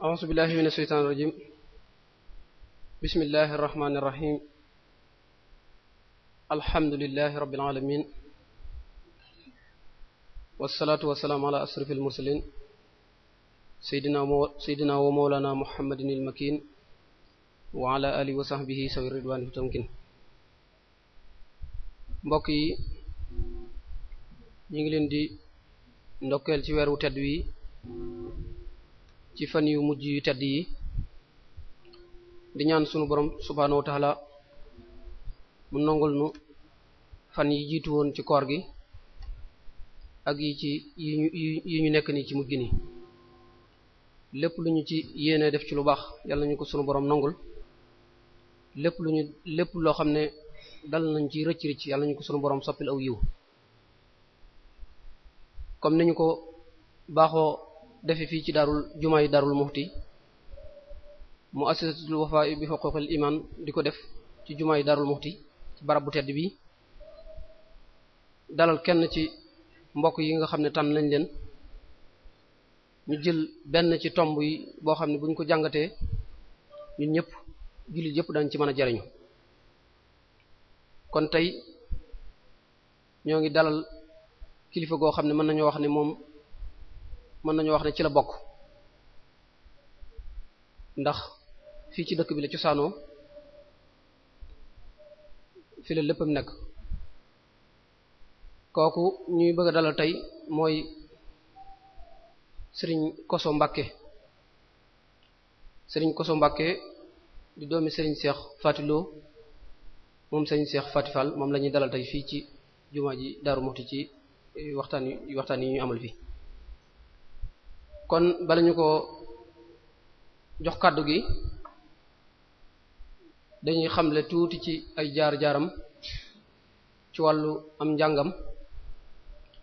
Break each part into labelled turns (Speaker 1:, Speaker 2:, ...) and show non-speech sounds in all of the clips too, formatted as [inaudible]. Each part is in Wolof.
Speaker 1: أعوذ بالله من الشيطان الرجيم بسم الله الرحمن الرحيم الحمد لله رب العالمين والصلاة والسلام على أشرف المرسلين سيدنا ومو... سيدنا ومولانا محمد المكين وعلى آله وصحبه سوي الرضوان التمكين mbokk yi ñu ngi leen di ndokkeel ci weeru tedd wi ci fan yu mujj yu tedd yi di ñaan sunu borom subhaanahu wa taala mu nongul nu fan yi jiitu woon ci koor gi ak yi ci yi ñu nekk nii ci mujj ni lépp lu ñu ci yéene def ci lu baax yàlla nañu ko sunu borom nongul lépp lu ñu lépp loo xam ne dal nañ ci rëcc rëcc yàlla nañu ko sunu borom soppil aw yiw comme ni ñu ko baaxoo defe fii ci daarul jumaa yi darul muxti mu assisatul wafa bi xuquqil iman di ko def ci jumaa yi darul muxti ci barab bu tedd bi dalal kenn ci mbokk yi nga xam ne tànn nañ leen ñu jël benn ci tomb yi boo xam ne buñ ko jàngatee ñun ñëpp jullit yëpp dañ ci mën a jariñu kon tey ñoo ngi dalal kilifa goo xam ne mën nañoo wax ni moom mën nañu wax ne ci la bokk ndax fii ci dëkk bi la cosaanoo fi la léppam nekk kooku ñuy bëgg a dalal tey mooy sëriñ koso mbàkke sëriñ koso mbàkke di doomi sëriñ seex fatilo moom sëriñ seex fatifal moom la ñuy dalal tey fii ci jumaa ji daaru muxti ci waxtaan waxtaan yi ñu amal fii kon bala ñu ko jox kàddu gi dañuy xamle tuuti ci ay jaar-jaaram ci wàllu am njàngam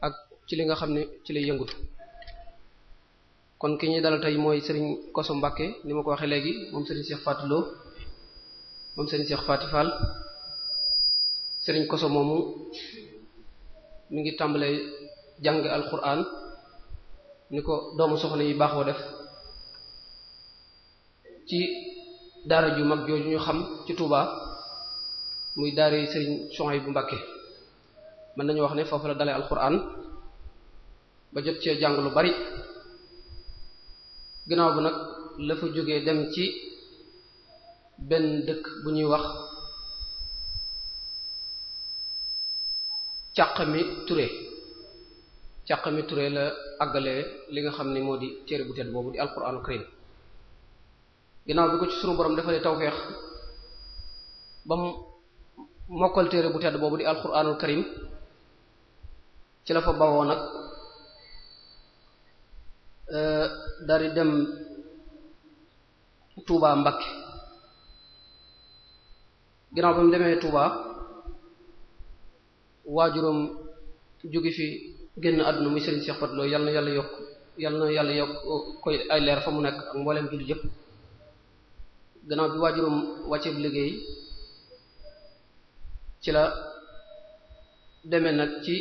Speaker 1: ak ci li nga xam ne ci lay yëngutu kon ki ñuy dalal tey mooy sëriñ Koso Mbàkke ni ma ko waxee léegi moom sëriñ seex Fatou Lo moom sëriñ Cheikh Fatou Fall sëriñ Koso moomu mi ngi tàmbalee jàng alquran ni ko doomu soxna yi baaxoo def ci daara ju mag jooju ñu xam ci Touba muy daara Serigne bu Mbacké mën nañu wax ne foofu la dalee alxuraan ba jot cee jàng lu bari ginnaaw bi nag la fa jógee dem ci benn dëkk bu ñuy wax càq mi Touré càqami Touré la àggalee li nga xam ne moo di téere bu tedd boobu di alquranu karim ginnaaw bi ko ci sunu borom defalee tawfeex ba mu mokkal téere bu tedd boobu di alquranul karim ci la fa bawoo nag e, dari dem Touba Mbakke ginnaaw ba mu demee Touba waajuram jóge fi génn àdduna muy Serigne Cheikh Fat yal na yàlla yokk yal na yàlla yokk koy ay leer fa mu nekk ak mbooleem jullit yëpp gannaaw bi waajuram wàcceeb liggéey ci la demee nag ci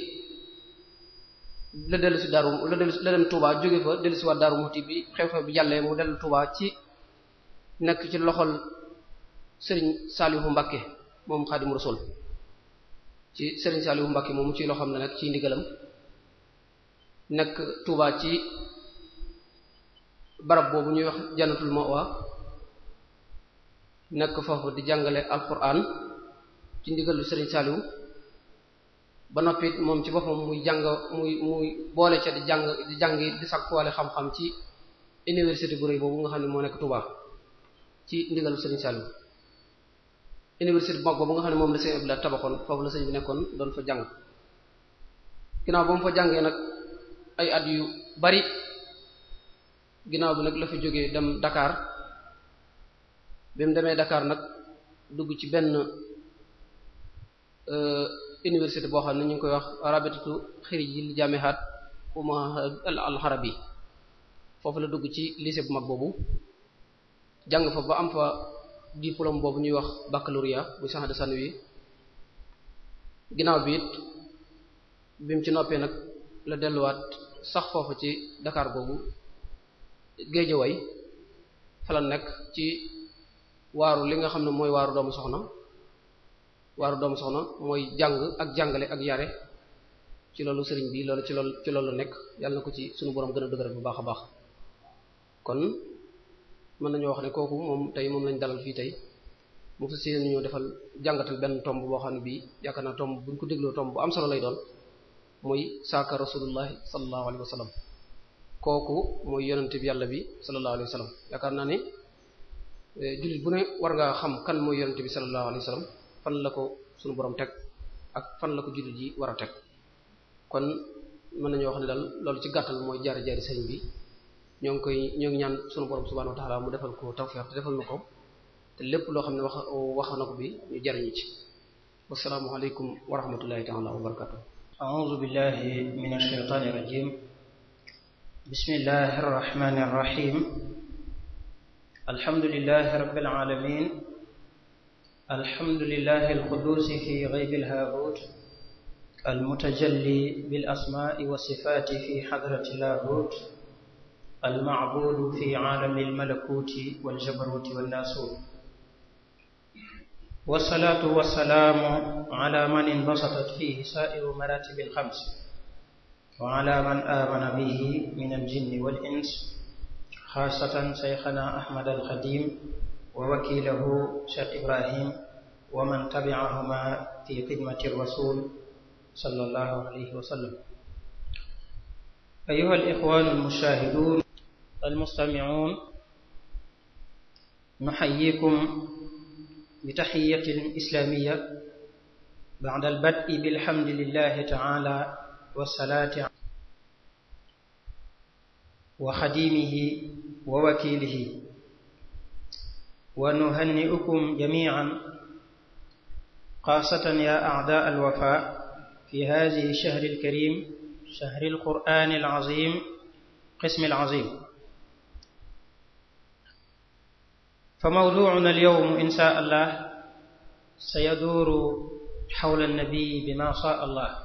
Speaker 1: la dellu si daaru la dellu la dem Touba jóge fa dellu si waat Daaru Muxti xew-xew bi jàllee mu dellu Touba ci nekk ci loxol Serigne Saliou Mbacké moom Xaadimu Rasuul ci Serigne Saliou Mbacké moom mu ci loxoom ne nag ci ndigalam nekk Touba ci barab boobu ñuy wax jannatul mawa nekk foofu di jàngale alquran ci ndigalu Serigne Saliou ba noppi moom ci boppam muy jàng muy muy boole ca di jàng di jàng di sakkuwaale xam-xam ci université bu rëy boobu nga xam ne moo nekk Touba ci ndigalu Serigne Saliou université bu mag boobu nga xam ne moom la Serigne Abdoulaye tabaxoon foofu la Serigne bi nekkoon doon fa jàng ginnaaw ba mu fa jàngee nag. ay at yu bari ginnaaw bi nag la fa jógee dem Dakar bi mu demee dakaar nag dugg ci benn euh, université boo xam ne ñu ngi koy wax rabitatu xirijil jamihat umma al xarabi foofu la dugg ci lycée bu mag boobu jàng fa ba am fa diplôme boobu ñuy wax baccalauréat bu shahada sanwi ginnaaw bi it bi mu ci noppee nag la delluwaat sax foofu ci dakaar googu géejëway fala nekk ci waaru li nga xam ne mooy waaru doomu soxna waaru doomu soxna mooy jàng ak jàngale ak yare ci loolu sëriñ bi loolu ci loolu ci loolu nekk yàlla na ko ci suñu borom gën a dëgëral bu baax a baax kon mën nañoo wax ne kooku moom tey moom lañu dalal fii tey mu fas yéene ñu defal jàngatal benn tomb boo xam ne bii yaakaar naa tomb buñ ko dégloo tomb bu am solo lay doon muy saaka rasulullahi sallallahu alayhi wa sallam kooku muy yonente bi yàlla bi sallallahu alayhi wa sallam yaakaar naa eh, ne bu war ngaa xam kan mooy yonente bi sallallahu alayhi wa fan la ko sunu borom teg ak fan la ko jullit yi war a teg kon mën nañoo wax ne loolu ci gàttal mooy jaari jaari sëriñ ñoo ngi koy ñoo ñaan sunu borom subhanahu wa mu defal ko tawfiq te ko lépp loo xam ne wax wax na ko bi ñu jariñu ci wasalaamualeykum wa rahmatullahi ta'ala wa barakatuh
Speaker 2: أعوذ بالله من الشيطان الرجيم بسم الله الرحمن الرحيم الحمد لله رب العالمين الحمد لله القدوس في غيب الهاهوت المتجلي بالأسماء والصفات في حضرة اللاهوت المعبود في عالم الملكوت والجبروت والناسوت والصلاة والسلام على من انبسطت فيه سائر مراتب الخمس وعلى من آمن به من الجن والإنس خاصة شيخنا أحمد الخديم ووكيله شيخ إبراهيم ومن تبعهما في خدمة الرسول صلى الله عليه وسلم أيها الإخوان المشاهدون المستمعون نحييكم بتحية إسلامية بعد البدء بالحمد لله تعالى والصلاة وخديمه ووكيله ونهنئكم جميعا خاصة يا أعداء الوفاء في هذه الشهر الكريم شهر القرآن العظيم قسم العظيم فموضوعنا اليوم إن شاء الله سيدور حول النبي بما شاء الله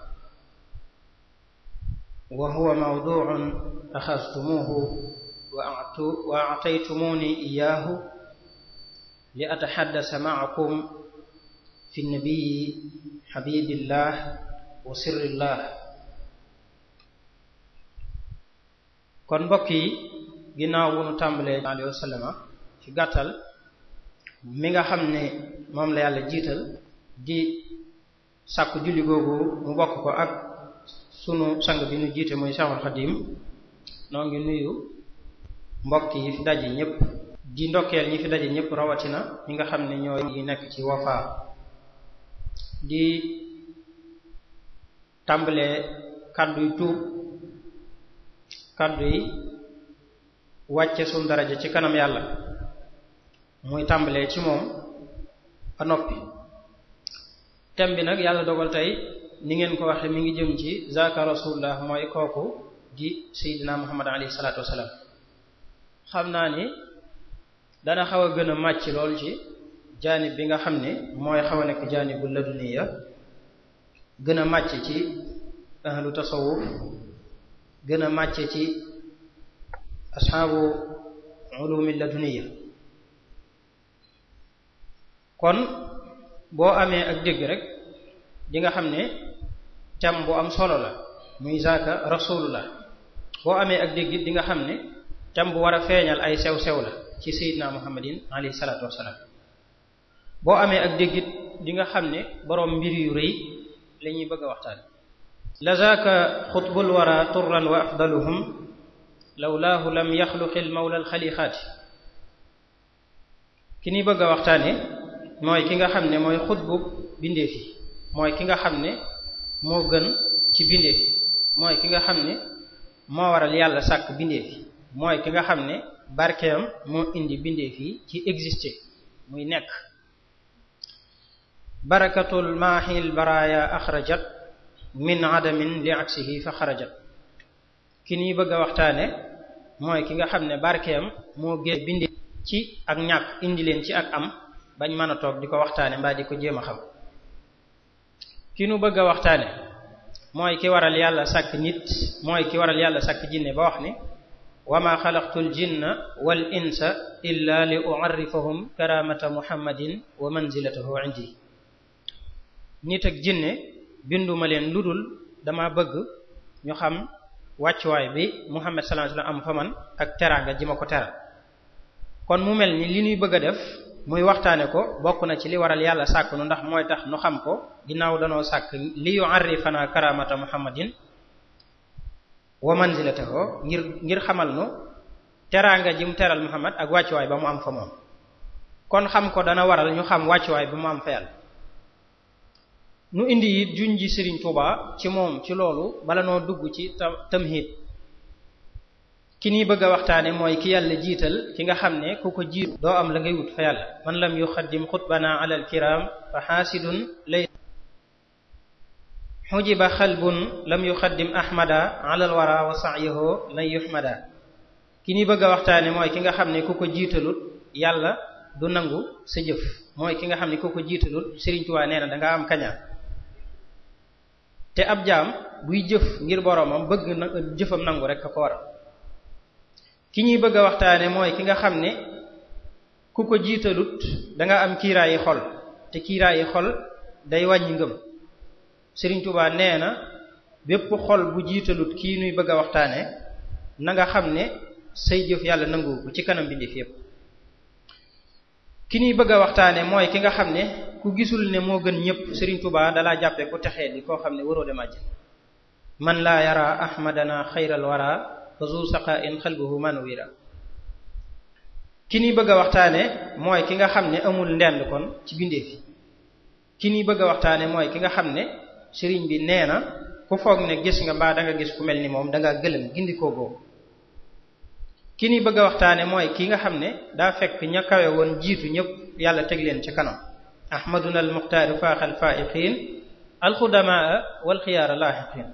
Speaker 2: وهو موضوع أخذتموه وأعطيتموني إياه لأتحدث معكم في النبي حبيب الله وسر الله kon mbokk yi ginnaaw wunu tàmbalee alayhi wa sallama ci gàttal mi nga xam ne moom la yàlla jiital di sàkku julli googu mu bokk ko ak sunu sang bi nu jiite muy Cheikhul Khadim noo ngi nuyu mbokk yi fi daje ñëpp di ndokkeel ñi fi daje ñëpp rawatina ñi nga xam ne ñoo yi nekk ci Wafa di tàmbalee kàddu yu tuub kàddu yi wàcce sunu daraja ci kanam yàlla muy tàmbalee ci moom ba noppi thème bi nag yàlla dogal tey ni ngeen ko waxee mi ngi jëm ci zaka rasulullah mooy kooku di seydina muhammad alayhi salaatu wasalaam xam naa ni dana xaw a gën a màcc lool ci jaanib bi nga xam ni mooy xaw a nekk jaanibu laduniya gën a màcc ci ahlu tasawuf gën a màcc ci ashaabu ulumi laduniya kon boo amee ak dégg rekk di nga xam ne thème bu am solo la muy zaaka la boo amee ak dégg di nga xam ni thème bu war a feeñal ay sew-sew la ci sayyidina muhammadin alayhi salaatu wassalaam boo amee ak déggit di nga xam ne boroom mbir yu rëy lañuy ñuy bëgg a waxtaan la zaaka xutbul wara turran wa afdaluhum lawlaahu lam yaxluqil mawla alxaliqaati ki ni bëgg a waxtaane mooy ki nga xam ne mooy xutbu bindeef yi mooy ki nga xam ne moo gën ci bindeef yi mooy ki nga xam ni moo waral yàlla sàkk bindeef yi mooy ki nga xam ne barkeem moo indi bindeef yi ci exister muy nekk barakatul maahil baraya axrajat min adamin li aksihi fa xarajat ki ñuy bëgg a waxtaane mooy ki nga xam ne barkeem moo gën bindee ci ak ñàkk indi leen ci ak am bañ man a toog di ko waxtaane mbaa di ko jéem a xam ki nu bëgg a waxtaane mooy ki waral yàlla sàkk nit mooy ki waral yàlla sàkk jinne ba wax ni wa ma xalaqtul jinna wal insa illa li u'arrifahum karamata muhammadin wa manzilatahu indi nit ak jinne binduma leen lu dul damaa bëgg ñu xam wàccuwaay bi muhammad sallallahu alayhi wasallam am fa ak teraanga ji ma ko teral kon mu mel ni li ñuy bëgg def muy waxtaane ko bokk na ci li waral yàlla sàkk nu ndax mooy tax nu xam ko ginnaaw danoo sàkk li yu'arrifana karamata muhammadin wa manzilatahu ngir ngir xamal nu teraanga ji mu teral muhammad ak wàccuwaay ba mu am fa moom kon xam ko dana waral ñu xam wàccuwaay ba mu am fa yàlla nu indi it juñ ji Serigne Touba ci moom ci loolu bala noo dugg ci tamhid ki nii bëgg a waxtaane mooy ki yàlla jiital ki nga xam ne ku ko jiitu doo am la ngay wut fa yàlla man lam yuxaddim xutbana ala alkiram fa xaasidun lay xujiba xalbun lam yuxaddim ahmada ala alwara wa sa'yahu lan yuhmada ki nii bëgg a waxtaane mooy ki nga xam ne ku ko jiitalut yàlla du nangu sa jëf mooy ki nga xam ne ku ko jiitalul Sëriñ Tuubaa nee na da am kaña te ab jaam buy jëf ngir boroomam bëgg na jëfam nangu rek ka ko waral ki ñuy bëgg a waxtaane mooy ki nga xam ne ku ko jiitalut danga am kiiraayi xol te kiiraayi xol day wàññi ngëm Serigne Touba nee na bépp xol bu jiitalut kii nuy bëgg a waxtaane na nga xam ne say jëf yàlla nangu ko ci kanam bindéef yépp ki nuy bëgg a waxtaane mooy ki nga xam ne ku gisul ne moo gën ñëpp Serigne Touba dalaa jàppe ku texe di koo xam ne waroo dem àjjana man laa yara ahmadana xayral wara fa zu saqaa'in xalbuhu manwira ki ni bëgg a waxtaane mooy ki nga xam ne amul ndend kon ci bindee fi ki ni bëgg a waxtaane mooy ki nga xam ne sëriñ bi nee na ku foog ne gis nga mbaa da gis ku mel ni moom da ngaa gëlëm gindikoo boobu ki ni bëgg a waxtaane mooy ki nga xam ne daa fekk ña kawe woon jiitu ñépp yàlla teg leen ci kanam ahmaduna al muxtaari faaxal faa'iqiin alxudamaa walxiyaara laaxiqiin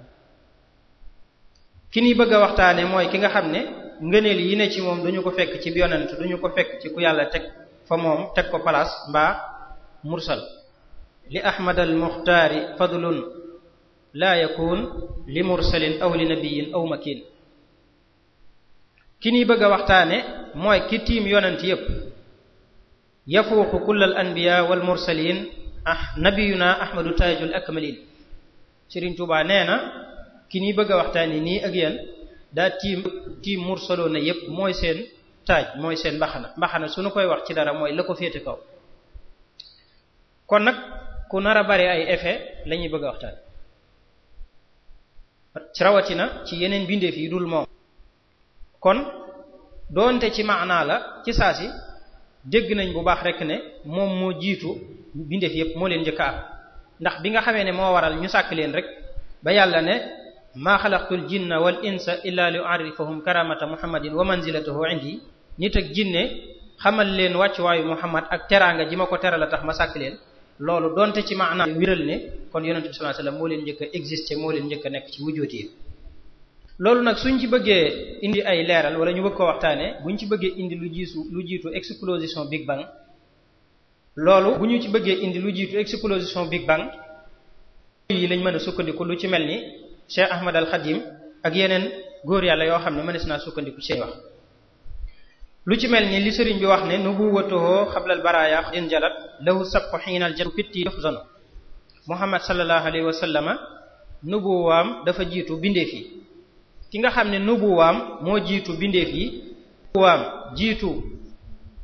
Speaker 2: ki ni bëgg a waxtaane mooy ki nga xam ne ngëneel yi ne ci moom duñu ko fekk ci yonent duñu ko fekk ci ku yàlla teg fa moom teg ko place mbaa mursal li ahmad al muxtaari fadlun laa yakun li mursalin aw li nabiyin aw makin ki ni bëgg a waxtaane mooy ki tiim yonent yépp yafuuqu kull al anbiya wal mursalin ah nabiyuna ahmadu taajul akmalin Sëriñ Tuubaa nee na ki ni bëgg a waxtaani nii ak yéen daa tiim tiim mursaloona yépp mooy seen taaj mooy seen mbaxana mbaxana su nu koy wax ci dara mooy la ko féete kaw kon nag ku nar a bari ay effet lañuy ñuy bëgg a waxtaan ci rawatina ci yeneen bindeef yi dul moom kon doonte ci maanaa la ci saasi dégg nañ bu baax rek ne moom moo jiitu bindeef yépp moo leen njëkk am ndax bi nga xamee ne moo waral ñu sàkk leen rek ba yàlla ne maa xalaqtul jinna wal insa illa li u'arrifahum karamata muhammadin wa manzilatahu indi nit ak jinne xamal leen wàccuwaayu muhammad ak teraanga ji ma ko teral a tax ma sàkk leen loolu donte ci ma maanaam wiral ne kon yonente bi sallallahu alayhi moo leen njëkk a existé moo leen njëkk a nekk ci wujjóoti loolu nag suñ ci bëggee indi ay leeral wala ñu bëgg ko waxtaanee buñ ci bëggee indi lu jiisu lu jiitu explosition Big Bang loolu bu ñu ci bëggee indi lu jiitu explosion Big Bang yi lañ mën a sukkandiku lu ci mel ni Cheikh Ahmad al Khadim ak yeneen góor yàlla yoo xam ne mënees naa sukkandiku seen wax lu ci mel ni li sëriñ bi wax ne nubuwwatuhu xablal baraaya in jalat lahu sabqu xiinal jatu fitti yof wa dafa jiitu bindeef yi ki nga xam ne nubuwaam moo jiitu bindeef yi nubuwaam jiitu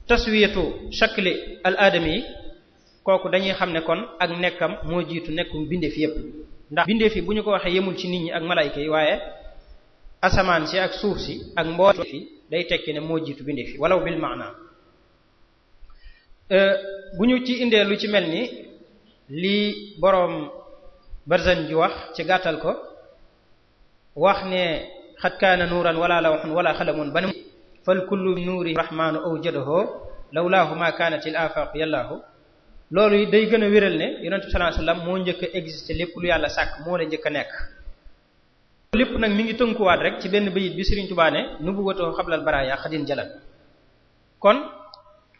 Speaker 2: taswiyatu shakli al aadami kooku dañuy xam ne kon ak nekkam moo jiitu nekkum bindeef yépp ndax bindee fi bu ñu ko waxee yemul ci nit ñi ak malayka yi waaye asamaan si ak suuf si ak mboot fi day tekki ne moo jiitu bindee fi walaw bil maana euh, bu ñu ci indee lu ci mel ni lii boroom barzan ji wax ci gàttal ko wax ne xat kaana nuuran wala lawxun wala xalamun ban fal kullu nuuri rahmaanu awjadahu lawlaahu ma kaanat il afaqu yallaahu loolu yi day gën a wéral ne yonent bi sallallahu alayhi moo njëkk a lépp lu yàlla sàkk moo la njëkk a nekk lépp nag mu ngi tënkuwaat rek ci benn bayit bi Serigne Touba ne nubuwwatu xablal baraaya xadin jalal kon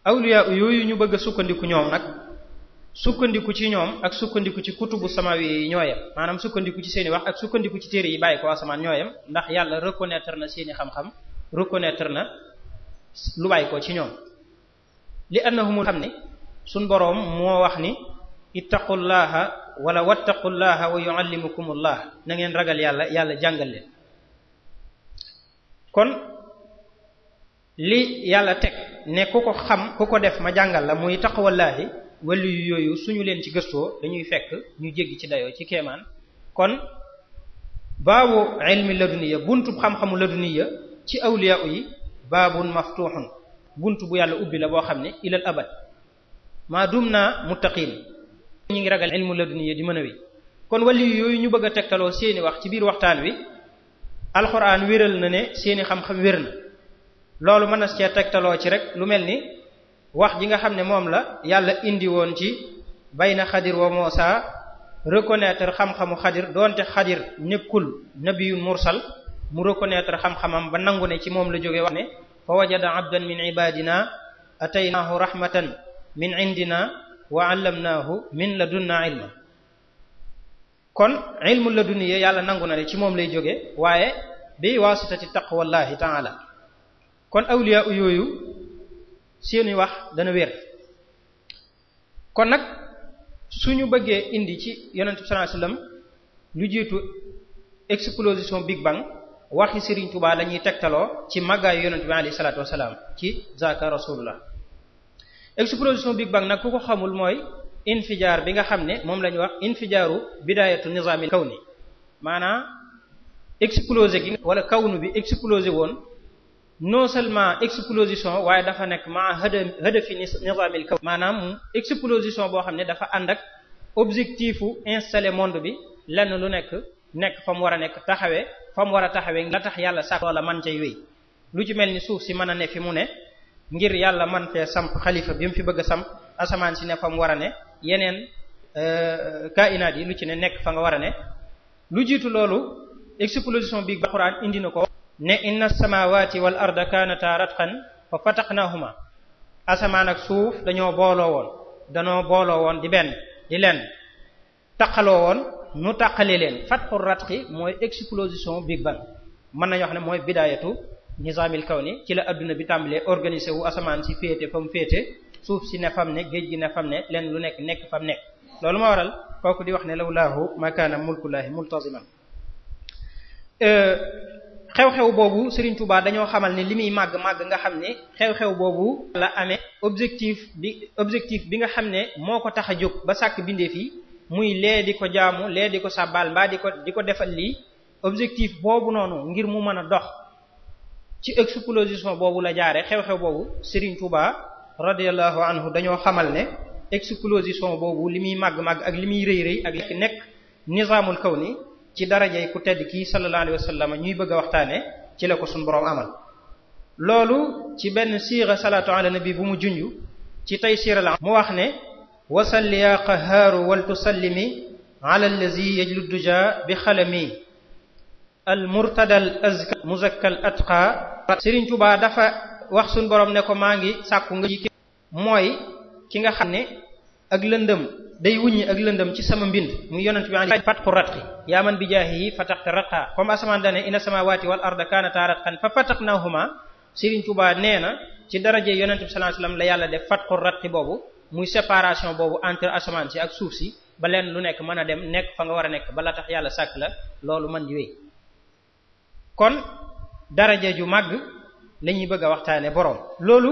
Speaker 2: awliya yooyu ñu bëgg a sukkandiku ñoom nag sukkandiku ci ñoom ak sukkandiku ci kutubu samawi yi ñooyam maanaam sukkandiku ci seeni wax ak sukkandiku ci téere yi bàyyi ko asamaan ñooyam ndax yàlla reconnaître na seeni xam-xam reconnaître na lu bàyyi ci ñoom suñ boroom moo wax ni ittaqullaha wala wattaqullaha wa yuallimukumullah na ngeen ragal yàlla yàlla jàngal kon li yàlla teg ne ku ko ko def ma jàngal la muy taqwallaahi wàllu yu yooyu suñu leen ci gëstoo dañuy fekk ñu jéggi ci dayoo ci kemaan kon baabu ilmi laduniya buntu xam-xamu laduniya ci awliya yi baabun maftuhun buntu bu yàlla ubbi la boo xam ne ilal abad maa dum naa muttaqin ñu ngi ragal ilmu laduniya di mën a wéy kon wali yooyu ñu bëgg a tegtaloo seeni wax ci biir waxtaan wi alxuraan wéral na ne seeni xam-xam wér na loolu mën na cee tegtaloo ci rek lu mel ni wax ji nga xam ne moom la yàlla indi woon ci bayna xadir wa Muusa reconnaître xam-xamu xadir doonte xadir nekkul nabiyun mursal mu reconnaître xam-xamam ba nangu ne ci moom la jóge wax ne fa wajada abdan min ibadina ataynaahu rahmatan min indina wa allamnaahu min ladunna ilma kon ilmu ladunniya yàlla nangu na ne ci moom lay jóge waaye bi waasitati taqwallahi taala kon awliya u yooyu seeni wax dana wér kon nag suñu bëggee indi ci yonent bi sallallahu alayhi wasallam lu jiitu explosion Big Bang waxi Serigne Touba lañuy tegtaloo ci màggaayu yonent bi alayhi salaatu wasalaam ci zaaka rasulullah explosion Big Bang nag ku ko xamul mooy infijaar bi nga xam ne moom la ñu wax infijaaru bidaayatu nizaamil kawni maanaam explosé wala kawnu bi explosé woon non seulement explosion waaye dafa nekk ma hada hadafi nizaamil maanaam explosion boo xam ne dafa ànd ak objectifu installé monde bi lenn lu nekk nekk fa mu war a nekk taxawee fa mu war a taxawee la tax yàlla sax loola man cay wéy lu ci mel ni suuf si mën a ne fi mu ne ngir yàlla man fee samp xalifa bi mu fi bëgg a samp asamaan si ne fa mu war a ne yeneen euh, kainaat yi lu ci ne nekk fa nga war a ne lu jiitu loolu explosion bi alxuraan indi na ko ne inna samawati wal arda kaanata ratqan fa fataqnahuma asamaan ak suuf dañoo booloo woon dañoo booloo woon di benn di leen taqaloo woon nu taqale leen fatxu ratqi mooy explosion Big Bang mën nañu wax ne mooy bidaayatu nizaamil kawni ci la àdduna bi tàmbalee organisé wu asamaan si féete fa mu féete suuf si ne fam ne géej gi ne fam ne leen lu nekk nekk fam nekk loolu moo waral kooku di wax ne la lawlaahu makaana mulkulaahi multaziman euh, xew-xew boobu Serigne Touba dañoo xamal ne li muy màgg màgg nga xam ne xew-xew boobu la amee objectif bi objectif bi nga xam ne moo ko tax a jóg ba sàkk bindeef yi muy lee di ko jaamu lee di ko sàbbaal mbaa di ko di ko defal lii objectif boobu noonu ngir mu mën a dox ci explosion boobu la jaare xew-xew boobu Serigne Touba radiyallahu dañoo xamal ne explosion boobu li muy màgg-màgg ak li muy rëy rëy ak li nekk nizaamul ni ci darajay ku tedd kii sallallahu alayhi wa sallam ñuy bëgg a waxtaane ci la ko suñu borom amal loolu ci benn siira salaatu ala nabi bu mu junj ci tey siira la mu wax ne wasalli ya qahaaru wal tusallimi ala allazi yajlu duja bi xalami al murtadal azka muzakkal atqa Serigne Touba dafa wax suñu borom ne ko maa ngi sàkku nga ji mooy ki nga xam ne ak lëndëm day wuññi ak lëndëm ci sama mbind mu yonent bi alayhi fatxu ratqi yaa man bi jaahihi fataxta ratqa comme asamaan dane ina samawati wal arda kaanataa ratqan fa fataxnaahuma Serigne Touba nee na ci daraje yonent bi sallallahu alayhi wasallam la yàlla def fatxu ratqi boobu muy séparation boobu entre asamaan si ak suuf si ba leen lu nekk mën a dem nekk fa nga war a nekk bala tax yàlla sàkk la loolu man di daraja ju màgg la ñuy bëgg a waxtaane boroom loolu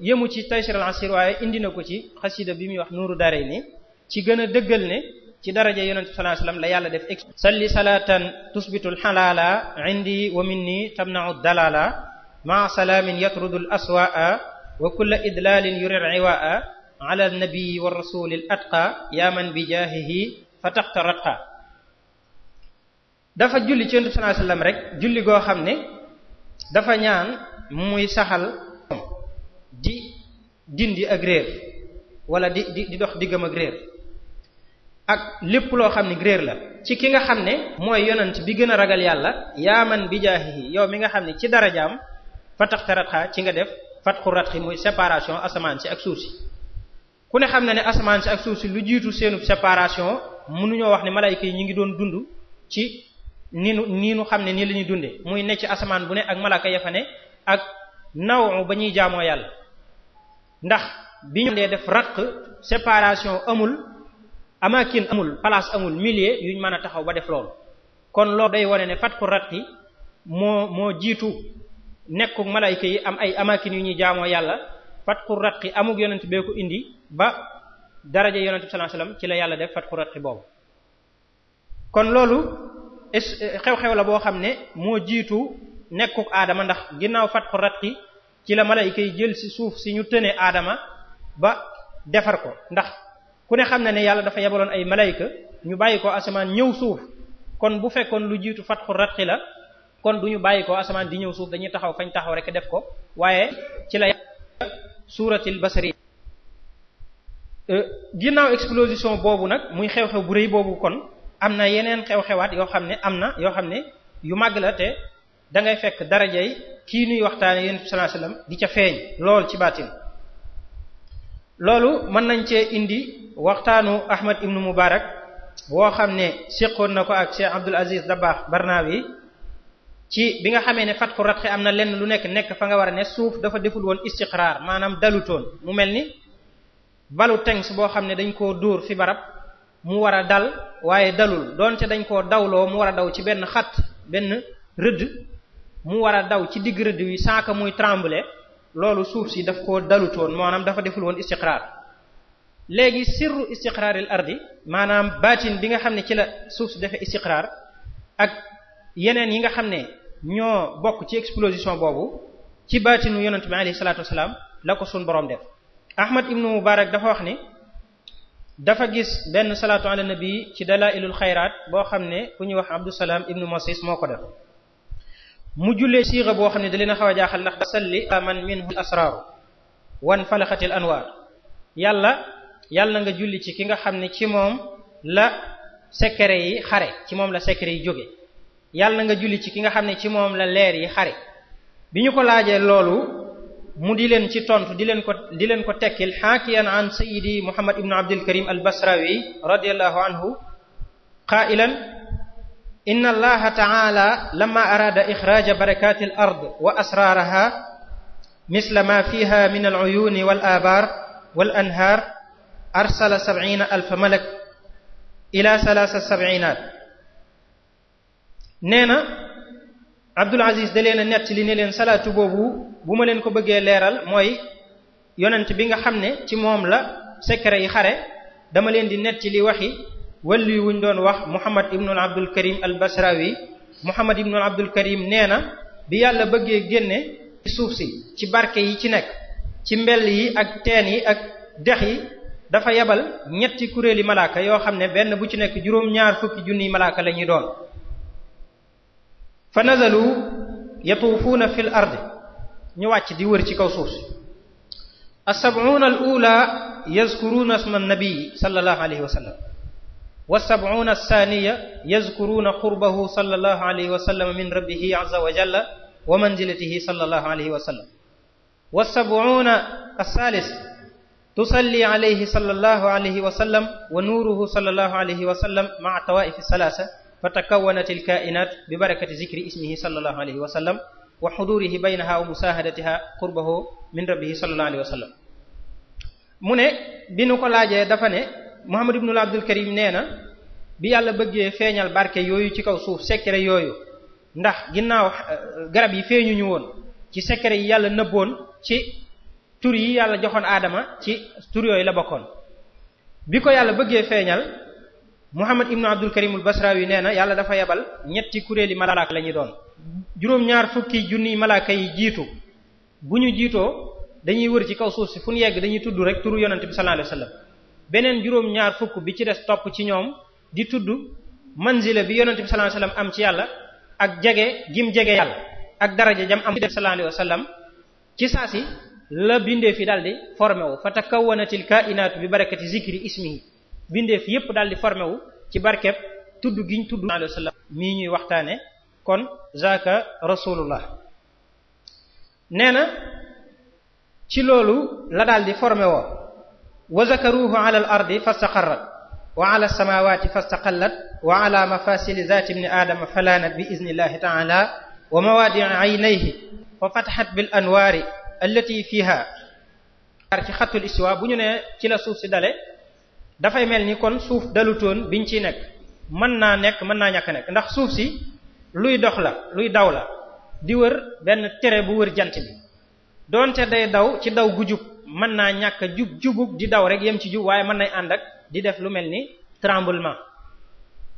Speaker 2: yëmu ci taysir al asir waaye indi na ko ci xasida bi muy wax nuuru dare ni ci gën a dëggal ne ci daraja yen sallallahu alayhi wasallam la yàlla def ex salli salatan tusbitu al xalaala indi wa minni tamna'u dalala ma salaamin yatrudu al aswaa wa kulla idlalin yurir iwaa ala al nabii wa rasuli al ya man bi jaahihi fataxta ratqa dafa julli ci yonente sallallahu rek julli goo xam ne dafa ñaan muy saxal di dindi ak réer wala di di di dox diggam ak réer ak lépp loo xam ne réer la ci ki nga xam ne mooy yonent bi gën a ragal yàlla yaaman bi jaahihi yow mi nga xam ne ci dara jaam fatax taratxa ci nga def fatxu ratxi muy séparation asamaan si ak suuf si ku ne xam na ne asamaan si ak suuf si lu jiitu seenu séparation mënuñoo wax ne malayka yi ñu ngi doon dund ci ni nu nii nu xam ne nii la ñuy dundee muy ne ci asamaan bu ne ak malaaka ya fa ne ak nawu ba ñuy jaamoo yàlla ndax bi ñu dee def raq séparation amul amakin amul place amul millier yuñ mën a taxaw ba def loolu kon loolu day wone ne fat ku raq moo moo jiitu nekku malayka yi am ay amakin yu ñuy jaamoo yàlla fat ku raq yi amug yonent bee ko indi ba daraja yonent bi sallallahu alayhi ci la yàlla def fat ku raq boobu kon loolu Eh, xew-xew la boo xam ne moo jiitu nekkuk aadama ndax ginnaaw fatxu ratqi ci la malayka yi jël si suuf si ñu tëne aadama ba defar ko ndax ku ne xam na ne yàlla dafa yebaloon ay malayka ñu bàyyi ko asamaan ñëw suuf kon bu fekkoon lu jiitu fat fatxu ratqi la kon du ñu bàyyi ko asamaan di ñëw suuf dañuy taxaw fañ taxaw rek def ko waaye ci la suuratil basari eh, ginnaaw explosion boobu nag muy xew-xew bu rëy boobu kon am na yeneen xew-xewaat yoo xam ne am na yoo xam ne yu mag la te da ngay fekk darajay kii nuy waxtaane yonent bi sallallahu di ca feeñ lool ci baatin loolu mën nañ cee indi waxtaanu Ahmad ibnu Mubarak woo xam ne séqoon na ko ak Cheikh Abdul Aziz Dabakh Barnawi ci bi nga xamee ne fatku ratxe am na lenn lu nekk nekk fa nga war a ne suuf dafa deful woon istiqraar maanaam dalutoon mu mel ni balu tengs boo xam ne dañ ko dóor fi barab mu war a dal waaye dalul donte dañ koo dawloo mu war a daw ci benn xat benn rëdd mu war a daw ci digg rëdd wi saaka muy trembler loolu suuf si daf koo dalutoon maanaam dafa deful woon istiqraar léegi sirru istiqraaril ardi maanaam baatin bi nga xam ne ci la suuf si defee istiqraar ak yeneen yi nga xam ne ñoo bokk ci explosion boobu ci baatinu yonent bi alayhi salaatu wasalaam la ko sun borom def Ahmad ibnu Mubarak dafa wax ne dafa gis benn salaatu ala nabi ci dalailul xayraat boo xam ne ku ñuy wax abdusalaam ibnu masis moo ko def mu jullee siixa boo xam ne da leen a xaw a jaaxal ndax da aman man minhu asraaru wan falaxatil anwaar yàlla yàlla nga julli ci ki nga xam ne ci moom la secret yi xare ci moom la secret yi jóge yàlla nga julli ci ki nga xam ne ci moom la leer yi xare bi ñu ko laajee loolu mu di leen ci tontu di leen ko di leen ko tekkil xaakiyan an sayidi muhammad ibnu abdil karim al basrawi radiallahu anhu qaa'ilan inna allaha taala lama araada ixraaja barakaati al ard wa asraaraha misla ma fiha min al uyuuni wal aabaar wal anhaar arsala sab'iina alfa malak ila salaasa sab'iinaat nee na Abdul Aziz da leen a li ne leen salaatu boobu bu ma leen ko bëggee leeral mooy yonent bi nga xam ne ci moom la secret yi xare dama leen di nett li waxi walli wuñ doon wax Muhammad ibnul Abdul Karim al Basrawi Muhammad ibnul Abdul Karim nee na bi yàlla bëggee génne ci suuf si ci barke yi ci nekk ci mbel yi ak teen yi ak dex yi dafa yebal ñetti kuréeli malaaka yoo xam ne benn bu ci nekk juróom-ñaar fukki junniy malaaka la ñuy doon fa nazalu yatuufuuna fi l ardi ñu wàcc di wër ci kaw suuf si as-sab'uuna al ula yazkuruuna isma an-nabi sallallahu alayhi wa sallam wa as-sab'uuna as-saaniya yazkuruuna qurbahu sallallahu alayhi wa sallam min rabbihi azza wa jalla wa manzilatihi sallallahu alayhi wa sallam wa as-sab'uuna as-saalis tusalli alayhi sallallahu alayhi wa sallam wa nuuruhu sallallahu alayhi wa sallam ma'a tawaa'if as-salaasa fa takawwanat alkainat bi barakati zikri ismihi sallallahu alayhi wa sallam wa xudurihi baynaha wa musaahadatiha qurbahu min rabbihi sallallahu alayhi wa sallam mu ne bi nu ko laajee dafa ne Muhammad ibnul Abdul Karim nee na bi yàlla bëggee feeñal barke yooyu ci kaw suuf secret yooyu ndax ginnaaw eh, garab yi feeñuñu woon ci secret yi yàlla nëbboon ci tur yi yàlla joxoon aadama ci tur yooyu la bokkoon bi ko yàlla bëggee feeñal Muhammad ibnu Abdul Karim al-Basrawi nee na yàlla dafa yebal ñetti kuréeli malaaka la ñuy doon juróom-ñaar fukki junniy malaaka yi jiitu bu ñu jiitoo dañuy wër ci kaw suuf si fu ñu yegg dañuy tudd rek turu yonent bi salaan alayhi wasallam beneen juróom-ñaar fukk bi ci des topp ci ñoom di tudd manzila bi yonent bi sallallahu alayhi wasallam am ci yàlla ak jege gim jege yàlla ak daraja jam am ci sallallahu alayhi wasallam ci saa si la bindee fi daldi formé wu fa takawwanatil kainaatu bi barakati zikri ismihi bindeef yépp daal di formé wu ci barkeb tudd giñ tudd sallallahu alayhi wasallam waxtaane kon zaaka rasulullah nee na ci loolu la daal di formé woo wa zakaruhu ala al ardi wa ala samawati fastaqallat wa ala mafasili zati ibni aadama falaanat bi idnillahi taala wa mawaadi'a aynayhi fa fatahat bil anwaari allati fiha ci xatul istiwa bu ñu ne ci la suuf si dale dafay mel ni kon suuf dalutoon biñ ciy nekk mën naa nekk mën naa ñàkk nekk ndax suuf si luy dox la luy daw la di wër benn tere bu wër jant bi doonte day daw ci daw gu jub mën naa ñàkk jub jubug di daw rek yem ci jub waaye mën nay ànd ak di def lu mel ni tremblement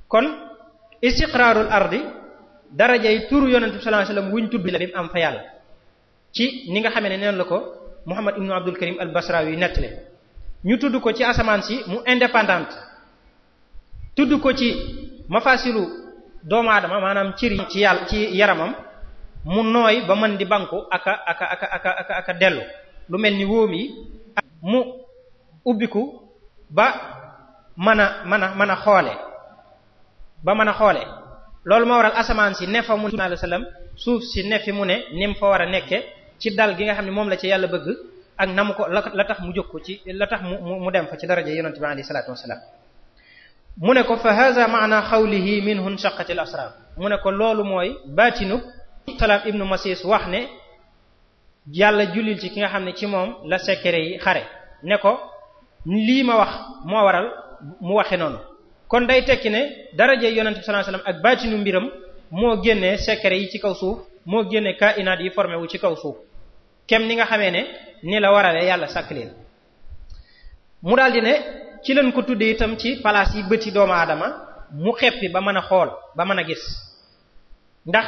Speaker 2: kon istiqraarul ardi darajay turu yonent bi sallallahu alayhi wasallam wuñ tudd la bi am fa yàlla ci ni nga xamee ne neen la ko Muhammad ibnu Abdul Karim al-Basrawi nettali ñu tudd ko ci asamaan si mu indépendante tudd ko ci mafasilu doomu aadama maanaam ciri ci ci yaramam mu nooy ba mën di banku aka aka aka aka aka dellu lu mel ni wóom yi mu ubbiku ba mën a mën a mën a xoole ba mën a xoole loolu moo waral asamaan si ne fa mu sallam suuf si ne fi mu ne ni mu fa war a nekke ci dal gi nga xam ne moom la ci yàlla bëgg ak na mu ko la tax mu jóg ko ci la tax mu mu dem fa ci daraja yonente bi alayhi salaatu wasalaam mu ne ko fa haza maana xawlihi minhun shaqati al asraar mu ne ko loolu mooy baatinu salaam ibnu masis wax ne yàlla jullil ci ki nga xam ne ci moom la secret yi xare ne ko lii ma wax moo waral mu waxe noonu kon day tekki ne daraja yonente bi sallallahu alayhi wasallam ak baatinu mbiram moo génnee secret yi ci kaw suuf moo génne kainaat yi formé wu ci kaw suuf kem ni nga xamee ne ni la warale yàlla sàkk leen mu daldi ne ci lañ ko tuddee itam ci palaas yi bëti doomu aadama mu xeppi ba mën a xool ba mën a gis ndax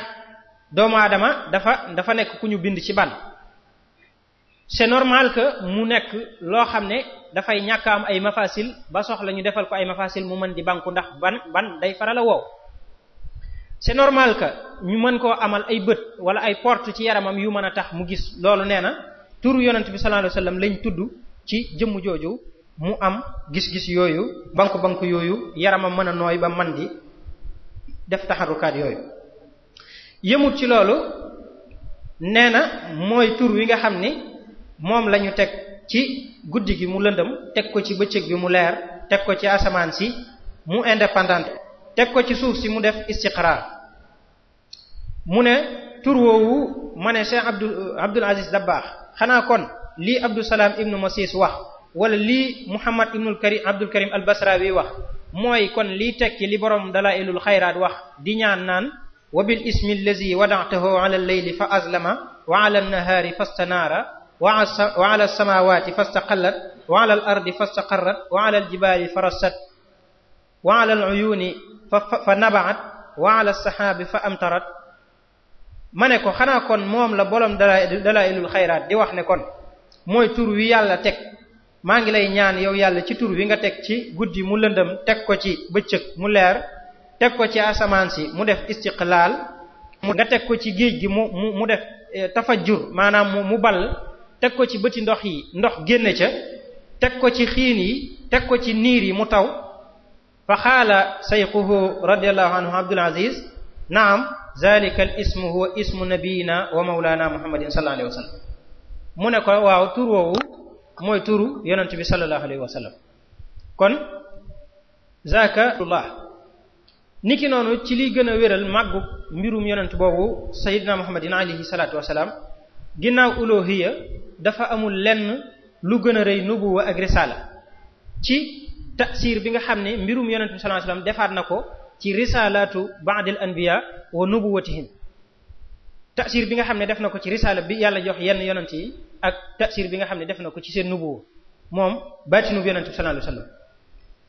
Speaker 2: doomu aadama dafa dafa nekk ku ñu bind ci ban c'est normal que mu nekk loo xam ne dafay ñàkk am ay mafasil ba soxla ñu defal ko ay mafasil mu mën di bànku ndax ban ban day faral wow c'est normal ka ñu mën koo amal ay bët wala ay porte ci yaramam yu mën a tax mu gis loolu nee na tur yonent bi sallallahu alayhi wasallam lañu tudd ci jëmm jooju mu am gis-gis yooyu bank bank yooyu yaramam mën a nooy ba man di def taxarukaat yooyu yëmut ci loolu nee na mooy tur wi nga xam ni moom la ñu teg ci guddi gi mu lëndëm teg ko ci bëccëg bi mu leer teg ko ci asamaan si mu indépendante teg ko ci suuf si mu def istiqraar mu ne tur woowu ma ne Cheikh Abdul Abdul Aziz Dabbaax xanaa kon lii Abdou Salam ibnu Masis wax wala lii Muhammad ibnul Karim Abdul Karim al-Basrawi wax mooy kon lii tekki li borom dalailul xayraat wax di ñaan naan wa bil ismi allazi wada'tahu ala al-layli fa azlama wa ala an-nahari fastanaara wa ala as-samawati fastaqallat wa ala al-ardi fastaqarrat wa ala al-jibali farassat wa ala al-uyuni fa fa nabaat wa ala as fa amtarat ma ne ko xanaa kon moom la dalaa dalailul xayraat di wax ne kon mooy tur wi yàlla teg maa ngi lay ñaan yow yàlla ci tur wi nga teg ci guddi mu lëndëm teg ko ci bëccëg mu leer teg ko ci asamaan si mu def istiqlaal nga teg ko ci géej gi mu mu def eh, tafajjur maanaam mu ball teg ko ci bëti ndox yi ndox génne ca teg ko ci xiin yi teg ko ci niir yi mu taw fa xaala sayxuhu radiallahu anhu abdul aziz naam zalika al ismu huwa ismu nabiyina wa mawlana muhammadin sallallahu alayhi wa sallam mu ne ko waaw tur woowu mooy turu yonent bi sallallahu alayhi wa sallam kon zakallah niki noonu ci liy gën a wéral màggu mbirum yonent boobu sayidina muhammadin alayhi salatu wasalaam ginnaaw uluhiyya dafa amul lenn lu gën a rëy nubuwa ak risala ci tafsir bi nga xam ne mbirum yonent bi sallallahu alayhi wasallam defaat na ko ci risalatu ba'dil anbiya wa nubuwatihim tafsir bi nga xam ne def na ko ci risala bi yàlla jox yenn yonent yi ak tafsir bi nga xam ne def na ko ci seen nubuwa moom baatinu yonent bi sallallahu alayhi wasallam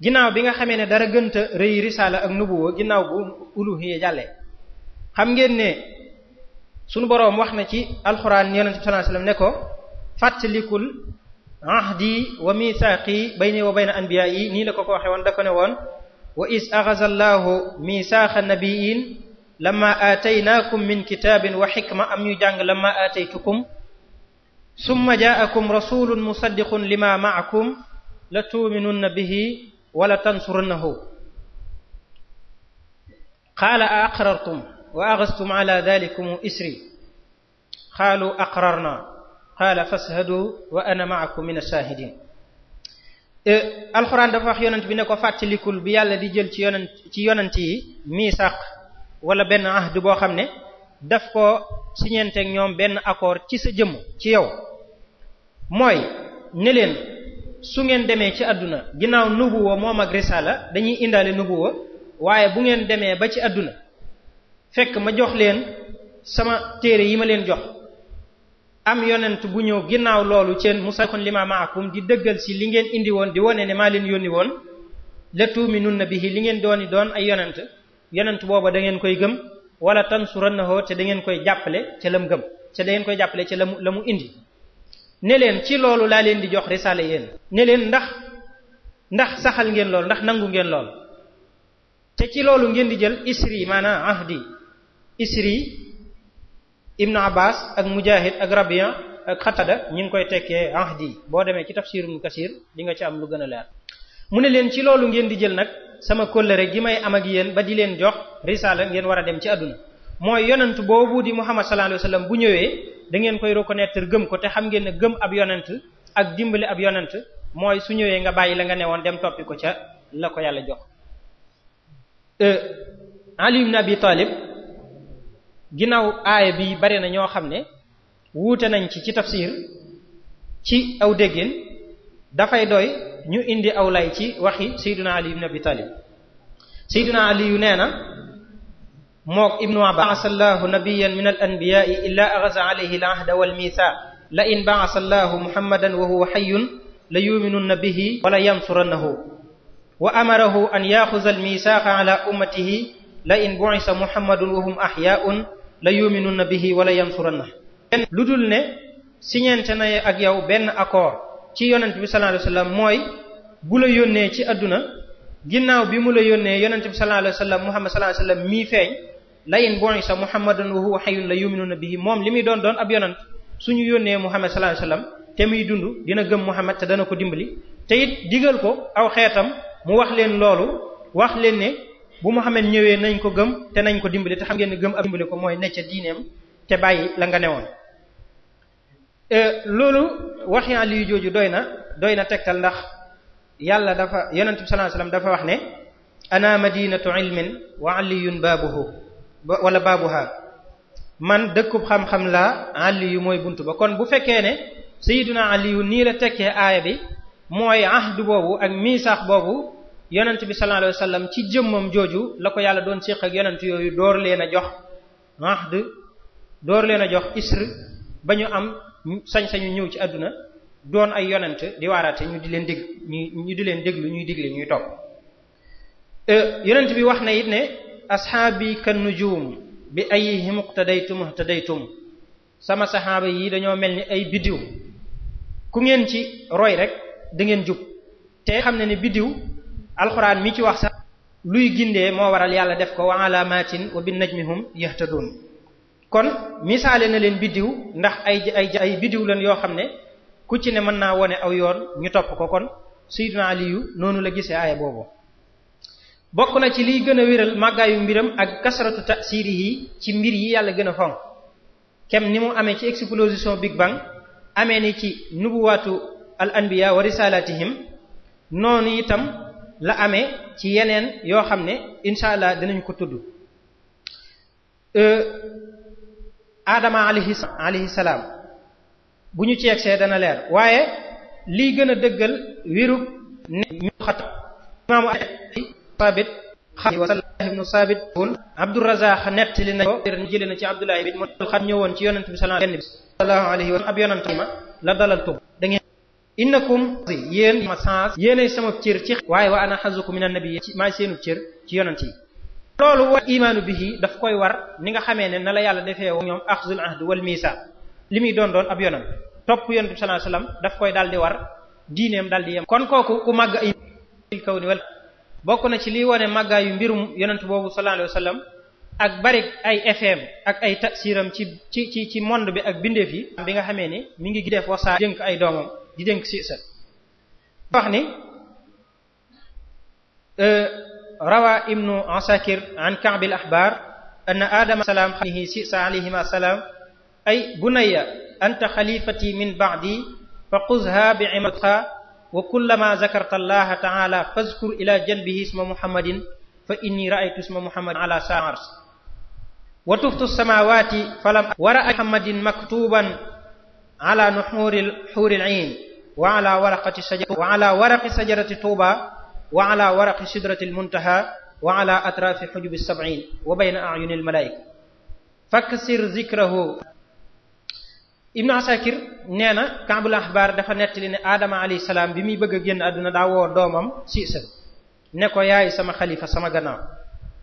Speaker 2: ginnaaw bi nga xamee ne dara gënta rëy risala ak nubuwa ginnaaw bu uluhiyya jàllee xam ngeen ne sunu boroom wax na ci alxuraan yonent bi sallallahu alayhi wasallam ne ko fàttalikul ahdi wa misaaqi bayni wa bayna anbiyaa'i nii la ko ko waxe woon da ko ne woon wa is axasa allahu misaaqa nabiyin lama aataynaakum min kitaabin wa xikma am ñu jàng lama aataytukum summa jaakum rasulun musaddiqun lima maakum la tuuminunna bihi wala tansurunnahu qaala a aqrartum wa axastum ala dalikum isri qaalu aqrarna qaala fashadu wa ana maakum min ash-shahidin alxuraan dafa wax yonent bi ne ko fàttalikul bi yàlla di jël ci yonent ci yonent yi miisaq wala benn ahd boo xam ne daf ko siñeenteeg ñoom benn accord ci sa jëmm ci yow mooy ne leen su ngeen demee ci àdduna ginnaaw nubuwa moom ak risala dañuy indaale nubuwa waaye bu ngeen demee ba ci àdduna fekk ma jox leen sama téere yi ma leen jox am yonent bu ñëw ginnaaw loolu ceen musaxon lima maakum di dëggal si li ngeen indi woon di wone ne maa leen yónni woon la tu'minunna bihi li ngeen dooni doon ay yonent yonent booba da ngeen koy gëm wala tansurannahu te da ngeen koy jàppale ca la gëm te dangeen koy jàppale ca la mu la mu indi ne leen ci loolu laa leen di jox risaale yéen ne leen ndax ndax saxal ngeen lool ndax nangu ngeen lool te ci loolu ngeen di jël isri maanaam ahdi isri Ibn Abbas ak Mujahid ak Rabian ak Xatada ñi ngi koy tekkee ahdi boo demee ci tafsir Ibn Kasir di nga ci am lu gën a leer mu ne leen ci loolu ngeen di jël nag sama kóllëre gi may am ak yéen ba di leen jox risaala ngeen war a dem ci àdduna mooy yonent boobu di Muhammad sallallahu alayhi wasallam bu ñëwee da ngeen koy reconnaître gëm ko te xam ngeen ne gëm ab yonent ak dimbali ab yonent mooy su ñëwee nga bàyyi la nga ne woon dem toppi ko ca la ko yàlla jox euh, ginnaaw aaya bi bari na ñoo xam ne wuute nañ ci ci tafsir ci aw déggin dafay doy ñu indi aw lay ci waxi sayyiduna ali ibn abi talib sayyiduna ali yu nee na mook ibnu abba ba'asa allahu nabiyyan min al anbiya'i illa aghaza alayhi al ahda wal mithaq la in ba'asa allahu muhammadan wa huwa hayyun la yu'minunna bihi wala yansurannahu wa amarahu an ya'khudha al mithaqa ala ummatihi la in bu'isa muhammadun wa hum ahya'un la yuminunna bihi wala yansuranna lu dul ne siñente na ak yow benn accord ci yonent bi sallallahu alayhi wasallam mooy bu la yónnee ci àdduna ginnaaw bi mu la yónnee yonent bi sallallahu alayhi wasallam Muhammad sallallahu alayhi wasallam mii feeñ layin boni sa Muhammadan wa huwa hayyun la yuminunna bihi moom li muy doon doon ab yonent suñu yónnee Muhammad sallallahu alayhi wasallam te muy dund dina gëm Muhammad te dana ko dimbali te it digal ko aw xeetam mu wax leen loolu wax leen bu xamee ñëwee nañ ko gëm te nañ ko dimbali te xam ngeen gëm ak dimbali ko mooy ne ca diineem te bàyyi la nga newoon. Euh, loolu waxi Aliyu jooju doy na doy na tegtal ndax yàlla dafa yonent bi sallallahu alayhi dafa wax ne ana madinatu ilmin wa aliyun baabuhu wala baabuha man dëkkub xam-xam la Aliyu mooy bunt ba kon bu fekkee ne sayyiduna Aliyu nii la tekkee aaya bi mooy ahdu boobu ak misaax boobu yonent bi sallallahu alayhi wasallam ci jëmmam jooju la ko yàlla doon séq ak yonent yooyu door leen a jox ahd door leen a jox isr ba ñu am sañ-sañu ñëw ci àdduna doon ay yonent di waaraate ñu di leen dégg ñu di leen déglu ñuy digle ñuy topp e, yonent bi wax na it ne asxaabi kan nujum bi ay ayihim iqtadaytum ihtadaytum sama saxaaba yi dañoo mel ni ay biddiw ku ngeen ci roy rekk da ngeen jub te xam ne ne biddiw alxuraan mi ci wax sax luy gindee moo waral yàlla def ko wa alaamatin wa bin najmihum yahtadun kon misaale na leen biddiw ndax ay ay ay biddiw lan yoo xam ne ku ci ne mën naa wone aw yoon ñu topp ko kon sayyidina Aliyu noonu la gisee aaya boobu bokk na ci liy gën a wéral màggaayu mbiram ak kasaratu tasiri yi ci mbir yi yàlla gën a fonk kem ni mu amee ci explosion Big Bang amee ni ci nubuwaatu al anbiya wa risalatihim noonu itam la amee ci yeneen yoo xam ne incha allah dinañ ko tudd euh, aadama alayhi alayhi bu ñu ci yegsee dana leer waaye lii gën a dëggal wérub ne ñu xata imaamu sabit xaali wa sallallahu ibnu sabit bul abdurazaq nettali nañ ko jëlee na ci abdullahi bi mu xat ñëwoon ci yonent bi sallallahu alayhi ab yonent la dalal tub da innakum yéen ma sens yéenay sama cër ci waaye wa ana xazuku min annabi ci maay seenu cër ci yonent yi loolu wa imaanu bihi daf koy war ni nga xamee ne na la yàlla defee wo ñoom axzul ahd wal misaaq li muy doon doon ab yonent topp yonent bi sallallahu alayhi wasallam daf koy daldi war diineem daldi yem kon kooku ku màgg ay kaw ni wal bokk na ci liy wone màggaayu mbirum yonent boobu sallallahu alayhi wasallam ak bari ay fm ak ay tasiram ci ci ci ci monde bi ak bindeef yi bi nga xamee ne mi ngi gideef wasaa jënk ay doomam di dénk si sa wax ni euh, rawa ibnu asakir an ka'b al ahbar anna adama salaam xalihi si sa alayhima salaam ay bunayya anta xalifati min ba'di fa xuzha bi imatha wa kullama zakarta allaha ta'ala fazkur ila janbihi isma muhammadin fa inni ra'aytu isma muhammadin ala sa'ars wa tuftu as-samawati falam wara muhammadin maktuban ala nuhuril huril 'ayn wa ala waraqati sajara wa ala waraqi sajarati tuuba wa ala waraqi sidrati almuntaha wa ala atrafi xujubi sab'in wa bayna a'yuni almalaika faksir zikrahu ibnu asakir nee na kaabul ahbaar dafa nettali ne aadama alayhi salaam bi muy bëgg a génn àdduna daa woo doomam siisa ne ko yaay sama xalifa sama gannaaw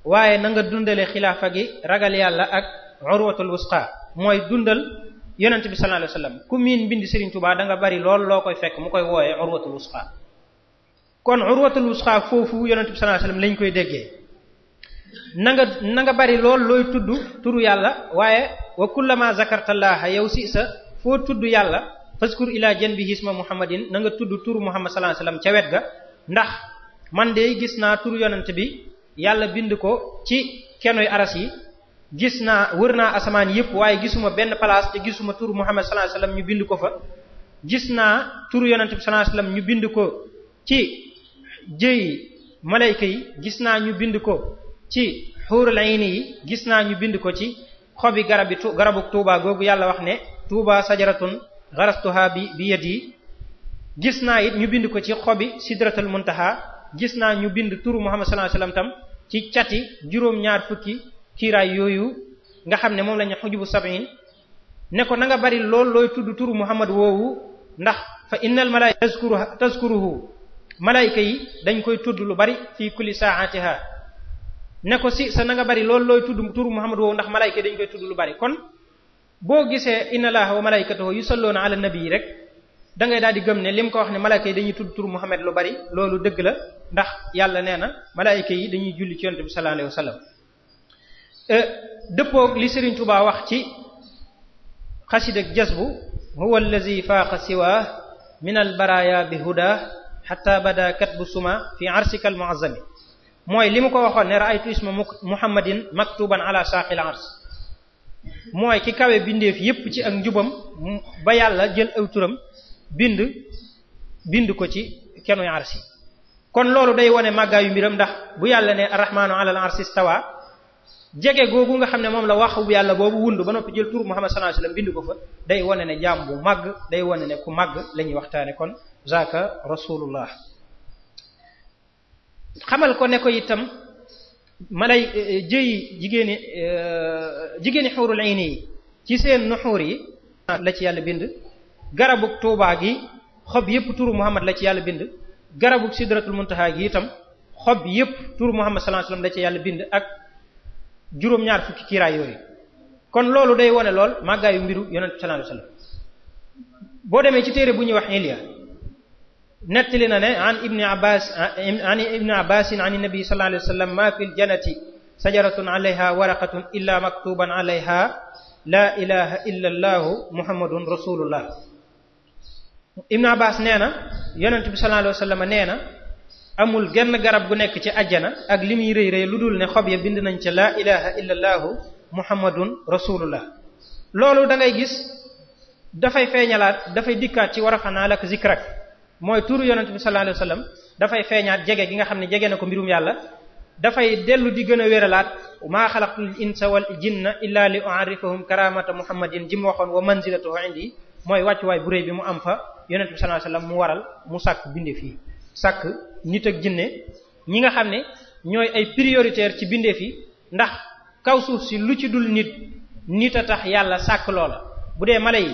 Speaker 2: waaye na nga dundale xilaafa gi ragal yàlla ak urwatul wusqa mooy dundal yonent bi sallallahu alayhi wasallam ku miin mbind Serigne Touba da bari lool loo koy fekk mu koy wooyee urwatul wusqa kon urwatul wusqa foofu yonent bi sallallahu alayhi wasallam lañ koy déggee nanga nga bari lool looy tudd turu yàlla waaye wa kullama zakartallaha yow si sa foo tudd yàlla faskur jën bi isma muhammadin na nga tudd turu muhammad sallallahu alayhi wasallam ca wet ga ndax man de gis naa turu yonent bi yàlla bind ko ci kenoy aras yi gis naa wër naa asamaan yëpp waaye gisuma benn place te gisuma turu Muhammad sallallahu alayhi wasallam ñu bind ko fa gis naa tur yonent bi sallallahu ñu bind ko ci jëy malayka gis naa ñu bind ko ci xuurul ayni yi gis naa ñu bind ko ci xobi garab yi garabu Touba googu yàlla wax ne Touba sajaratun garastuha bi bi yi gis naa it ñu bind ko ci xobi sidratul muntaha gis naa ñu bind turu Muhammad sallallahu alayhi wasallam tam ci cati juróom-ñaar fukki kiiraay yooyu nga xam ne moom la ñu xujubu sab'in ne ko na bari lool looy tudd turu Muhammad woowu ndax fa innal malaa'ika tazkuruhu malaayka yi dañ koy tudd lu bari fii kulli saa'atiha si sa na nga bari lool looy tudd turu Muhammad woowu ndax malaayka dañ koy tudd lu bari kon boo gisee inna allaha wa malaa'ikatahu yusalluuna ala nabi rek da ngay daal di gëm ne li mu ko wax ne malaayka yi dañuy tudd turu Muhammad lu bari loolu dëgg la ndax yàlla nee na malaayka yi dañuy julli ci yonent bi sallallahu alayhi wasallam Euh, dëppoog li Serigne Touba wax ci xasida jazbu huwa allazi faaqa siwa min al baraya bi huda xata bada katbu suma fi arsika al muazzami mooy li mu ko waxoon ne raaytu isma muhammadin maktuban ala saaqil ars mooy ki kawe bindeef yépp ci ak njubam ba yàlla jël aw turam bind bind ko ci kenuy arsi kon loolu day wone màggaayu mbiram ndax bu yàlla ne arrahmaanu ala al arsi stawa jege googu nga xam ne moom la wax yàlla boobu wund ba noppi jël tur Muhammad sallallahu alayhi wasallam bind ko fa day wane ne jaam bu màgg day wane ne ku màgg la ñuy waxtaane kon zaaka rasulullah xamal ko ne ko itam malay eh, eh, jëyi jigéeni eh, jigéeni xuurul ayni yi ci seen nuxuur yi la ci yàlla bind garabug tuubaa gi xob yépp turu Muhammad la ci yàlla bind garabug sidratul muntaha gi itam xob yépp turu Muhammad sallallahu alayhi wasallam la ci yàlla bind ak juróom-ñaar fukki kiiraay yooyu kon loolu day wone lool màggaayu mbiru yonent sallallahu alayhi wasallam boo demee ci téere bu ñuy wax Iliya nettali na ne an ibni abbas an ibni abbasin an nabi sallallahu alayhi wasallam ma la ilaha illa amul genn garab gu nekk ci ajjana ak li muy rëy rëy lu dul ne xob ya bind nañ ca laa ilaha illa allahu muhammadun rasulullah loolu dangay gis dafay feeñalaat dafay dikkaat ci war a xanaa ak zikrak mooy turu yonent bi sallallahu alayhi dafay feeñaat jege gi nga xam ne jege na ko mbirum yàlla dafay dellu di gën a wéralaat maa xalaqtul insa wal jinna illa li u'arrifahum karamata muhammadin ji mu waxoon wa manzilatuhu indi mooy wàccuwaay bu rëy bi mu am fa yonent bi sallallahu alayhi mu waral mu sàkk binde fii sàkk nit ak jinne ñi nga xam ne ñooy ay prioritaire ci bindeef yi ndax kaw suuf si lu ci dul nit nit a tax yàlla sàkk loola bu dee mala yi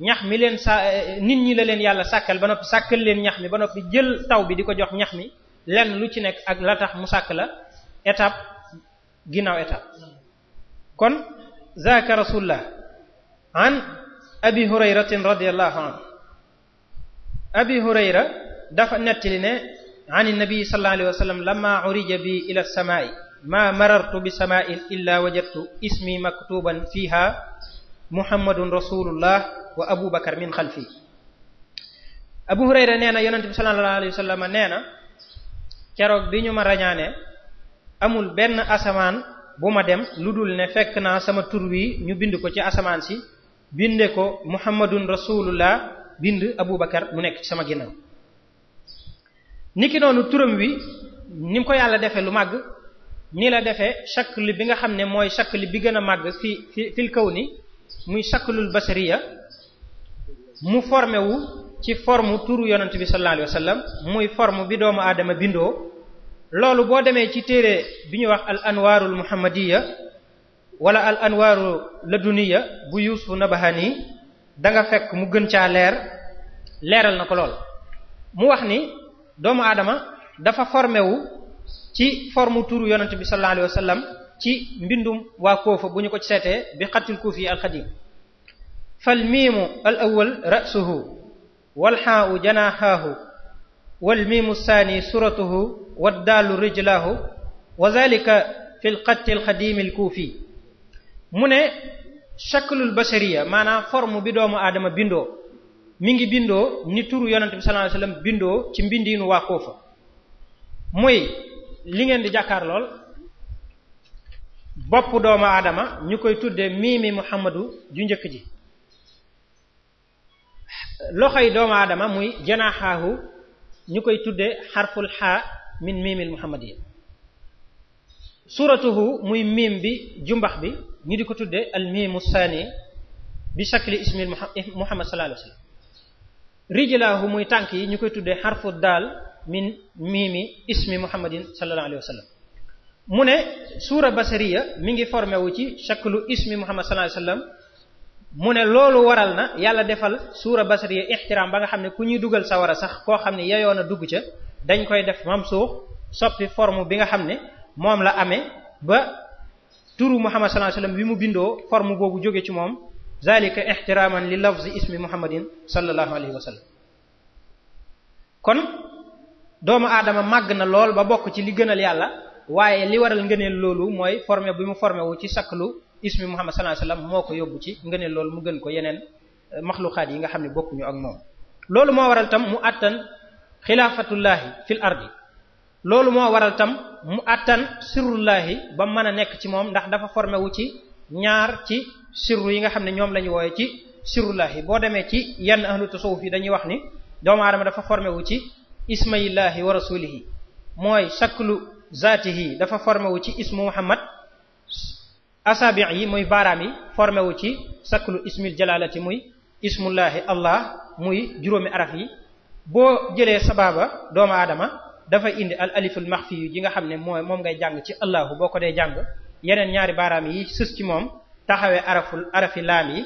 Speaker 2: ñax mi leen sa eh, nit ñi la leen yàlla sàkkal ba noppi sàkkal leen ñax mi ba noppi jël taw bi di ko jox ñax mi lenn lu ci nekk ak la tax mu sàkk la étape ginnaaw étape kon zaaka rasulullah an abi hurayrata radiyallahu anhu abi hurayra dafa nettali ne an nabi sallallahu alayhi bi ila samaa'i ma marartu bi samaa'in illa wajadtu ismi maktuban fiha muhammadun rasulullah wa abu bakar min xalfi abu hurayra nee na yonent bi sallallahu alayhi wa sallam nee na keroog bi ñu ma rañaane amul benn asamaan bu ma dem lu dul ne fekk naa sama turwi ñu bind ko ci asamaan si binde ko muhammadun rasulullah bind abu bakar mu nekk ci sama ginnaaw niki noonu turam wi ni mu ko yàlla defee lu màgg nii la defee shakl bi nga xam ne mooy shakl bi gën a màgg fi fi fil kawni muy shaklul basariya mu formé wu ci formu tuuru yonent bi sallallahu alayhi wasallam muy forme bi doomu aadama bindoo loolu boo demee ci téere bi ñuy wax al anwarul muhammadiya wala al anwaru laduniya bu yusuf nabahani da nga fekk mu gën caa leer leeral na ko lool mu wax ni doomu aadama dafa formé wu ci formu turu yonent bi sallallahu alayhi wasallam ci mbindum waa koofa bu ñu ko seete seetee bi xattil kuufi alxadim fal miimu al awwal ra'suhu wal haa'u janaahahu wal miimu saani suratuhu wad daalu rijlaahu wa zalika fi l xatti alxadim al kuufi mu ne shaklul bashariya maanaam forme bi doomu aadama bindoo mu ngi bindoo ni turu yonent bi sallallahu alayhi wasallam bindoo ci mbindiinu waa Kufa muy li ngeen di jàkkaar lool bopp doomu aadama ñu koy tuddee miimi Muhammadu ju njëkk ji loxoy doomu aadama muy janaaxaahu ñu koy tuddee xarful xaa min miimil muhammadiyya suuratuhu muy miim bi jumbax bi ñu di ko tudde al miimu saani bi shakli ismil muhammad sallallahu alayhi wasallam rijlaahu muy tànk yi ñu koy tuddee xarfu daal min miimi ismi muhammadin sallallahu alayhi wa sallam mu ne suura basariya mi ngi formé wu ci shaklu ismi muhammad sallallahu alayhi wa sallam mu ne loolu waral na yàlla defal suura basariya ixtiraam ba nga xam ne ku ñuy dugal sawara sax koo xam ne yayoon a dugg ca dañ koy def mamsuux soppi form bi nga xam ne moom la amee ba turu muhammad sallallahu alayhi bi mu bindoo forme boobu jóge ci moom zalika ixtiraaman li lafzi ismi muhammadin sallallahu alayhi wa sallam kon doomu aadama màgg na lool ba bokk ci li gënal yàlla waaye li waral ngëneel loolu mooy formé bi mu formé wu ci saklu ismi muhammad sallallahu alayhi wa sallam moo ko yóbbu ci ngëneel loolu mu gën ko yeneen eh, maxluxaat yi nga xam ne bokkuñu ak moom loolu moo waral tam mu àttan xilaafatullaahi fil ardi loolu moo waral tam mu àttan sirullaahi ba mën a nekk ci moom ndax dafa formé wu ci ñaar ci sirru yi nga xam ne ñoom lañuy ñu wooye ci sirrullaahi boo demee ci yenn ahlu tasawuf yi dañuy wax ni doomu adama dafa formé wu ci ismaillaahi wa rasulihi mooy shaklu zaatihi dafa formé wu ci ismu muhammad asaabi yi muy baaraam yi formé wu ci shaklu ismil jalalati muy ismullaahi allah muy juróomi araf yi boo jëlee sababa doomu adama dafa indi al aliful maxfi yu yi nga xam ne mooy moom ngay jàng ci allahu boo ko dee jàng yeneen ñaari baaraam yi sës ci moom taxawee araful arafi laam yi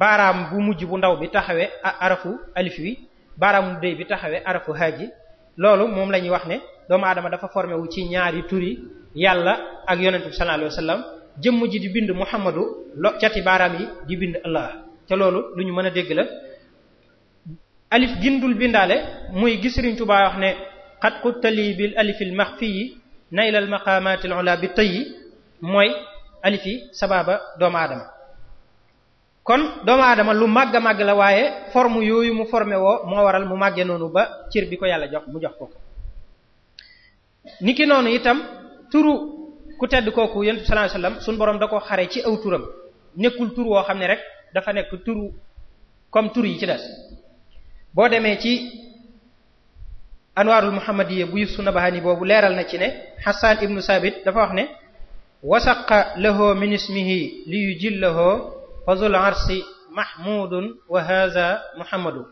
Speaker 2: baaraam bu mujj bu ndaw bi taxawee arafu alif wi baaraam bu déy bi taxawee arafu haaji loolu moom la ñuy wax ne doomu aadama dafa formewu ci ñaari turi yàlla ak yonent bi sallallahu alayhi wasallam jëmm ji di bind muhammadu lo baaraam yi di bind allah te loolu lu ñu mën a dégg la alif gindul bindaale muy gis Sëriñ Tuubaa wax ne xat ku tali bil alifil maxfiyi naylal maqamatil ula bi tayyi mooy alifi sababa doomu aadama kon doomu aadama lu màgg a màgg la waaye form yooyu mu forme woo moo waral mu màggee noonu ba cër bi ko yàlla jox mu jox ko ko niki noonu itam turu ku tedd kooku yonent bi sallallahu alayhi wasallam suñu borom da ko xare ci aw turam nekkul tur woo xam ne rek dafa nekk turu comme tur yi ci des boo demee ci anwaarul muhammadiyya bu yusuf nabahani boobu leeral na ci ne Hassan ibnu Sabit dafa wax ne wasaqa lahu min ismihi li yujillahu fazul arsi mahmudun wa haza muhammadu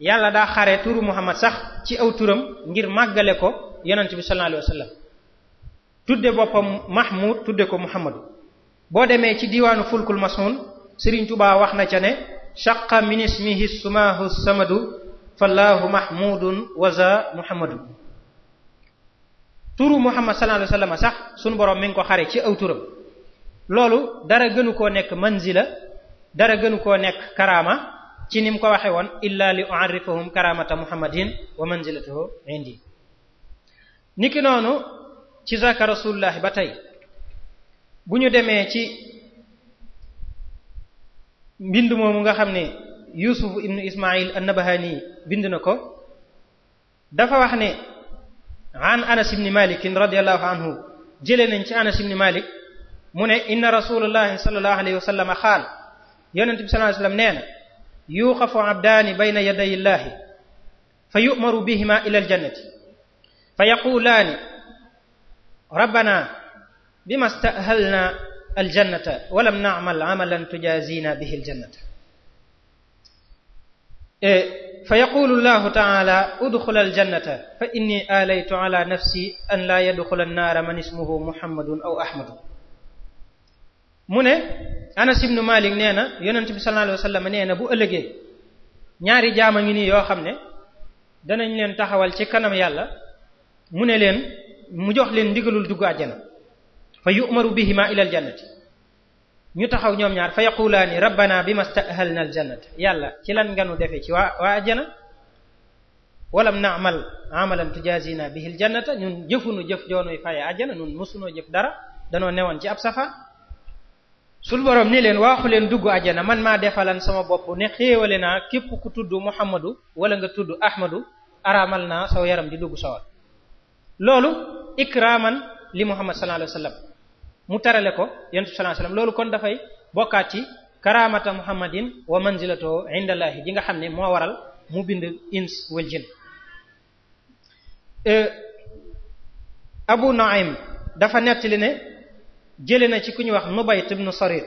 Speaker 2: yàlla daa xare turu muhammad sax ci aw turam ngir màggale ko yonent bi sallallahu alayhi wasallam tudde boppam mahmud tudde ko muhammadu boo demee ci diwaanu fulkul masun Serigne Touba wax na ca ne shaqa min ismihi sumahu samadu fallahu mahmudun waza muhammadu turu muhammad sallallahu alayhi wasallam sax sunu borom mi ngi ko xare ci aw turam loolu dara gënu koo nekk manzila dara gënu koo nekk karaama ci ni mu ko waxe woon illa li u'arrifahum karamata muhammadin wa manzilatahu indi niki noonu ci zaka rasulullahi ba tey bu ñu demee ci mbind moomu nga xam ne yusuf ibnu ismail annabahani bind na ko dafa wax ne an anas ibni malik radiallahu anhu jëlee nañ ci anas ibni malik mu ne inna rasulullahi sallallahu alayhi wa sallam xaal yonent bi sallallahu alayhi wa sallam nee na yuqafu abdaani bayna yaday illahi fa yu'maru bihima ila aljannati fa yaqulaani rabbana bima stahalna aljannata walam na'mal amalan tujaazina bihi aljannata eh, fa yaqulu llahu taala udxula aljannata fa inni aalaytu ala nafsi an laa yadxula annaara man ismuhu muhammadun aw ahmadu mu ne anas ibnu malik nee na yonent bi sallallahu alayhi wa sallam nee na bu ëllëgee ñaari jaama ngi nii yoo xam ne danañ leen taxawal ci kanam yàlla mu ne leen mu jox leen ndigalul dugg àjjana fa yu'maru bihima ila aljannati ñu taxaw ñoom ñaar fa yaqulaani rabbana bi ma stahalna aljannata yàlla ci lan nga nu defee ci waa waa ajjana walam naamal amalan tujazina bihi aljannata ñun jëfunu jëf joonuy faye ajjana ñun mosunoo jëf dara danoo newoon ci ab safaan sul borom ni leen waaxu leen dugg ajjana man maa defalan sama bopp ne xéewale naa képp ku tudd muhammadu wala nga tudd ahmadu araamal naa yaram di dugg sawal loolu ikraman li muhammad sallallahu alayhi wasallam mu terale ko yonent bi sallallahu alayhi wasallam loolu kon dafay bokkaat ci karaamata muhammadin wa manzilatoo indallahi ji nga xam ne moo waral mu bind ins wal jinn euh, abu nu'aym dafa nettali ne jële na ci ku ñuy wax nubayt ibn sarir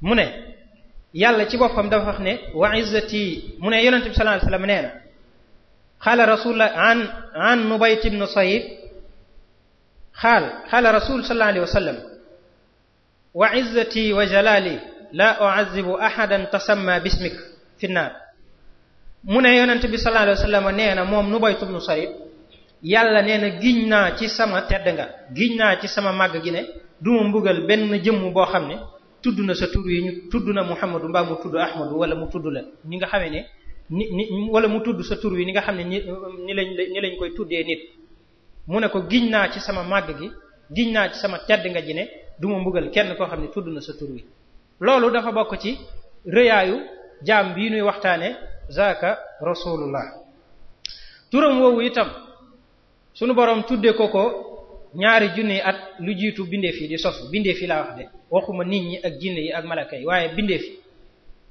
Speaker 2: mu ne yàlla ci boppam dafa wax ne wa izzati mu ne yonent bi sallallahu alayhi wasallam nee na xaala rasulullah an an nubayt ibn sarir قال قال رسول صلى الله عليه وسلم وعزتي وجلالي لا أعذب أحدا تسمى باسمك في النار mu ne yonent bi sallallahu alayhi wasallam nee na moom Nubaytu bnu Sarid yàlla nee na giñ naa ci sama tedd nga giñ naa ci sama màgg gi ne du mbugal benn jëmm boo xam ne tudd na sa tur yi ñu tudd na Muhammadu mbaa mu tudd Ahmadu wala mu tudd la ñi nga xamee ne ni ni wala mu tudd sa tur yi ni nga xam ne ni ni lañ lañ koy tuddee nit mu ne ko giñ naa ci sama màgg gi giñ naa ci sama tedd nga ji ne du ma mbugal kenn koo xam ne tudd na sa tur wi loolu dafa bokk ci rëyaayu jaam bii nuy waxtaane zaaka rasulullah turam woowu itam sunu borom tudde ko ko ñaari yi at lu jiitu bindeef yi di sos bindeef yi laa wax de waxuma nit ñi ak jinne yi ak malaka yi waaye bindeef yi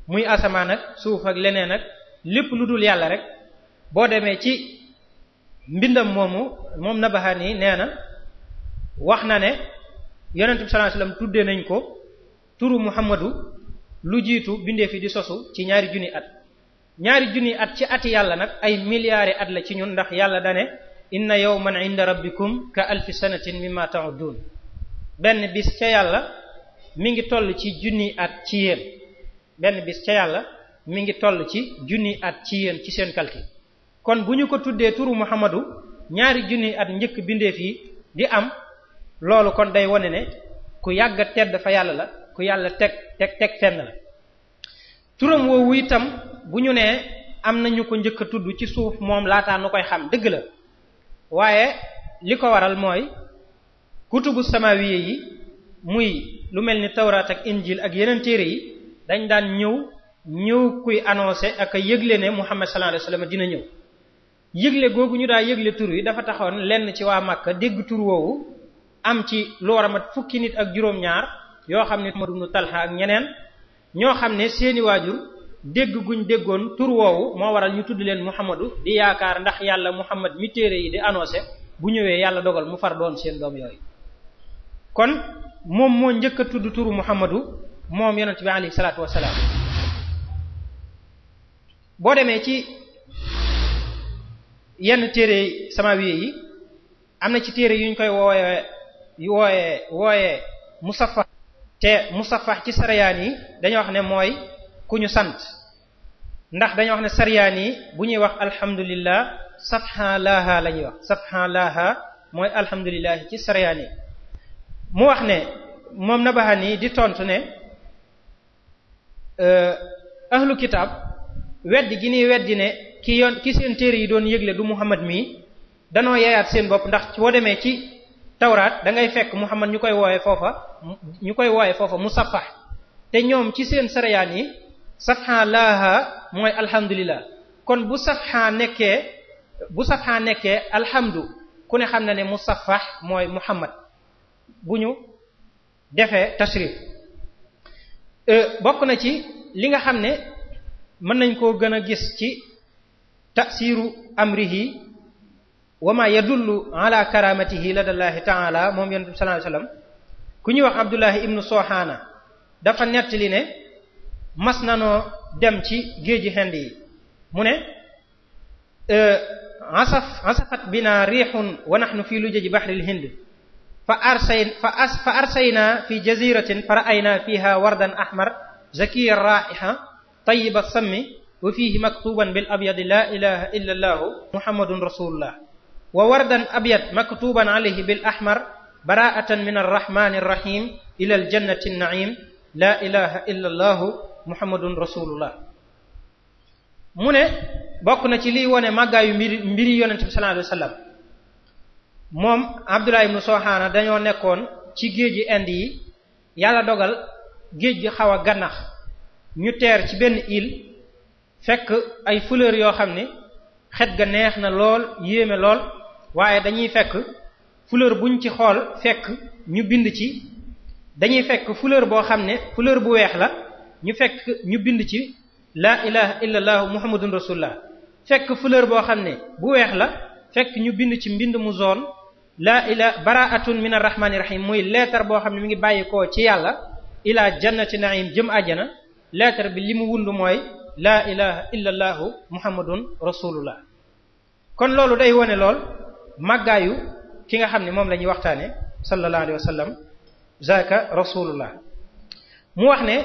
Speaker 2: muy asamaan ak suuf ak leneen ak lépp lu dul yàlla rek boo demee ci mbindam moomu moom Nabahani nee na wax na ne yonent bi sallallahu tuddee nañ ko turu Muhammadu lu jiitu bindee di sosu ci ñaari junni at ñaari junni at ci ati yàlla nag ay milliards at la ci ñun ndax yàlla dane inna yawman inda rabbikum ka alfi sanatin mimma ta'udun benn bis ca yàlla mi ngi toll ci junni at ci yéen benn bis ca yàlla mi ngi toll ci junni at ci yéen ci seen calcul kon bu ñu ko tuddee turu muhammadu ñaari junni at njëkk bindéef yi di am loolu kon day wone ne ku yàgg a tedd fa yàlla la ku yàlla teg teg teg fenn la turam woowu itam bu ñu nee am nañu ko njëkk tudd ci suuf moom laataa nu koy xam dëgg la waaye li ko waral mooy kutubu samawiye yi muy lu mel ni tawraat ak injil ak yeneen téere yi dañ daan ñëw ñëw kuy annoncer ak a yëgle ne Muhammad sallallahu alayhi wasallam dina ñëw yëgle googu ñu daal yëgle tur wi dafa taxoon lenn ci waa Makka dégg tur woowu am ci lu war a mat fukki nit ak juróom-ñaar yoo xam ne Muhammad ibn Talha ak ñeneen ñoo xam ne seeni waajur dégg guñ déggoon tur woowu moo waral ñu tudd leen Muhammadu di yaakaar ndax yàlla Muhammad mi téere yi di annoncé bu ñëwee yàlla dogal mu far doon seen doom yooyu kon moom moo njëkk a tudd turu Muhammadu moom yonent bi alayhi salaatu wassalaam boo demee ci yenn téere samawiye yi am na ci téere yu ñu koy wooyee wooye wooye wooyee musaffax te musaffax ci sariyaan yi dañoo wax ne mooy ku ñu sant ndax dañoo wax ne sariyaan yi bu ñuy wax alhamdulillah safha laaha la ñuy wax safha laaha mooy alhamdulilah ci sariyaan yi mu wax ne moom Nabahani di tontu ne euh, ahlu kitaab weddi gi ñuy weddi ne ki yoon ki seen téere yi doon yëgle du Muhammad mii danoo yayaat seen bopp ndax boo demee ci tawraat dangay ngay fekk Muhammad ñu koy wooye foofa ñu koy wooye foofa musaffah te ñoom ci seen sarayaan yi safha laaha mooy alhamdulillah kon bu safha nekkee bu safha nekkee alhamdu ku ne xam na ne musaffah mooy Muhammad bu ñu defee tashrif euh, bokk na ci li nga xam ne mën nañ koo gën a gis ci tasiru amrihi wa ma yadullu ala karamatihi ladallaahi taala moom yonent bi sallallahu alayhi wasallam ku ñuy wax abdullahi ibnu soxaana dafa nettali ne mas nanoo dem ci géeji Hind yi mu ne euh, asaf asafat bina riixun wa nahnu fi lujaji bahril hind fa arsay fa as fa arsaynaa fi jaziratin fa ra'aynaa fiha wardan ahmar zakiyar raiha tayyiba sammi wa fiihi maktuban bil abyadi laa ilaha illa allaahu rasulullah wa wardan abyad maktuban alayhi bil ahmar baraatan min arrahmani irrahim ila aljannati annaim laa ilaha illa allaahu muhammadun rasulullah mu ne bokk na ci liy wone màggaayu mbir mbiri yonente bi sallallahu alayhi wasallam moom Abdullah ibn Sohaana dañoo nekkoon ci géej géeji Inde yi yàlla dogal géej gi xaw a gannax ñu teer ci benn île fekk ay fleur yoo xam ne xet ga neex na lool yéeme lool waaye dañuy fekk fleur buñ ci xool fekk ñu bind ci dañuy fekk fleur boo xam ne fleur bu weex la ñu fekk ñu bind ci laa ilaha illallah muhammadun rasulullah fekk fleur boo xam ne bu weex la fekk ñu bind ci mbind mu zone laa ila baraatun min arrahmani rahim muy leetar boo xam ne mu ngi bàyyi koo ci yàlla ilaa jannati naim jëm àjjana leetar bi li mu wund mooy laa ilaha illa allahu muhammadun rasulullah kon loolu day wone lool màggaayu ki nga xam ne moom lañuy waxtaane sallallahu alayhi wa sallam zaka rasulullah mu wax ne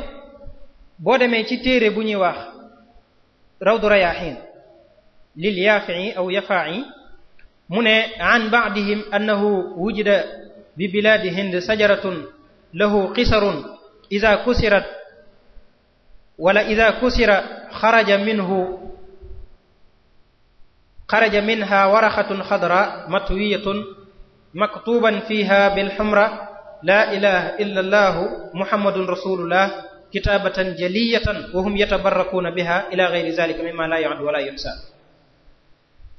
Speaker 2: boo demee ci téere bu ñuy wax rawdu rayahin lil yaafi'i aw yafaa'i mu ne an ba'dihim annahu wujida bi bilaadi hind sajaratun lahu qisarun ida kusirat wala ida kusira xaraja minhu xaraja minha waraxatun xadra matwiyatun maktuban fiha bilxumra laa ilaha illa allahu muhammadun rasulullah kitaabatan jaliyatan wa hum yatabarrakuuna biha ila geyri zalika mimma la ya'du wala yunsa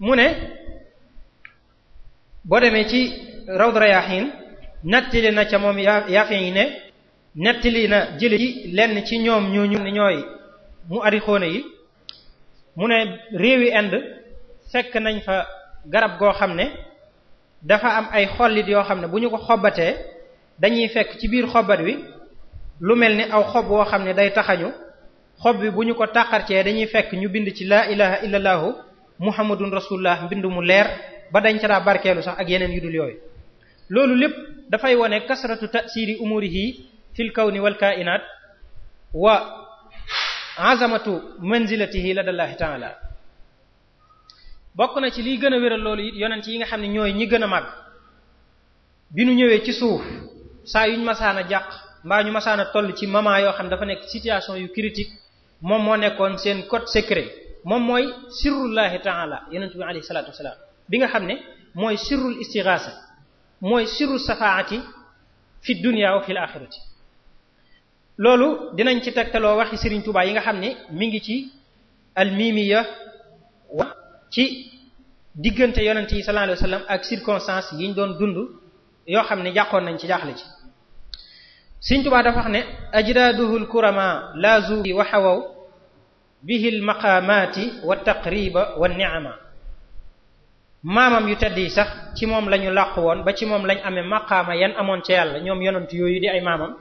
Speaker 2: mu ne boo demee ci rawd rayaahin nettali na ca moom yaaxin yi ne nettali na jële ci lenn ci ñoom ñooñu ñooy mu arixoone yi mu ne réewi Inde fekk nañ fa garab goo xam ne dafa am ay xollit yoo xam ne bu ñu ko xobatee dañuy fekk ci biir xobat wi lu mel ni aw xob woo xam ne day taxañu xob bi bu ñu ko tàqarcee dañuy fekk ñu bind ci laa ilaha illallahu muhammadun rasulullah mbind mu leer ba dañ ca daa barkeelu sax ak yeneen yu dul yooyu loolu lépp dafay wone kasratu tasiri umurihi fil kawni wal kainat wa azamatu manzilatihi ladallahi taala bokk na ci liy gën a wéral loolu it yi nga xam ne ñooy ñi gën a màgg bi nu ñëwee ci suuf saa yuñ masaan a jàq mbaa ñu masaan toll ci moment yoo xam dafa nekk situation yu critique moom moo nekkoon seen code secret moom mooy sirrullahi taala yonent bi alayhi salaatu wasalaam bi nga xam ne mooy sirrul istighaasa mooy sirru safaati fi dunya wa fil loolu dinañ ci tegtaloo waxi Serigne Touba yi nga xam ne mi ngi ci almimiya wa ci diggante yonent yi sallallahu alayhi wasallam ak circonstances yi doon dund yoo xam ne jàqoon nañ ci jaaxle ci Serigne Touba dafa wax ne ajdaduhu alkurama la zubi wa hawaw bihi almaqamati wa taqriba wa ni'ama maamam yu tedd yi sax ci moom lañu làqu woon ba ci moom lañ amee maqaama yan amoon ca yàlla ñoom yonent yooyu di ay maamam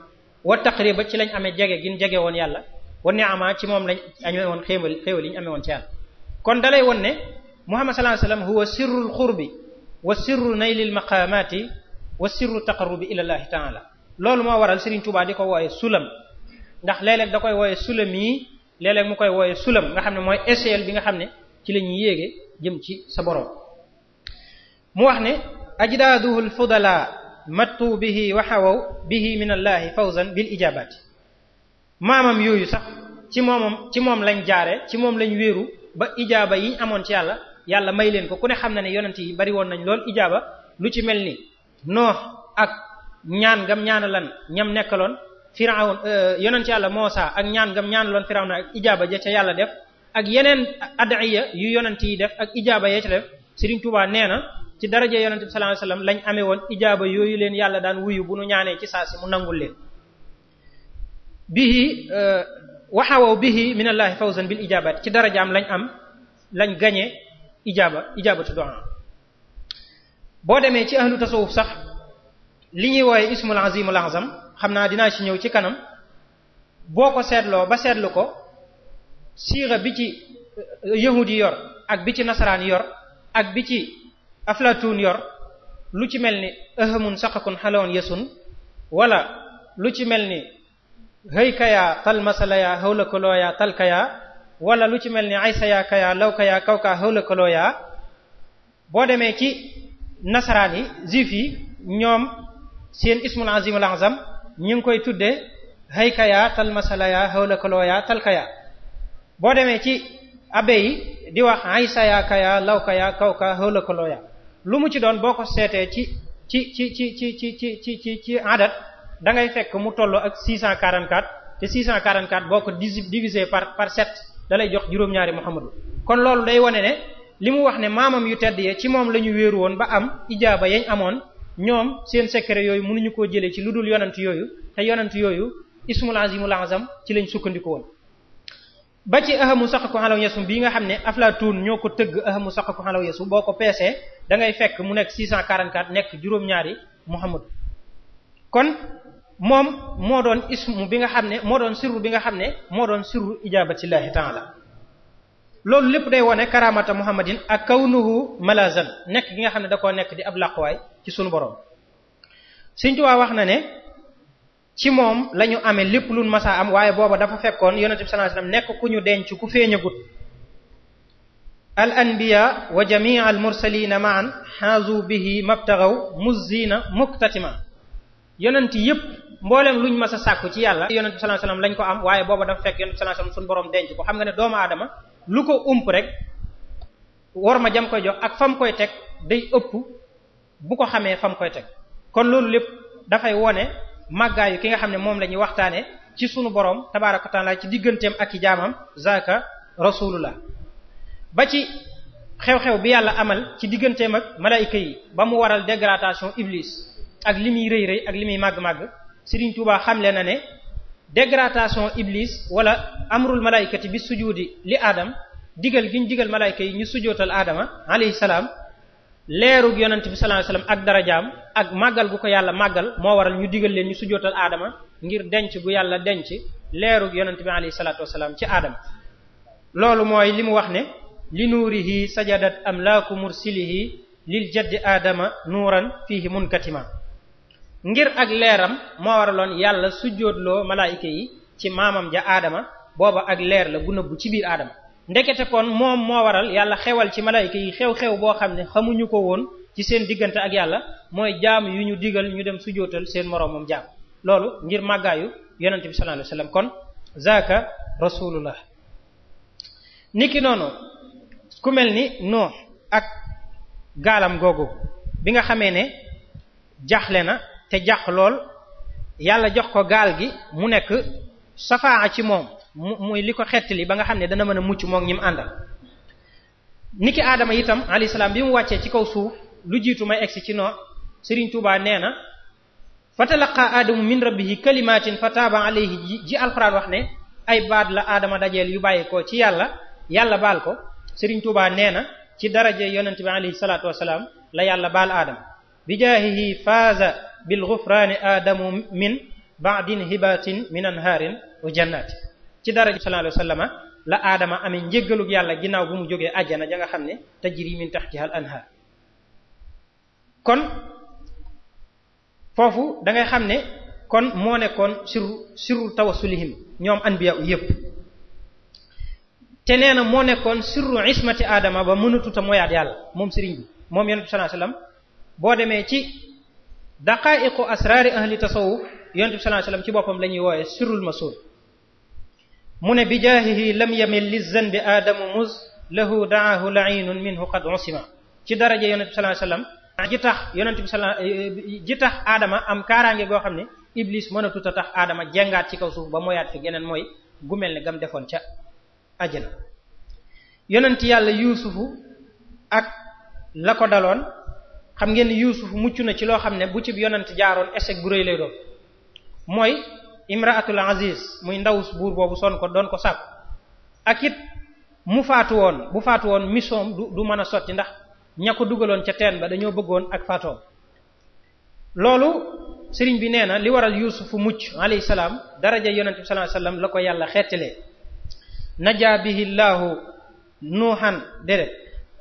Speaker 2: wa taqriba ci lañ amee jege gin jege woon yàlla wa ni'ama ci moom lañ amee woon xéewal xéewal yi ñu amee woon ci yàlla kon dalay won ne muhammad sallallahu alayhi wasallam huwa wa sirru naylil maqamati wa sirru taqarrubi ila la ta'ala loolu moo waral Serigne Touba di ko wooye sulam ndax léeg da koy wooye sulam yi léeg-léeg mu koy wooye sulam nga xam ne mooy échelle bi nga xam ne ci la ñuy yéege jëm ci sa borom mu wax ne ajdaaduhu al mattu bihi waxawaw bihi min allahi fawzan bil ijabaati maamam yooyu sax ci moomam ci moom lañ jaare ci moom lañ wéeru ba ijaaba yi amoon ci yàlla yàlla may leen ko ku ne xam na ne yonent yi bari woon nañ lool ijaaba lu ci mel ni noox ak ñaan ngam ñaanalan ñam nekkaloon firawn euh, yonent yàlla moosa ak ñaan ngam ñaanaloon firawna ak ijaaba ja ca yàlla def ak yeneen addiya yu yonent yi def ak ijaaba ya ca def Sëriñ Tuubaa nee na ci daraja yonent bi sallallahu alayhi wasallam lañ amee ijaaba yooyu leen yàlla daan wuyu bu nu ñaanee ci saa si mu nangul leen bihi euh, waxawaw bihi minallahi fawzan bil ijabat ci darajaam lañ am lañ gañe ijaaba ijaabatu du'a boo demee ci ahlu tasawuf sax li ñuy wooye ismul azimul azam xam naa dinaa ci ñëw ci kanam boo ko seetloo ba seetlu ko siira bi ci euh, yahudi yor ak bi ci nasaraan yor ak bi ci aflatuun yor lu ci mel ni ahamun saqakun xalawoon yesun wala lu ci mel ni hëykaya talmasalaya hawlakalooya talkaya wala lu ci mel ni aysaya kaya lawkaya kawka hawlakalooya boo demee ci nasaraan yi juif yi ñoom seen ismul azimul azam ñu ngi koy tuddee haykaya talmasalaya hawlakalooya talkaya boo demee ci abe yi di wax aysaya kaya lawkaya kawka hawlakalooya lu mu ci doon boo ko seetee ci ci ci ci ci ci ci ci ci ci adat da ngay fekk mu tolloo ak 644 te 644 boo ko divisé par par 7 da jox juróom-ñaari Muhammadu kon loolu day wone ne li mu wax ne maamam yu tedd yee ci moom la ñu wéeru woon ba am ijaaba yañ amoon ñoom seen secret yooyu mënuñu ko jëlee ci lu dul yonent yooyu te yonent yooyu ismul azimul azam ci lañ sukkandiku woon ba ci ahamu saqaku xalaw yesu bii nga xam ne aflatun ñoo ko tëgg ahamu saqaku xalaw yesu boo ko peesee da ngay fekk mu nekk 644 nekk juróom-ñaari Muhammad kon moom moo doon ismu bi nga xam ne moo doon sirru bi nga xam ne moo doon sirru ijaabatillahi taala loolu lépp day wone karamata muhammadin ak kawnuhu malazan nekk gi nga xam ne da koo nekk di ab làquwaay ci sunu borom Sëriñ Tuubaa wax na ne ci moom la ñu amee lépp lu masaa am waaye booba dafa fekkoon yonent bi sallallahu alayhi nekk ku ñu denc ku feeñagut al anbiya wa jamii al mursalina maan xaazu bihi mabtagaw muzina muktatima yonent yëpp mboolem luñ mas a sàkku ci yàlla yonent bi sallallahu alayhi lañ ko am waaye booba dafa fekk yonent bi sallallahu alayhi wasallam suñu denc ko xam nga ne doomu lu ko ump rek war jam koy jox ak fam koy teg day ëpp bu ko xamee fam koy teg kon loolu lépp dafay wone màggaayu ki nga xam ne moom lañuy ñuy waxtaane ci sunu borom tabaaraka wa ci digganteem ak i jaamam zaka rasulullah ba ci xew-xew bi yàlla amal ci digganteem ak malaayika yi ba mu waral dégradation iblis ak li muy rëy rëy ak li muy màgg-màgg si Serigne Touba xamle na ne dégradation iblis wala amrul malaayikati bi sujudi li aadam digal gi ñu digal malaayika yi ñu sujootal aadama alayhi salaam leerug yonent bi sallallahu ak darajaam ak màggal gu ko yàlla màggal moo waral ñu digal leen ñu sujootal aadama ngir denc gu yàlla denc leerug yonent bi alayhi salaatu ci aadama li nuurihi sajadat amlaaku mursilihi lil jaddi aadama nuuran fiihi munkatima ngir ak leeram moo waraloon yàlla sujjóotloo malaayika yi ci maamam ja aadama booba ak leer la gu nëbbu ci biir aadama ndekete kon moom moo waral yàlla xewal ci malaayika yi xew-xew boo xam ne xamuñu ko woon ci seen diggante ak yàlla mooy jaam yu ñu digal ñu dem sujjóotal seen moroomam jaam loolu ngir màggaayu yonente bi sallallahu alayhi kon zaaka rasulullah niki noonu ku mel ni Nuux ak gaalam googu bi nga xamee ne jaxle na te jax lool yàlla jox ko gaal gi mu nekk safaa ci moom mu muy li ko xettali ba nga xam ne dana mën a mucc moom ñi mu àndal. niki Adama itam alayhi salaam bi mu wàccee ci kaw suuf lu jiitu may egsi ci Nuux Serigne Touba nee na. fatalaqa aadamu min rabbihi kalimatin fa taaba alayhi ji alxuraan wax ne ay baat la aadama dajeel yu bàyyi ko ci yàlla yàlla baal ko Serigne Touba nee na ci daraje yonent bi alayhi salaatu wasalaam la yàlla baal aadama bi jaahihi faaza bil ghufraani aadamu min ba'din hibatin min anhaarin wa jannati ci daraje sallallahu alayhi la aadama amee njéggalug yàlla ginnaaw bu mu jógee ajjana ja nga xam ne tajri min tax al anhaar kon foofu dangay xam ne kon moo nekkoon sirru sirru tawasulihim ñoom anbiya yépp te nee moo nekkoon sirru ismati aadama ba mënatuta moyaat yàlla moom sëriñ bi moom yonent bi sallallahu boo demee ci daqaa'iqu asraari ahli tasawuf yonent bi sallallahu alayhi wasallam ci boppam la ñuy wooye sirrul masul mu ne bi jaahihi lam yamil li zanbi aadamu muz lahu daahu lainun minhu qad usima ci daraja yonent bi sallallahu alayhi ji tax yonent bi sallallahu eh, ji tax aadama am kaaraange goo xam ne iblis mënatut a tax aadama jengaat ci kaw suuf ba moyaat fi geneen mooy gumel ne gam defoon ca ajjana yonent yàlla yuusufu ak la ko daloon xam ngeen yuusufu mucc na ci loo xam ne bu ci yonent jaaroon échec bu rëy lay doon mooy imraatul aziz muy ndaw buur boobu son ko doon ko sàkku ak it mu faatu woon bu faatu woon mission du du mën a sotti ndax ña ko dugaloon ca teen ba dañoo bëggoon ak faatoom loolu sëriñ bi nee na li waral yuusufu mucc alayhi salaam daraja yonent bi la ko yàlla xettalee najaa bihi llaahu nuuhan déedéet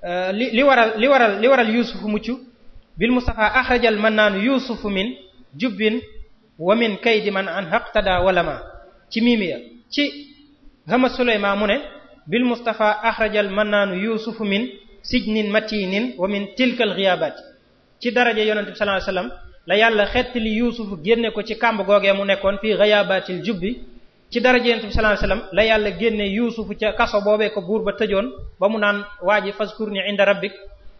Speaker 2: euh, li li waral li waral li waral yuusufu mucc bil mustafa axrajal man naanu yuusufu min jubbin wa min kaydi man an haqtada walama ci miimiya ci hama suleyma mu ne bil mustafa axrajal man naanu yuusufu min sijnin matinin wa min tilkal ghiyabati ci daraja yonente bi la yàlla xettali yuusufu génne ko ci kàmb mu nekkoon fii ghayabatil jubbi ci daraja yonent bi sallallahu alayhi la yàlla génne yuusufu ca kaso boobee ko buur ba tëjoon ba mu naan waa ji fazkurni inda rabbik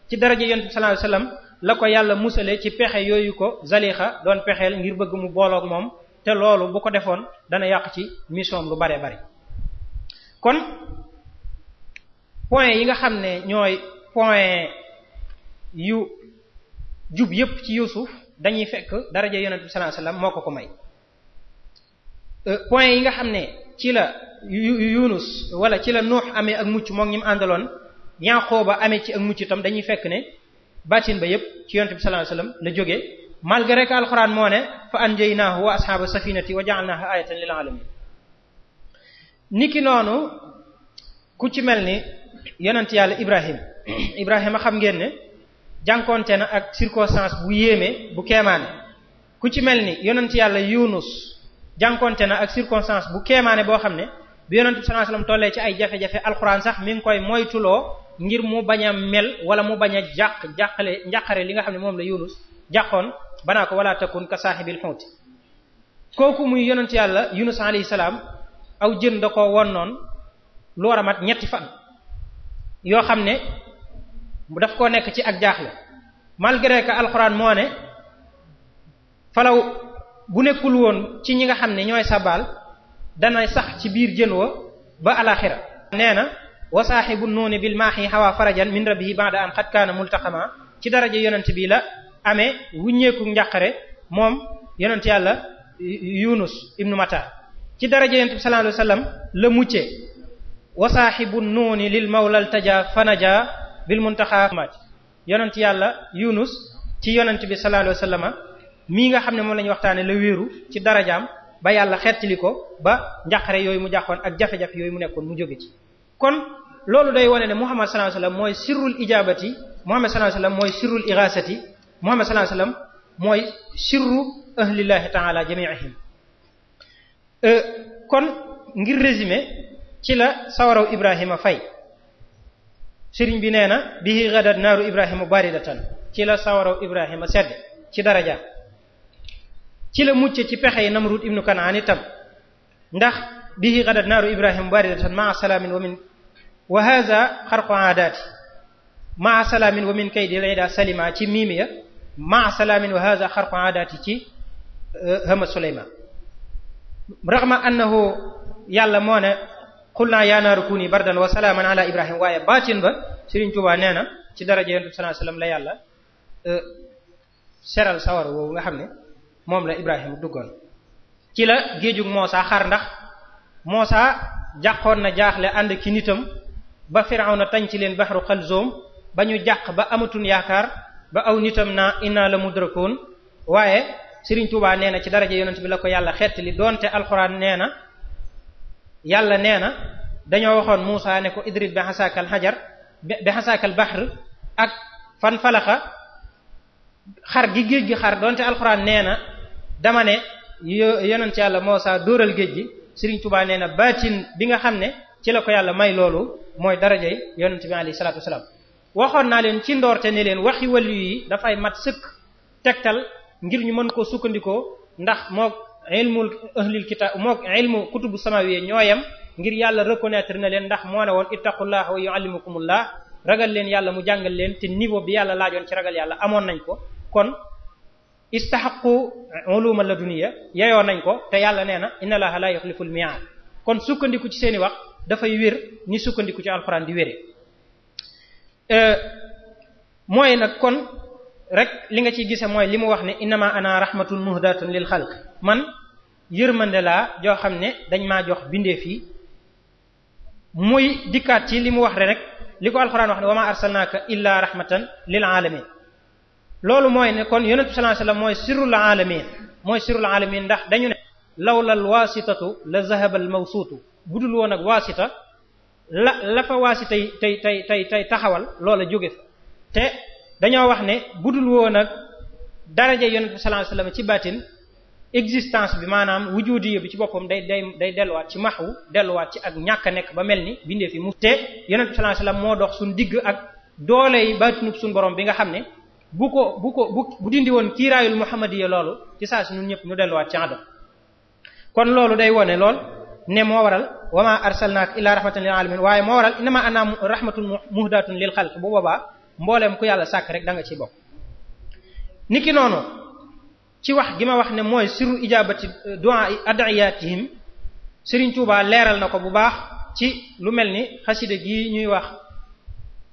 Speaker 2: ci daraja yonent bi sallallahu alayhi wasallam la ko yàlla musale ci pexe yooyu ko zalixa doon pexeel ngir bëgg mu boolook moom te loolu bu ko defoon dana yàq ci mission lu bare bari kon point yi nga xam ne ñooy point yu jub yépp ci yuusuf dañuy fekk daraja yonent bi sallallahu alayhi moo ko ko may Euh, point yi nga xam ne ci la Yunus wala ci la Nuux amee ak mucc moo ñi mu àndaloon Yaqooba amee ci ak mucc itam dañuy fekk ne baatin ba yépp ci yonent bi sallallahu alayhi wasallam la jógee malgré que alxuraan moo ne fa anjaynaahu wa ashaaba safinati wa ja'alnaaha ayatan lil alamin niki noonu ku ci mel ni yonent yàlla Ibrahim [coughs] Ibrahima xam ngeen ne jànkoonte na ak circonstance bu yéeme bu keemaane ku ci mel ni yonent yàlla Yunus jànkonte na ak circonstance bu keemaane boo xam ne bi yonent bi tollee ci ay jafe-jafe alxuraan sax mi ngi koy moytuloo ngir mu bañ a mel wala mu bañ a jàq jàqale njàqare li nga xam ne moom la Yunus jàqoon banaa ko wala takun ka saaxibil xuuti kooku muy yonent yàlla Yunus alayhi salaam aw jën da ko won noon lu war ñetti fan yoo xam ne daf koo nekk ci ak jaaxle malgré que alxuraan moo ne falaw bu nekkul woon ci ñi nga xam ne ñooy sabaal danay sax ci biir jën wa ba alaxira nee na wa saaxibu nuuni bil maahi hawa farajan min rabbihi ba'da an qad kaana multaqama ci daraja yonent bi la amee wuññeeku njàqare moom yonent yàlla yunus ci daraja yonent bi sallallahu alayhi wasallam la muccee wa saaxibu nuuni lil mawlal taja fanaja bil muntaxa yonent yàlla yunus ci yonent bi sallallahu alayhi wasallam mii nga xam ne moom la ñu waxtaane la wéeru ci darajaam ba yàlla xettali ko ba njaqare yooyu mu jaxoon ak jafe-jafe yooyu mu nekkoon mu jóge ci kon loolu day wane ne Muhammad sallallahu alayhi wasallam mooy sirrul ijabati Muhammad sallallahu alayhi wasallam mooy sirrul ighasati Muhammad sallallahu alayhi wasallam mooy sirru ahlillahi ta'ala jami'ihim euh, kon ngir résumé ci la sawaraw Ibrahima fay sëriñ bi nee na bihi gadat naaru Ibrahima baridatan ci la sawaraw Ibrahima sedd ci daraja ci la mucc ci pexe yi Namrud ibnu Kanaan itam ndax bihi gadat naaru Ibrahim baridatan maa salaamin wa min wa hadha xarqu aadaati maa salaamin wa min kaydi layda salima ci miimiya maa salaamin wa hadha xarqu aadaati ci hama euh, Sulaymaan raxma annahu yàlla moo ne xul naa yaa naaru kuuni bardan wa salaaman ala Ibrahim waaye baatin ba Sëriñ Tuubaa nee na ci daraja Yonent bi sallallahu alayhi wasallam la yàlla euh, seral sawar woowu nga xam ne moom la Ibrahima duggoon ci la géejug Moussa xar ndax Moussa jàqoon na jaaxle ànd ki nitam ba Firawna tañ ci leen baxru Qalzum ba ñu jàq ba amatun yaakaar ba aw nitam naa inna la mudrakoon waaye Serigne Touba nee na ci daraja yonent bi la ko yàlla xettali doonte alxuraan nee na yàlla nee na dañoo waxoon Moussa ne ko idrib bi xasaakal xajar bi xasaakal bahr ak fan falaxa xar gi géej gi xar donte alxuraan nee na dama ne yonent yàlla saa dóoral géej gi Sëriñ Tuubaa nee na baatin bi nga xam ne ci la ko yàlla may loolu mooy darajay yonent bi alayhi salaatu wasalaam waxoon naa leen ci ndoorte ne leen waxi wàllu yi dafay mat sëkk tegtal ngir ñu mën koo sukkandikoo ndax moog ilmul ahlil kitaab moog ilmu kutubu samawiyya ñooyam ngir yàlla reconnaître na leen ndax moo ne woon ittaqullaha wa yuallimukumullah ragal leen yàlla mu jàngal leen te niveau bi yàlla laajoon ci ragal yàlla amoon nañ ko kon istaxaqu uluma la duniya yeyoo nañ ko te yàlla nee na inna allaha la yuxliful mi'ad kon sukkandiku ci seen i wax dafay wér ni sukkandiku ci alxuraan di wéree euh, mooy nag kon rek li nga ciy gise mooy li mu wax ne innama ana rahmatun muhdatun lil xalq man yërmande laa joo xam ne dañ ma jox bindeef yi muy dikkaat ci li mu wax rek li ko alxuraan wax ne wa ma arsalnaaka illa rahmatan lil alamin loolu mooy ne kon yonent bi sallallahu alayhi wasallam mooy sirrul alamin mooy sirrul alamin ndax dañu ne lawlal waasitatu la zahabal mawsuutu budul woon ak waasita la la fa waasita yi tey tey tey tey taxawal loola jóge fa te dañoo wax ne budul woon ak daraja yonent bi sallallahu alayhi wasallam ci baatin existence bi maanaam wujudiya bi ci boppam day day day delluwaat ci maxwu delluwaat ci ak ñàkk nekk ba mel ni bindee mu te yonent bi sallallahu moo dox suñ digg ak doole yi baatinub suñ borom bi nga xam ne bu ko bu ko bu bu dindi woon kiiraayul muhammadiya loolu ci saa si ñun ñëpp ñu delluwaat ci adam kon loolu day wone lool ne moo waral wama arsalnaaka illaa rahmatan lil alamin waaye moo waral innama ana rahmatun muhdatun lil xalq bu boobaa mbooleem ku yàlla sàkk rek da nga ciy bokk niki noonu ci wax gi ma wax ne mooy siru ijabati du'a ad'iyatihim Serigne Touba leeral na ko bu baax ci lu mel ni xasida gi ñuy wax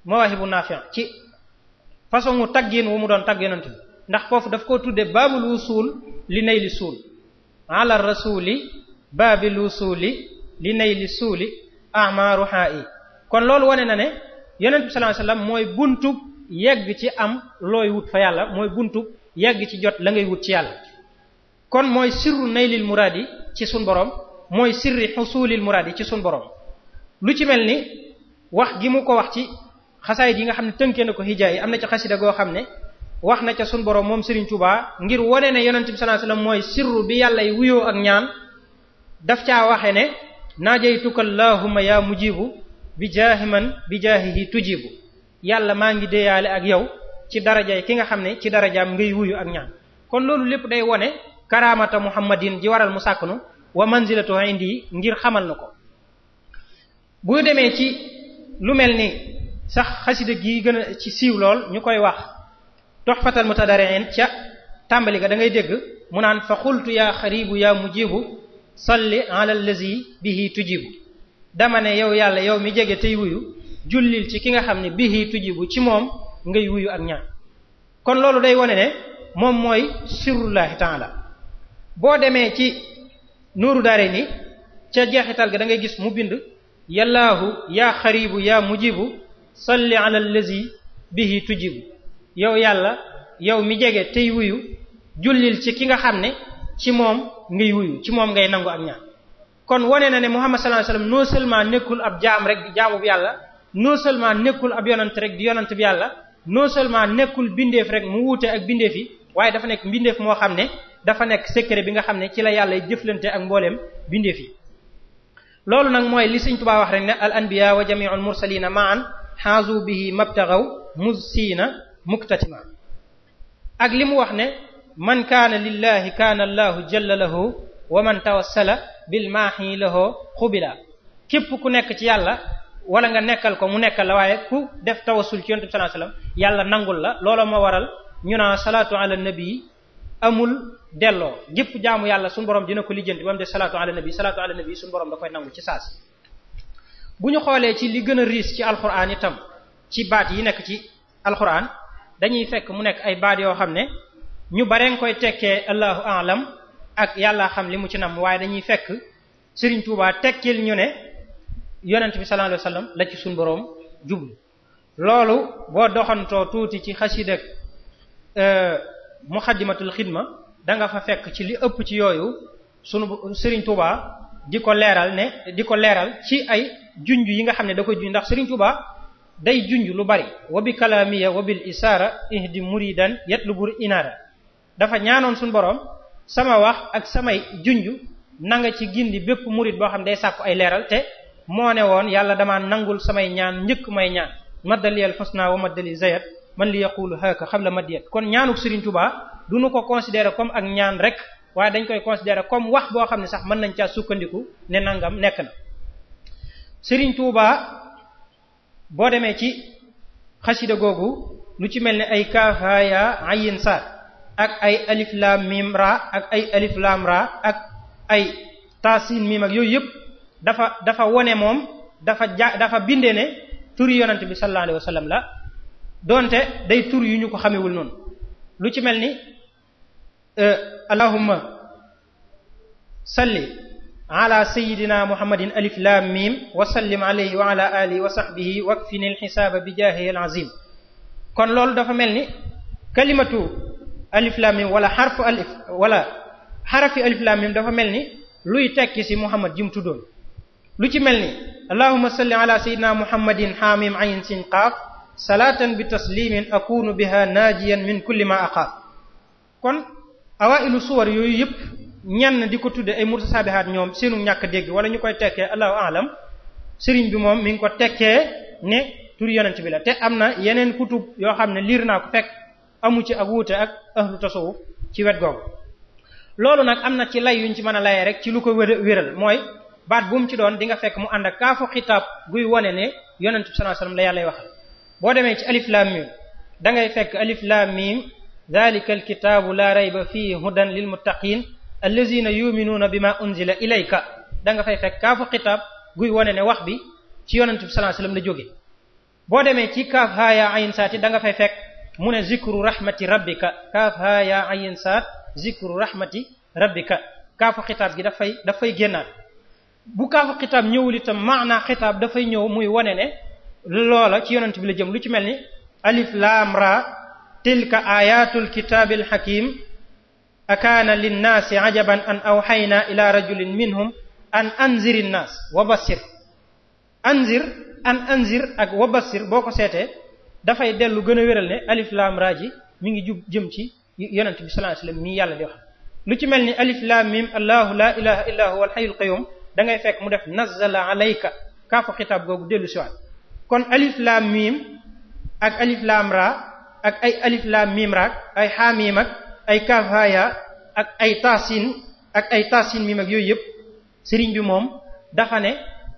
Speaker 2: mawaahibu naafi' ci façon mu taggin wu mu doon tagg yonent ndax foofu daf koo tudde baabul wusuul li nay li suul ala rasuli baabil wusuuli li nay li suuli amaaru haa kon loolu wone na ne yonent bi sallallahu alayhi mooy buntub yegg ci am looy wut fa yàlla mooy buntub yegg ci jot la ngay wut ci yàlla kon mooy sirru naylil muraadi ci sun borom mooy sirri xusuulil muraadi ci sun borom lu ci mel ni wax gi mu ko wax ci xasaayit yi nga xam ne tënkee na ko hijaay yi am na ci xasida goo xam ne wax na ca sun borom moom Serigne Touba ngir wane ne yonent bi sallallahu alayhi wasallam mooy sirru bi yàlla yi wuyoo ak ñaan daf caa waxe ne naajaytuka allahumma yaa mujibu bi jaahi man bi jaahihi tujibu yàlla maa ngi déyaale ak yow ci darajay ki nga xam ne ci darajaam ngay wuyu ak ñaan kon loolu lépp day wone karaamata muhammadin ji waral mu sàkknu wa manzilatu indi ngir xamal na ko sax xasida gi gën a ci siiw lool ñu koy wax tuhfatal mutadari'in ca tàmbali ga dangay dégg mu naan fa xultu yaa xaribu yaa mujibu salli ala allazi bihi tujibu dama ne yow yàlla yow mi jege tey wuyu jullil ci ki nga xam ne bihi tujibu ci moom ngay wuyu ak ñaan kon loolu day wone ne moom mooy sirrullahi la boo demee ci nuuru daare ni ca jeexital ga da ngay gis mu bind yallaahu yaa xaribu yaa mujibu salli ala allazi bihi tujibu yow yàlla yow mi jege tey wuyu jullil ci ki nga xam ne ci moom ngay wuyu ci moom ngay nangu ak ñaan kon wane na ne Muhammad sallallahu alayhi wasallam noo seulement nekkul ab jaam rek jaamu bi yàlla non seulement nekkul ab yonant rek di yonant bi yàlla noo seulement nekkul bindeef rek mu wuute ak bindeef yi waaye dafa nekk bindeef moo xam ne dafa nekk secret bi nga xam ne ci la yàlla jëflante ak mbooleem bindeef yi loolu nag mooy li wax rek ne al anbiya wa jami'ul mursalina ma'an xaasu bihi mabtaxaw musiina muktatima ak li mu wax ne man kaana lillahi kaana allahu jalla lahu wa man tawassala bil maahi lahu xubila képp ku nekk ci yàlla wala nga nekkal ko mu nekkal la waaye ku def tawassul ci yonent bi sallallahu alayhi wasallam yàlla nangul la looloo ma waral ñu naa salaatu ala nabi amul delloo gépp jaamu yàlla suñu borom dina ko lijjanti ba mu def salaatu ala nabi salaatu ala nabi suñu borom da koy nangu ci saas bu ñu xoolee ci li gën a riis ci alxuraan itam ci baat yi nekk ci alxuraan dañuy fekk mu nekk ay baat yoo xam ne ñu bare nga koy tekkee allahu alam ak yàlla xam li mu ci nam waaye dañuy fekk Serigne Touba tekkil ñu ne yonent bi sallallahu alayhi wasallam la ci suñ boroom jublu loolu boo doxantoo tuuti ci xasidak euh, muxaddimatul xidma da nga fa fekk ci li ëpp ci yooyu sunu Serigne Touba di ko leeral ne di ko leeral ci ay junj yi nga xam ne da ko junj ndax Serigne Touba day junj lu bari wa bi kalaamiya wa bil isaara ihdi muridan yatlubur inaara dafa ñaanoon suñu borom sama wax ak samay junj na nga ci gindi bépp murid boo xam ne day sàkku ay leeral te moo ne woon yàlla damaa nangul samay ñaan njëkk may ñaan maddaliyal husna wa maddali zayat man li yaqulu haka xam la madiyat kon ñaanuk Serigne tubaa du nu ko considérer comme ak ñaan rek waaye dañ koy considérer comme wax boo xam ne sax mën nañ caa sukkandiku ne nangam nekk Serigne Touba boo demee ci xasida googu lu ci mel ni ay kaafaya ayin sa ak ay alif lam mim ak ay alif lam ak ay taasin mim ak yooyu yëpp dafa dafa wone moom dafa ja dafa bindee ne tur yonent bi sallallahu alayhi la donte day tur yu ñu ko xamewul noonu lu ci mel ni euh, allahumma salli ala sayidina muhammadin alif lam mim wa sallim alayhi wa ala alihi wa sahbihi wakfini alxisaaba bi jaahihi alazim kon loolu dafa mel ni kalimatu alif lam mim wala xarfu alif wala xarafi alif lam mim dafa mel ni luy tekki ci muhammad ji mu tuddoon lu ci mel ni allahuma salli ala sayidina muhammadin xaamim ayn sin qaaf salaatan bi taslimin akunu biha naajiyan min kulli ma aqaaf kon awailu suwar yooyu yëpp ñenn di ko tuddee ay mutasaabihaat ñoom seenu ñàkk dégg wala ñu koy tekkee allahu alam sëriñ bi moom mi ngi ko tekkee ne tur yonent bi la te am na yeneen kutub yoo xam ne liir naa ko fekk amu ci ak wuute ak ahlu tasawuf ci wet googu loolu nag am na ci lay yuñ ci mën a layee rek ci lu ko wéral mooy baat bu ci doon di nga fekk mu ànd ak kaafu xitaab guy wone ne yonent bi sallallahu la yàllay wax boo demee ci alif lam dangay da ngay fekk alif lam mim zalikal la rayba fihi hudan lil allazina yuminuuna bi ma unzila ilayka da nga fay fekk kaafu xitaab guy wone ne wax bi ci yonent bi sallallahu la jóge boo demee ci kaaf haa yaa ayin saat da nga fay fekk mu ne zikru rahmati rabbika kaaf haa yaa ayin saat zikru rahmati rabbika kaafu xitaab gi dafay dafay génnaat bu kaafu xitaab ñëwul itam maanaa xitaab dafay ñëw muy wane ne loola ci yonent bi la jëm lu ci mel ni alif laam ra tilka ayatul kitaabil hakim akaana linnaasi ajaban an awxaynaa ila rajulin minhum an anziri nnaas wa bassir anzir an anzir ak wa bassir boo ko seetee dafay dellu gën a wéral ne alif laam raa ji mi ngi jub jëm ci yonent bi sallallahu alayhi yàlla di wax lu ci mel ni alif laam mim allahu la ilaha illa huwa alhayyul qayyum da fekk mu def nazzala alayka kaafu xitaab googu dellu siwaat kon alif laam mim ak alif laam raa ak ay alif laam mim raak ay xaamiim ak ay kafaya ak ay taasin ak ay taasin mi mag yooyu yëpp sëriñ bi moom dafa ne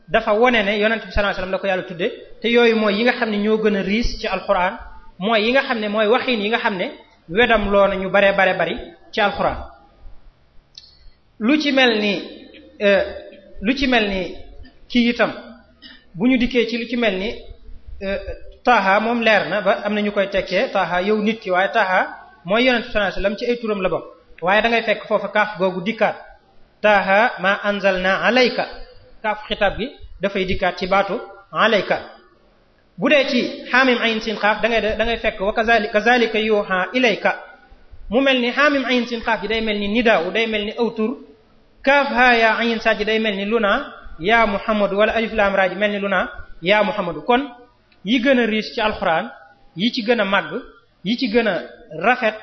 Speaker 2: dafa wone ne yonent bi sallallahu alayhi wasallam la ko yàlla tudde te yooyu mooy yi nga xam ne ñoo gën a riis ci alquran mooy yi nga xam ne mooy waxiin yi nga xam ne wedam loo na ñu bare bare bari ci alquran lu ci mel ni euh, lu ci mel ni kii itam bu ñu dikkee ci lu ci mel ni euh, taaha moom leer na ba am na ñu koy tekkee taaha yow nit ki waaye taaha mooy yonent sallallahu alayhi ci ay turam la bokk waaye da ngay fekk foofu kaaf googu dikkaat taaha ma anzalna alayka kaaf xitaab gi dafay dikkaat ci baatu alayka bu dee ci xaamim ayn sin xaaf da ngay da ngay fekk wa kazalika kazalika yuha ilayka mu mel ni xaamim ayn sin xaaf ji day mel ni nidaaw day mel ni aw tur kaaf haa yaa ayn saa ji day mel ni luna yaa muhammadu wala alif lam ra ji mel ni luna yaa muhammadu kon yi gën a riis ci alxuraan yi ci gën a màgg yi ci gën a rafet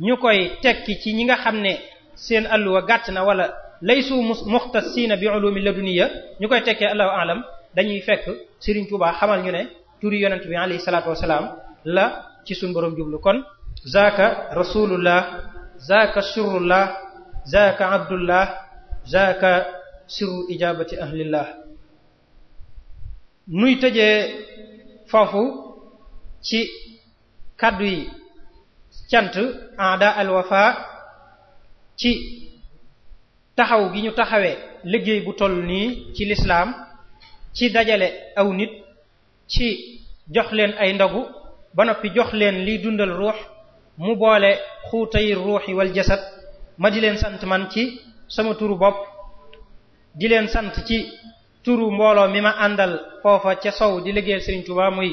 Speaker 2: ñu koy tekki ci ñi nga xam ne seen alluwa gàtt na wala laysu muxtasiina bi ulumi laduniya ñu koy tekkee allahu alam dañuy fekk Serigne Touba xamal ñu ne turi yonent bi alayhi salaatu wasalaam la ci suñ borom jublu kon zaaka rasulullah zaaka surullah zaaka abdullah zaaka sirru ijabati ahlillah nuy tëjee foofu ci kàddu yi cant ada al wafa ci taxaw gi ñu taxawee liggéey bu toll nii ci lislaam ci dajale aw nit ci jox leen ay ndagu ba noppi jox leen liy dundal ruux mu boole xuutay ruuxi wal jasad ma di leen sant man ci sama turu bopp di leen sant ci turu mbooloo mi ma àndal foofa ca sow di liggéeyal Sëriñ Tuubaa muy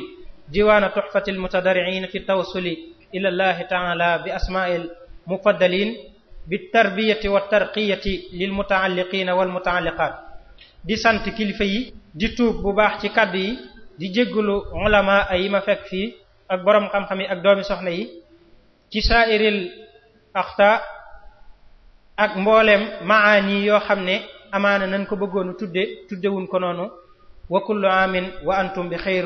Speaker 2: diwaana tuhfatil mutadarri'in fi tawasuli ilallahi taala bi asmaa'il mufaddalin bi tarbiyati wa tarqiyati lil mutaalliqiina wal mutaalliqaat di sant kilifa yi di tuub bu baax ci kàddu yi di jéggalu ulama ay yi ma fekk fii ak boroom xam-xam yi ak doomi soxna yi ci saairil axta ak mboolem maani yoo xam ne amaana nañ ko bëggoonu tudde tuddewuñ ko noonu wa kullu amin wa antum bi xayr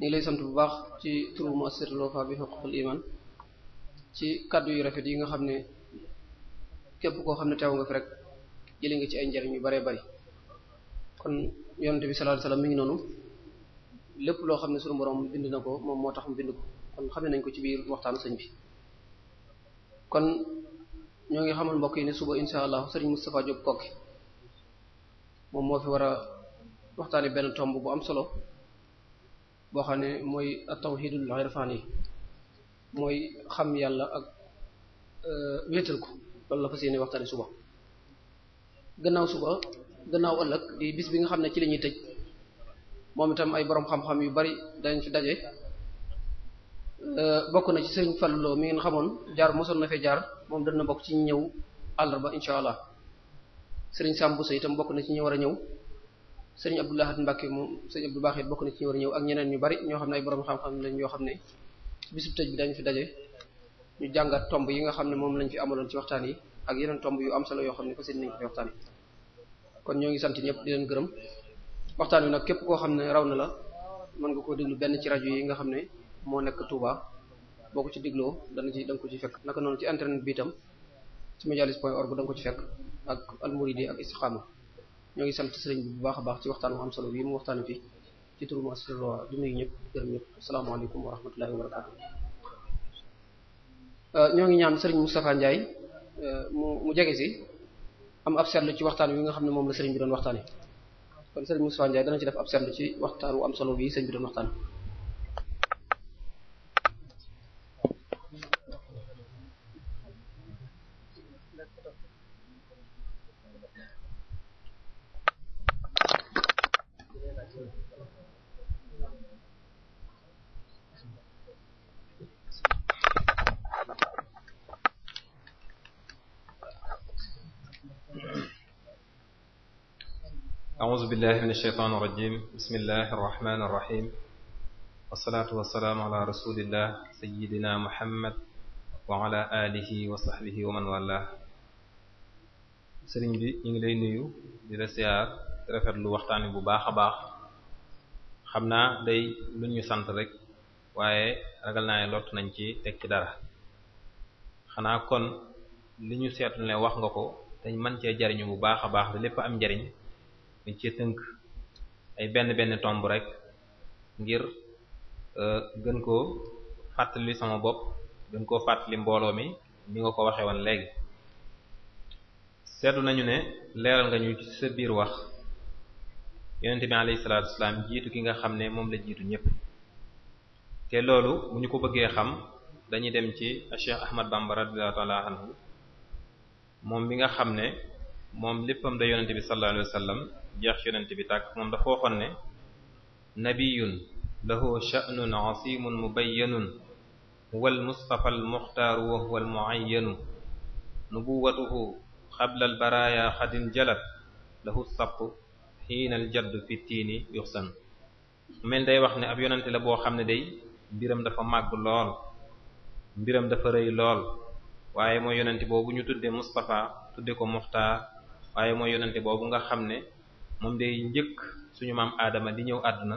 Speaker 1: ñu ngi lay sant bu baax ci turu Mu'assir Lofa bi Huququl Iman kàddu yu rafet yi nga xam ne képp koo xam ne teew nga fi rek jëli nga ci ay njariñ yu bëree bari kon yonent bi sallallahu alayhi wasallam mi ngi noonu lépp loo xam ne sunu borom bind na ko moom moo tax mu bind ko kon xam ne nañ ko ci biir waxtaan sëñ bi kon ñoo ngi xamal mbokk yi ne suba insha allah sëriñ Moustapha Diop Kokki moom moo fi war a waxtaani benn tomb bu am solo boo xam ne mooy taw tawhidul irfaan yi mooy xam yàlla ak euh, wéetal ko loolu la fas yéene waxtaane suba gannaaw suba gannaaw ëllëg bis bi nga xam ne ci la ñuy tëj moom itam ay boroom xam-xam yu bari dañ fi daje euh, bokk na ci sëriñ Fallou Lo mi ngeen xamoon jaar mosoon na fee jaar moom na bokk ci ñëw àllarba incha allah sëriñ Samb Bousso itam bokk na ci ñi war a ñëw sëriñ Abdou Lahad Mbacke moom sëriñ Abdou Baaxit bokk na ci ñu war a ñëw ak ñeneen ñu bari ñoo xam ne ay borom xam-xam lañ yoo xam ne bisub tëj bi dañu fi daje ñu jàngat tomb yi nga xam ne moom lañ fi amaloon ci waxtaan yi ak yeneen tomb yu am solo yoo xam ne fas yéene nañ ko fi waxtaan kon ñoo ngi sant ñëpp di leen gërëm waxtaan wi nag képp koo xam ne raw na la mën nga koo déglu benn ci rajo yi nga xam ne moo nekk Touba boo ko ci dégloo dana ci da nga ko fekk naka noonu ci internet bi itam ci medialis point ci fekk ak almouridi ak istiqama ñoo ngi sant sëriñ bi bu baax a baax ci waxtaan wu am solo bii mu waxtaan fii ci turu mu askan waa di nuyu ñëpp gërëm ñëpp asalaamaaleykum wa rahmatullahi euh, ngi ñaan sëriñ Moustapha Ndiaye euh, mu mu jege si am ab seetlu ci waxtaan wi xam ne moom la sëriñ bi doon waxtaanee kon sëriñ Moustapha Ndiaye dana ci def ab seetlu ci waxtaan wu am solo bii sëriñ bi doon waxtaanee.
Speaker 3: billahi min asheytaan irajim bismillahi arrahmani irrahim wasalaatu wasalaamu ala rasulillah sayidina muhammad wa ala alihi wa sahbihi wa man wala sëriñ bi ñu ngi lay nuyu di la siyaar di rafetlu waxtaan bu baax a baax xam naa day lu ñu sant rek waaye ragal naa ne lott nañ ci teg ci dara xanaa kon li ñu seetlu ne wax nga ko dañ mën cee jariñu bu baax a baax da lépp am njariñ dañ cee tënk ay benn benn tomb rek ngir euh, gën koo fàttali sama bopp gën koo fàttali mbooloo mi ni nga ko waxe woon léegi seetlu nañu ne leeral nga ñu ci sa biir wax yonente bi alayhi salaatu wasalaam jiitu ki nga xam ne moom la jiitu ñépp te loolu bu ñu ko bëggee xam dañuy dem ci Cheikh Ahmad Bamba radiyallahu ta'ala anhu moom mi nga xam ne moom léppam da yonente bi sallallahu alayhi wasallam jeex yonent bi tàkk moom dafa waxoon ne nabiyun lahu sha'nun asimun mubayyanun wal mustafa al muxtaaru wa huwa al muayyanu nubuwatuhu qabla al baraaya xadin jalat lahu sapp xiina jadd fi yuxsan mel day wax ne ab yonante la boo xam ne day mbiram dafa màgg lool mbiram dafa rëy lool waaye mooy yonante boobu ñu tudde Mustafa tudde ko Muxtaar waaye mooy yonante boobu nga xam ne moom day njëkk suñu maam aadama di ñëw àdduna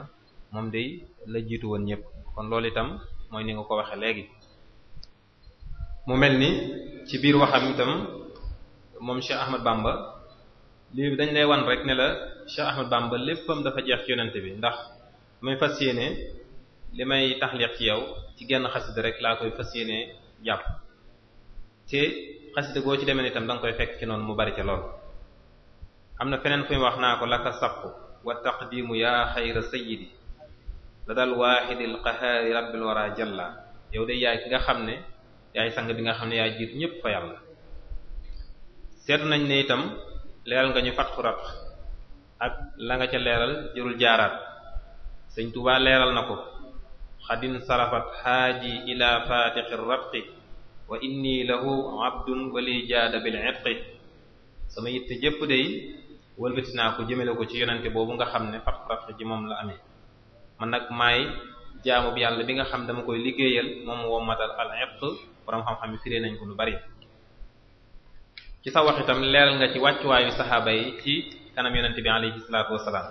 Speaker 3: moom day la jiitu woon ñëpp kon loolu itam mooy ni nga ko waxee léegi mu mel ni ci biir waxam itam moom Cheikh Ahmad Bamba lii dañ lay wan rek ne la Cheikh Ahmad Bamba léppam dafa jeex ci yonent bi ndax may fas yéene li may taxliq ci yow ci genn xasida rek laa koy fas yéene jàpp te xasida goo ci demee itam da koy fekk ci noonu mu bari ca lool am na feneen fu mu wax naa ko laka sabqu wa taqdimu yaa xayra sayidi la dal waaxidil qahaari wara jalla yow de yaay ki nga xam ne yaay sang bi nga xam ne yaay jiitu ñépp fa yàlla seetu nañ ne itam leeral nga ñu fatxu rat ak la nga ca leeral jërul jaaraat sëñ Tuubaa leeral na ko xadin sarafat xaaji ilaa fatixi ratqi wa inni lahu abdun wali jaada bil itqi sama yitte jëpp day wëlbati naa ko jëmale ko ci yonente boobu nga xam ne fat-fat ji moom la amee man nag maay jaamu bi yàlla bi nga xam dama koy liggéeyal moom woo matal al iq borom xam-xam yi nañ ko lu bari ci sa wax itam leeral nga ci wàccuwaayu saxaaba yi ci kanam yonente bi alayhi salaatu wasalaam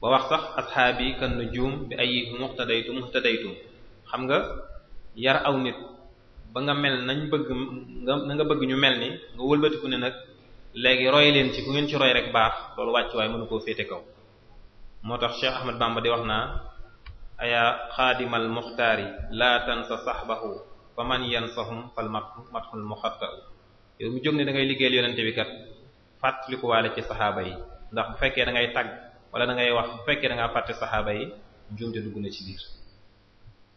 Speaker 3: ba wax sax asxaabi kan nujum bi ay muqtadaytu muhtadaytu xam nga yar aw nit ba nga mel nañ bëgg nga nga bëgg ñu mel ni nga wëlbatiku ne nag léegi roy leen ci ku ngeen ci roy rek baax loolu wàcc waaye mënu koo féete kaw moo tax Cheikh Ahmad Bamba di wax naa ayaa xaadimal yi laa tansa saxbahu fa man yansahum fal matxul muxatta yow mu jóg ne da ngay liggéeyal yonente bi kat fàttalikuwaale ci saxaaba yi ndax bu fekkee da ngay tagg wala da ngay wax bu fekkee da ngaa fàtte saxaaba yi njuumte dugg na ci biir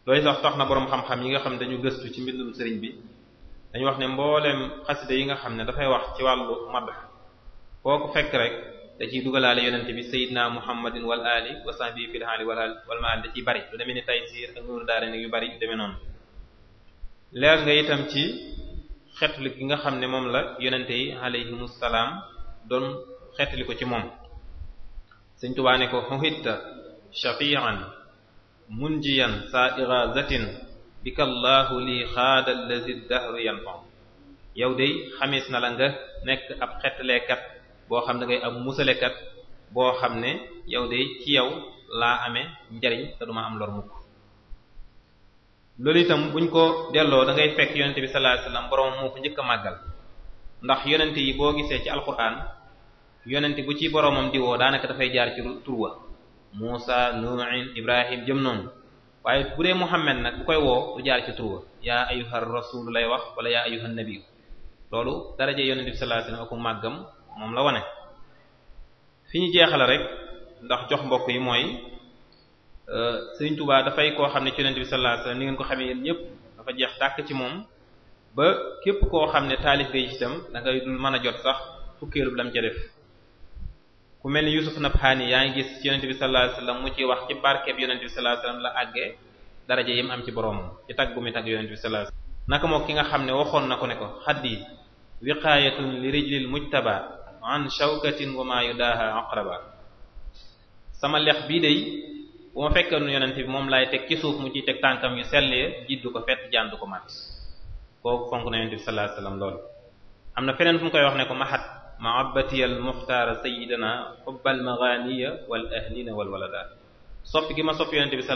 Speaker 3: loolu sax tax na boroom xam-xam yi nga xam dañu gëstu ci mbindum sëriñ bi dañu wax ne mbooleem xasida yi nga xam ne dafay wax ci wàllu madh foo ko fekk rek da ciy dugalaale yonent bi sayyidina muhammadin wal ali wa sahbihi fil wal ali da ciy bari lu demee ni taysir ak nuuru daara yu bari yu demee noonu leer nga itam ci xetli ki nga xam ne moom la yonente yi alayhimu doon xetli ko ci moom Sëriñ Tuubaa ko xuhitta shafi'an munjiyan sa'ira zatin bika llaahu lii xaada allazi dahru yanfa yow de xamees na la nga nekk ab xettaleekat boo xam ne ngay am musalekat boo xam ne yow de ci yow laa amee njariñ te duma am lor mukk itam buñ ko delloo da ngay fekk yonente bi sallallahu alayhi wasallam borom moo ko njëkk a màggal ndax yonente yi boo gisee ci alquran yonente bu ci boromam di daanaka dafay jaar ci turwa Muusa Nuuhin Ibrahim jëm noonu waaye bu dee Muhammad nag bu koy woo du jaar ci tuuba yaa ayyuhar rasul lay wax wala yaa ayyuhan nabi loolu daraje yonent bi sallallahu alayhi wasallam aku màggam moom la wane fi ñu jeexale rek ndax jox mbokk yi mooy euh, Sëriñ Tuubaa dafay koo xam ne ci yonent bi sallallahu alayhi wasallam ni ngeen ko xamee yéen ñëpp dafa jeex tàkk ci moom ba képp koo xam ne taalif ngay itam dul mën a jot sax fukkeelu lam ca def ku mel ni Yusuf Nabhani yaa ngi gis yonent bi sallallahu alayhi mu ciy wax ci barkeeb yonent bi sallallahu alayhi la àggee daraja yi mu am ci boroomam ci tag bu muy tag yonent bi naka moo ki nga xam ne waxoon na ko ne ko xaddi wiqaayatun li rijlil mujtaba an shawkatin sama lex bii day bu ma fekkoon yonent bi moom laay teg ci suuf mu ciy teg tànkam yu sellee jiddu ko fett jandu ko mat kooku fonk na yonent bi sallallahu alayhi loolu am na feneen fu mu koy wax ne ko maxat mahabbatiya almuxtaara sayidana xubbal maganiya wal ahlina wal waladaat soppi gi ma soppi yonente bi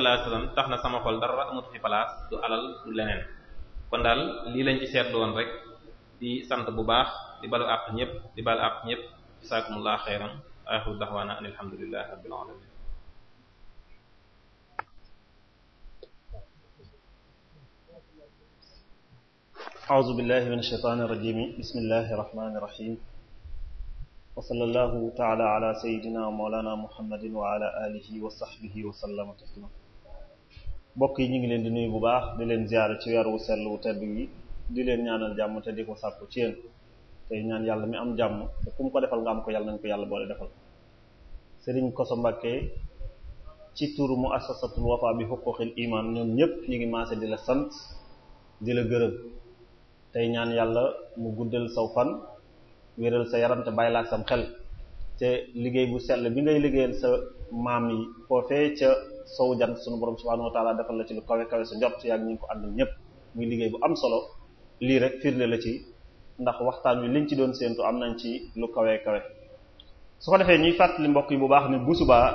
Speaker 3: tax na sama xol dara fi place du alal du leneen kon lañ ci seetlu woon rek di sant bu baax di balu àq ñëpp di balu àq ñëpp jazakumullahu xayran
Speaker 4: axiru alamin wa sallallahu taala ala sayidina mawlana muhammadin wa ala alihi wa sahbihi wa sallama taslima mbokk yi ñu ngi leen di nuyu bu baax di leen ziyaara ci weer wu sell wu tedd yi di leen ñaanal jàmm te di ko sàkku ci yéen tey ñaan yàlla mi am jàmm te ko defal nga am ko yàlla nañ ko yàlla boole defal Serigne Kosso Mbacké ci turu mu assasatul wafa bi xuquqil iman ñoom ñëpp ñu ngi maase di la sant di la gërëm tey ñaan yàlla mu guddal saw fan wéral sa yaram te bàyyi laak sam xel te liggéey bu sell bi ngay liggéeyal sa maam yi foofee ca sow jant sunu borom subhanahu wa taala defal la ci lu kawe kawe sa njort yaag ñu ko àndal ñëpp muy liggéey bu am solo lii rek firnde la ci ndax waxtaan wi liñ ci doon séentu am nañ ci lu kawe kawe. su ko defee ñuy fàttali mbokk yi bu baax ne bu subaa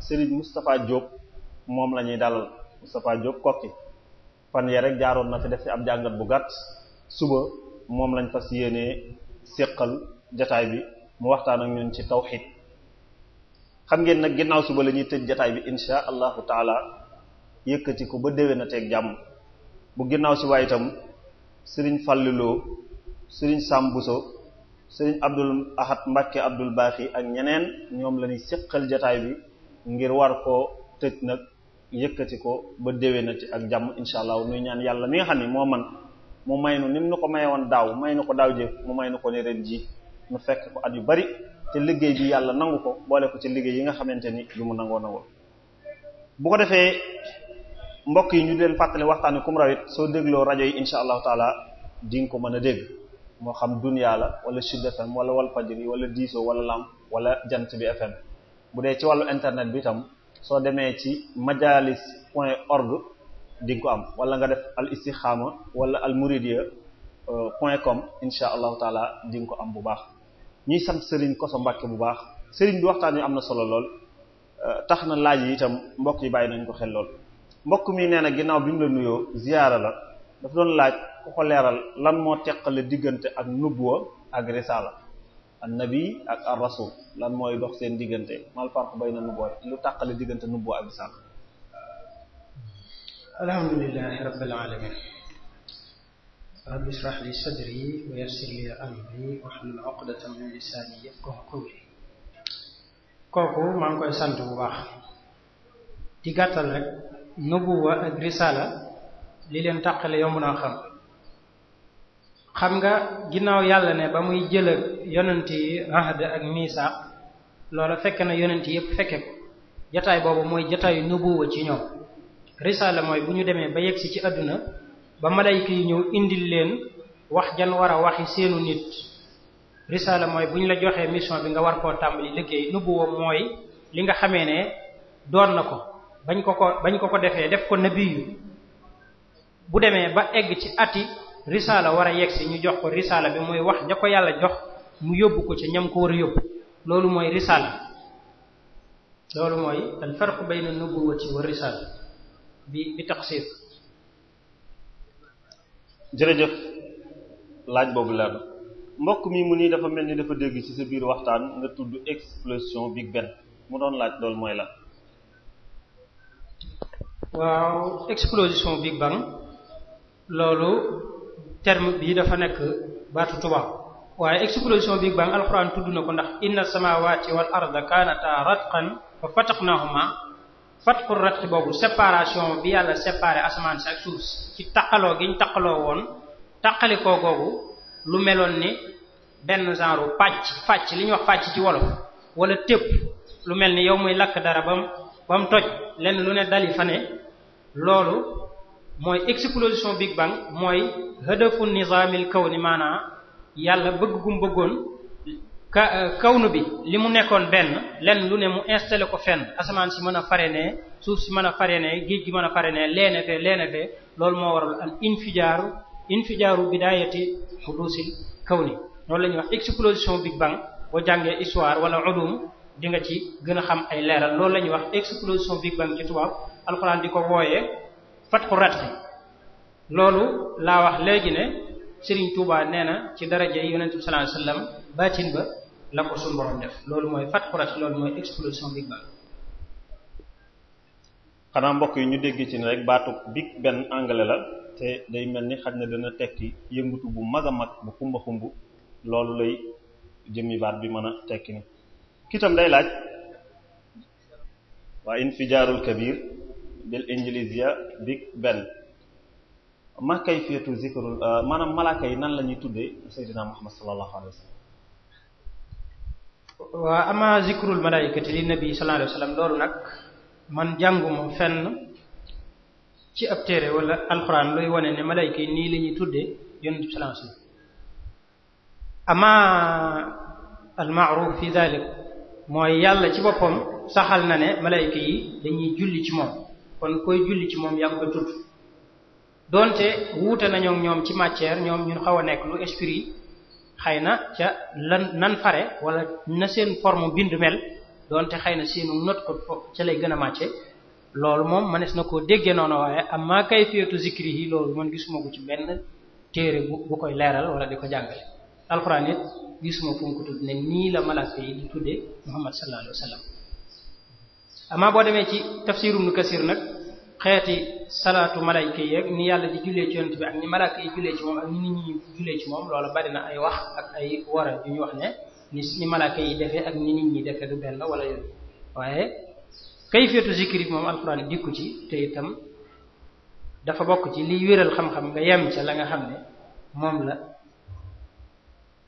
Speaker 4: Serigne Moustapha Diop moom la ñuy dalal Moustapha Diop kokki fan yee rek jaaroon na fi def fi am jàngat bu gàtt suba moom lañ fas yéenee séqal jataay bi mu waxtaan ak ñun ci tawxid xam ngeen nag ginnaaw suba la ñuy tëj jataay bi insha allahu taala yëkkati ko ba déwé na teeg jàmm bu ginnaaw si waay itam sëriñ fàlliloo sëriñ sàmbuso sëriñ abdul ahad mbàkke abdul baaxi ak ñeneen ñoom lañuy ñuy séqal jataay bi ngir war koo tëj nag yëkkati ko ba déwé na ci ak jàmm insha allah nuy ñaan yàlla mi nga xam ne moo man mu may nu ni mu nu ko woon daaw may nu ko daaw jéeg mu may nu ko ne ren ji nu fekk ko at yu bari te liggéey bi yàlla nangu ko boole ko ci liggéey yi nga xamante ni yu mu nangoo nangoo bu ko defee mbokk yi ñu leen fàttali waxtaani kum rawit soo dégloo rajo yi insha allahu taala di nga ko mën a dégg moo xam dunya la wala Sud FM wala Walfadjri wala diiso wala lam wala jant bi FM bu dee ci wàllu internet bi itam soo demee ci majalis point org di ko am wala nga def al istixaama wala al muridiya euh, point comme insha allah taala di nga ko am bu baax ñuy sant Serigne Koso Mbàkke bu baax Serigne bi waxtaan wi am na solo lool euh, tax na laaj yi itam mbokk yi bàyyi nañ ko xel lool mbokk mi nee na ginnaaw bi ñu la nuyoo ziyaara la dafa doon laaj ku ko leeral lan moo teqale diggante ak nubuwa ak risaala an nabi ak ar rasul lan mooy dox seen diggante mal farq bayna nubuwa lu tàqale diggante nubuwa ak risaala alhamdulilahi rabbil
Speaker 2: alamin rabbi israh li sadri wa yassir li amri wahlul uqdatan min lisani yafqahu qawli kooku maa ngi koy sant bu baax di gàttal rek nubuwa ak risala li leen tàqale yomb naa xam xam nga ginnaaw yàlla ne ba muy jël ak yonent yi ahd ak miisaax loola fekk na yonent yépp fekke ko jataay boobu mooy jataayu nubuwa ci ñoom risaala mooy bu ñu demee ba yegsi ci àdduna ba malayka yi ñëw indi leen wax jan war a waxi seenu nit risaala mooy bu ñu la joxee mission bi nga war koo tàmbali liggéey nubuwa mooy li nga xamee ne doon na ko bañ ko ko bañ ko ko defee def ko nabiyu bu demee ba egg ci ati risaala war a yegsi ñu jox ko risaala bi mooy wax ña ko yàlla jox mu yóbbu ko ci ñam ko war a yóbbu loolu mooy risaala loolu mooy al na bayna ci wa risaala bi bi taqsir
Speaker 4: jërëjëf laaj boobu leer na mbokk mi mu nii dafa mel ni dafa dégg ci sa biir waxtaan nga tudd explosion Big Ben mu doon laaj loolu mooy la
Speaker 2: waaw explosion Big Bang loolu terme bii dafa nekk baatu tubaab waaye explosion Big Bang alxuraan tudd na ko ndax inna samawati wal arda kaanata ratqan fa fataqnahuma fatxu rat boobu séparation bi yàlla séparé asamaan si ci taqaloo gi ñu taqaloo woon taqalikoo googu lu meloon ni benn genre pàcc pàcc li ñuy wax pàcc ci wolo wala tépp lu mel ni yow muy lakk dara bam ba toj lenn lu ne dali fa ne loolu mooy explosion Big Bang mooy hëdafu nizaamil kaw ni maanaa yàlla bëgg gum bëggoon Euh, kawnu bi li mu nekkoon benn lenn lu ne mu installé ko fenn asamaan si mën a fare ne suuf si mën a fare ne géej gi mën a fare ne leene fee leene fee loolu moo waral al infijaaru infijaaru bidaayati xuduusil kawni loolu la ñuy wax explosion Big Bang boo jàngee histoire wala ulum di nga ci gën a xam ay leeral loolu la ñuy wax explosion Big Bang ci tubaab alxuraan di ko wooyee fatxu ratxi loolu laa wax léegi ne Serigne Touba nee na ci daraja yonent bi
Speaker 4: sallallahu baatin ba la ko suñu loolu
Speaker 2: mooy fat xurat loolu mooy
Speaker 4: xanaa mbokk yi ñu dégg ci ne rek baatu big benn anglais la te day mel ni xaj na dana tekki yëngutu bu mag a mag bu xumba xumb loolu lay jëmmi baat bi mën a tekki ni kitam day laaj waa infijaarul kabir bil ingilisia big benn ma kayfiyatu zikrul maanaam malaaka yi nan la ñuy tuddee Seydina Muhammad sallallahu alayhi wasallam waa ama zikrul malaikati
Speaker 2: li nabi sallallahu alayhi wasallam loolu nag man jànguma fenn ci ab téere wala alxuraan luy wane ne malayka yi nii la ñuy tuddee yonent bi sallallahu alayhi wasallam ama al ma'ruf fi dalik mooy yàlla ci boppam saxal na ne malayka yi dañuy julli ci moom kon koy julli ci moom yaa ngi koy tudd donte wuute nañoo ñoom ci matière ñoom ñun xaw a nekk lu esprit xëy na ca lan nan fare wala na seen forme bind mel doonte xëy na seenu not ko ca lay gën a màcce loolu moom manees na koo déggee noonu waaye amma kayfiyatu zikri yi loolu man gisuma ko ci benn téere bu bu koy leeral wala di ko jàngale alxuraan it gisuma fu mu ko tudd ne nii la malaaka yi di tuddee Muhammad sallallahu alayhi wa boo demee ci tafsiru Ibnu Kasir nag xeeti salaatu malayka yi ak ni yàlla di jullee ci bi ak ni malayka yi jullee ci moom ak loolu bari na ay wax ak ay wara yu ñu wax ne ñi ni malayka yi defee ak ni nit ñi defee du benn wala yooyu waaye kayfiyatu zikri bi moom alxuraan dikku ci te itam dafa bokk ci liy wéral xam-xam nga yem ca la nga xam ne moom la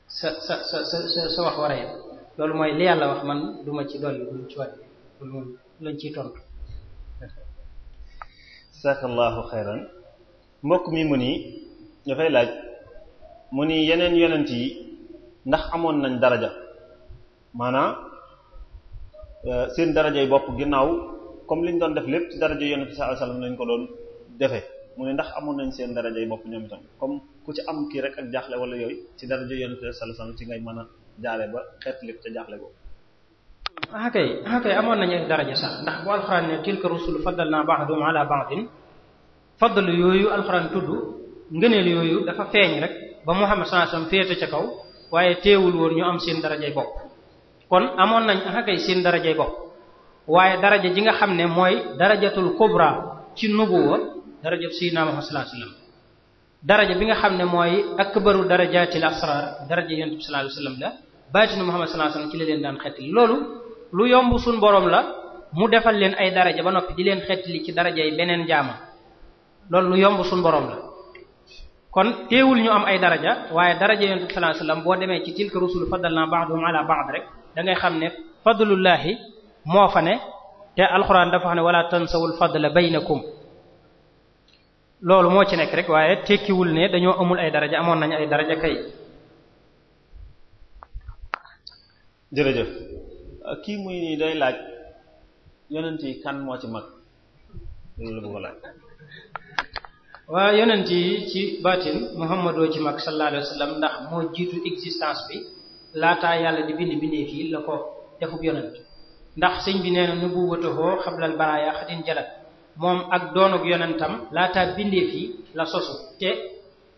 Speaker 2: sa sa sa sa sa wax war a yem loolu mooy li yàlla wax man duma ci dolli duñ ci wàññi loolu moom tontu.
Speaker 4: jazakallahu xeyran mbokk mi mu nii dafay laaj mu nii yeneen yonent yi ndax amoon nañ daraja maanaam euh, seen yi bopp ginnaaw comme li ñu doon def lépp ci daraja yonent bi sallallahu alayhi ko doon defe mu ne ndax amoon nañ seen yi bopp ñoom itam comme ku ci am kii rek ak jaaxle wala yooyu ci daraja yonent bi sallallahu ci ngay mën a jaale ba xeet lépp ca jaaxle boobu
Speaker 2: ah kay ah kay amoon nañu daraja sax ndax bu alxuraan ne tilka rusul faddalna ba'dahum ala ba'din faddalu yooyu alxuraan tudd ngëneel yooyu dafa feeñ rek ba Muhammad sallallahu alayhi wasallam ca kaw waaye teewul woon ñu am seen darajay bopp kon amoon nañ ah kay seen darajay bopp waaye daraja ji nga xam ne mooy darajatul kubra ci nubuwa daraja sayyidina Muhammad sallallahu alayhi wasallam daraja bi nga xam ne mooy ak darajaatil asrar daraja yonent bi sallallahu alayhi la baatinu Muhammad sallallahu alayhi la leen daan xetti loolu lu yomb suñ boroom la mu defal leen ay daraja ba noppi di leen xettali ci daraja yi beneen jaama loolu lu yomb suñ boroom la kon teewul ñu am ay daraja waaye daraja yonent bi sallallahu alayhi wasallam boo demee ci tilka rusul faddalna ba'dahum ala ba'd rek da ngay xam ne fadlullahi moo fa ne te alxuraan dafa xam ne wala tansawul fadla baynakum loolu moo ci nekk rek waaye tekkiwul ne dañoo amul ay daraja amoon nañu ay daraja kay
Speaker 4: jërëjëf kii muy nii day laaj yonent yi kan moo ci mag loolu la
Speaker 2: yonent yi ci baatin Muhammadoo ci mag sallallahu alayhi ndax moo jiitu existence bi laataa yàlla di bind bindee fii la ko defub yonent ndax sëñ bi nee na nu buubatahoo xablal baraaya xatin jalat moom ak doonug yonentam laataa bindee fii la sosu te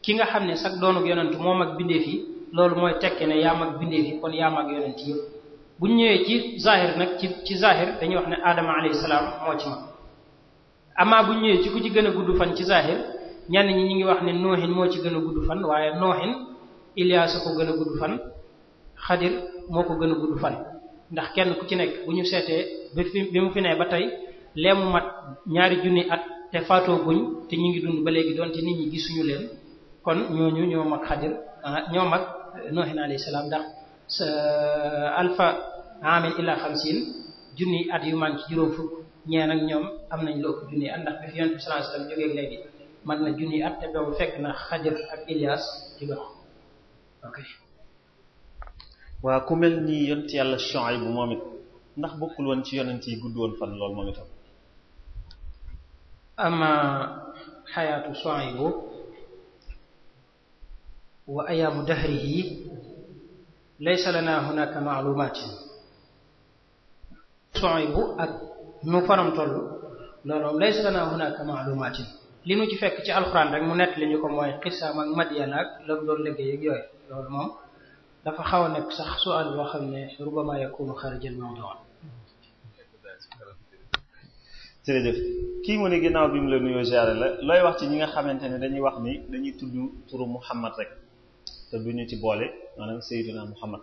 Speaker 2: ki nga xam ne sax doonug yonent moom ak bindee fii loolu mooy tekki ne yaa mag bindee fii kon yaa mag yonent yëpp bu ñëwee ci zahir nag ci ci zahir dañuy wax ne Adama alayhi salaam moo ci mag amaa bu ñëwee ci ku ci gën a gudd fan ci zahir ñenn ñi ñu ngi wax ne noohin moo ci gën a gudd fan waaye noohin Ilias ko gën a gudd fan Xadir moo ko gën a gudd fan ndax kenn ku ci nekk bu ñu seetee ba fi bi mu fi nee ba tey lee mu mat ñaari junni at te faatoo guñ te ñu ngi dund ba léegi doonte nit ñi gisuñu leen kon ñooñu ñoo mag Xadir ah, ñoo mag noohin alayhi salaam ndax alpha amin illa xamsin junni at ñoom am nañ lu ëpp junni at ndax bi fi yonent bi sallallahu alayhi wasallam jógeeg
Speaker 4: léegi waa ndax bokkul woon ci yonent yi gudd woon fan lool moom itam
Speaker 2: ama xayaatu Shuayb wa ayaamu dahrihi laysa lana hunaka maalumaat bu ak mu fanam toll loolu moom laysa lanaa hunaaka ma'lumaatin li nu ci fekk ci alxuraan rek mu nett li ñu ko mooy xisaam ak Madiyana ak la mu doon liggéey ak yooyu loolu moom dafa xaw a nekk sax su'aal boo xam ne rubama yakunu xarijal mawdu'aan
Speaker 4: jërëjëf kii mu ne ginnaaw bi mu la nuyoo ziyaare la looy wax ci ñi nga xamante ne dañuy wax ni dañuy tudd turu Muhammad rek te duñu ci boole maanaam Sayyidina Muhammad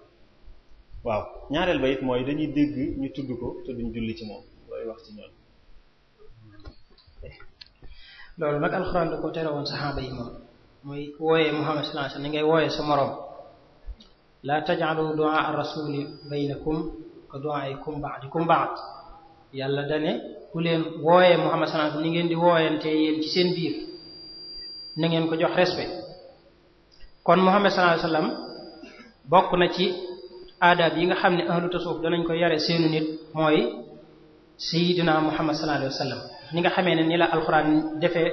Speaker 4: waaw ñaareel ba it mooy dañuy dégg ñu tudd ko te duñ julli ci moom loolu
Speaker 2: nag alxuraan ko tere woon saxaaba yi moom muy wooyee Muhammad sallallahu alayhi ni ngay wooyee sa moroom la taj'alu du'a ar-rasuli baynakum ka du'aikum ba'dikum ba'd yàlla dane ku leen wooyee Muhammad sallallahu alayhi ni ngeen di wooyante yéen ci seen biir na ngeen ko jox respect kon Muhammad sallallahu alayhi wasallam bokk na ci aadaab yi nga xam ne ahlu tasawuf danañ ko yare seenu nit mooy sayidina muhammad sallallahu alayhi wa sallam ni nga xamee ne ni la alxuraan defee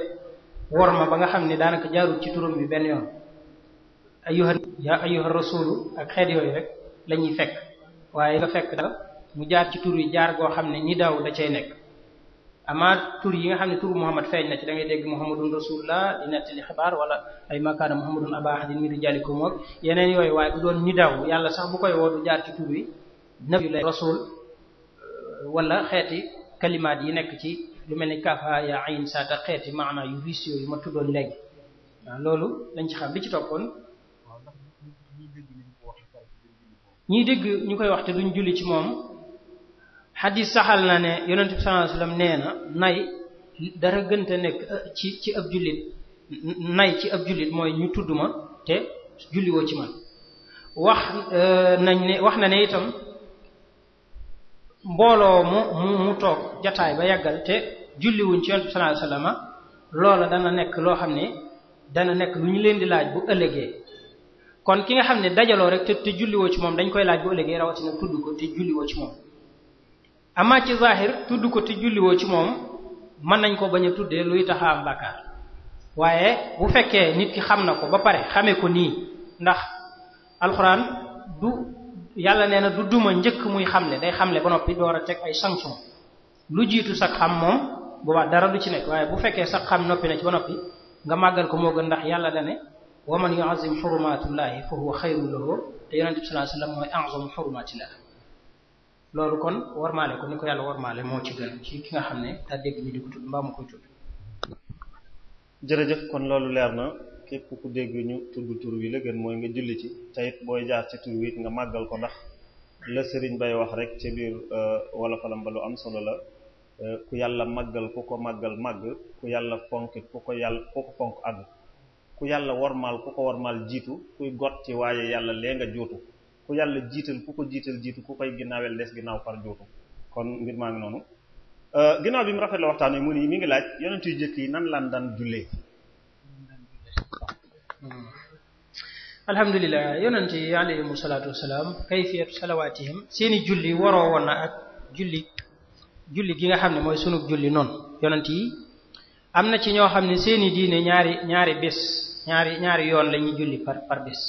Speaker 2: wor ma ba nga xam ne daanaka jaarul ci turam bi benn yoon ayuha yaa ayuha rasulu ak xeet yooyu rek la fekk waaye nga fekk dara mu jaar ci tur yi jaar goo xam ne ñi daaw da cay nekk amaa tur yi nga xam ne turu Muhammad feeñ na ci dangay dégg Muhammadun rasulullah di nettali xibaar wala ay makaana Muhammadun abahadin mi di jalikum ak yeneen yooyu waaye bu doon ñu yàlla sax bu koy woo du jaar ci tur yi nabi la rasul euh, wala xeeti kalimaat yi nekk ci lu mel ni kafa ya ayn saata xeeti maana yu riis yooyu ma tuddoon léegi loolu dañ ci xam bi ci toppoon ñiy dégg ñu koy wax te duñ julli ci moom xadis saxal na ne yonent bi sallallahu alayhi wasallam nee na nay dara gënte nekk euh, ci ci ab jullit nay ci ab jullit mooy ñu tudd ma te julliwoo ci man wax euh, nañ ne wax na ne itam mbooloo mu mu mu toog jataay ba yàggal te julliwuñ ci yonent bi sallallahu alayhi wasallam loola dana nekk loo xam ne dana nekk lu ñu leen di laaj bu ëllëgee kon ki nga xam ne dajaloo rek te te julliwoo ci moom dañ koy laaj bu ëllëgee rawatina tudd ko te julliwoo ci moom amaa ci zahir tudd ko te julliwoo ci moom mën nañ koo bañ a tuddee luy tax a am bàkkaar waaye bu fekkee nit ki xam na ko ba pare xamee ko nii ndax alxuraan du yàlla nee na du duma njëkk muy xam xamle day xamle ba noppi door a teg ay sanction lu jiitu sax xam moom boobaa dara du ci nekk waaye bu fekkee sax xam noppi na ci ba noppi nga màggal ko moo gën ndax yàlla da ne wa man yu'azzim hurumatullahi fa huwa xayrun lahu te yonente bi sallallahu alayhi wasallam mooy a'zamu hurumatillah loolu kon warmaale ko ni ko yàlla warmaale moo ci gën ci ki nga xam ne daa dégg ñu di ko tudd mbaa koy tudd
Speaker 4: jërëjëf kon loolu leer na képp ku dégg ñu tudd tur wi la gën mooy nga julli ci te booy jaar ci tur wi nga màggal ko ndax la sëriñ bay wax rek ci biir euh, wala falam ba lu am solo la euh, ku yàlla màggal ku ko màggal màgg ku yàlla fonkit ku ko yàlla ku ko fonk àgg ku yàlla warmaal ku ko warmaal jiitu kuy got ci waaye yàlla lee nga juutu ku yàlla jiital ku ko jiital jiitu ku koy ginnaawel des ginnaaw far jootu kon mbir maa ngi noonu euh, ginnaaw bi mu rafet la waxtaan wi mu ni mi ngi laaj yonent yu jëkk yi nan lan daan jullee
Speaker 2: alhamdulilah yonent yi alayhim salaatu seeni julli waroo julli julli gi nga xam ne mooy sunu julli noonu yonent yi am na ci ñoo xam ne seeni diine ñaari ñaari bés ñaari ñaari yoon la ñuy julli par par bés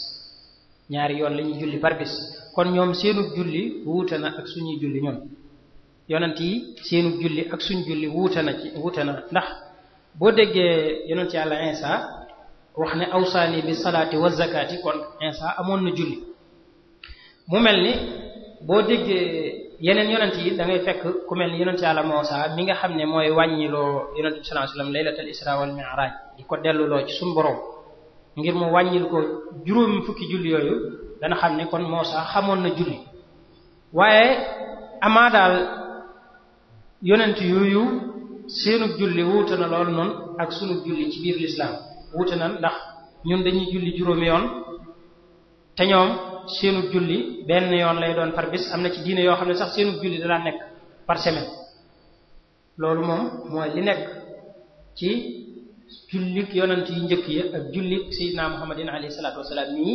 Speaker 2: ñaari yoon lañuy ñuy julli par bis kon ñoom seenu julli wuute na ak suñuy julli ñun yonent yi seenu julli ak suñ julli wuute na ci wuute na ndax boo déggee yonent yàlla Insa wax ne awsaani bi salaati wa zakaati kon Insa amoon na julli mu mel ni boo déggee yeneen yonent dangay da ngay fekk ku mel ni yonent yàlla Muusaa mi nga xam ne mooy wàññiloo yonent bi sallallahu alayhi wasallam laylatul wal mi'raj di ko delluloo ci suñu borom ngir mu wàññil ko juróomi fukki julli yooyu dana xam ne kon moo sax xamoon na julli waaye amaa daal yonent yooyu seenub julli wuute na lool noonu ak sunub julli ci biir lislaam wuute na ndax ñun dañuy julli juróomi yoon te ñoom seenub julli benn yoon lay doon par bis am na ci diine yoo xam ne sax seenub julli danaa nekk par semaine loolu moom mooy li nekk ci jullit yonent yi njëkk ya ak jullit sayyidina muhammadin alayhi salaatu wasalaam nii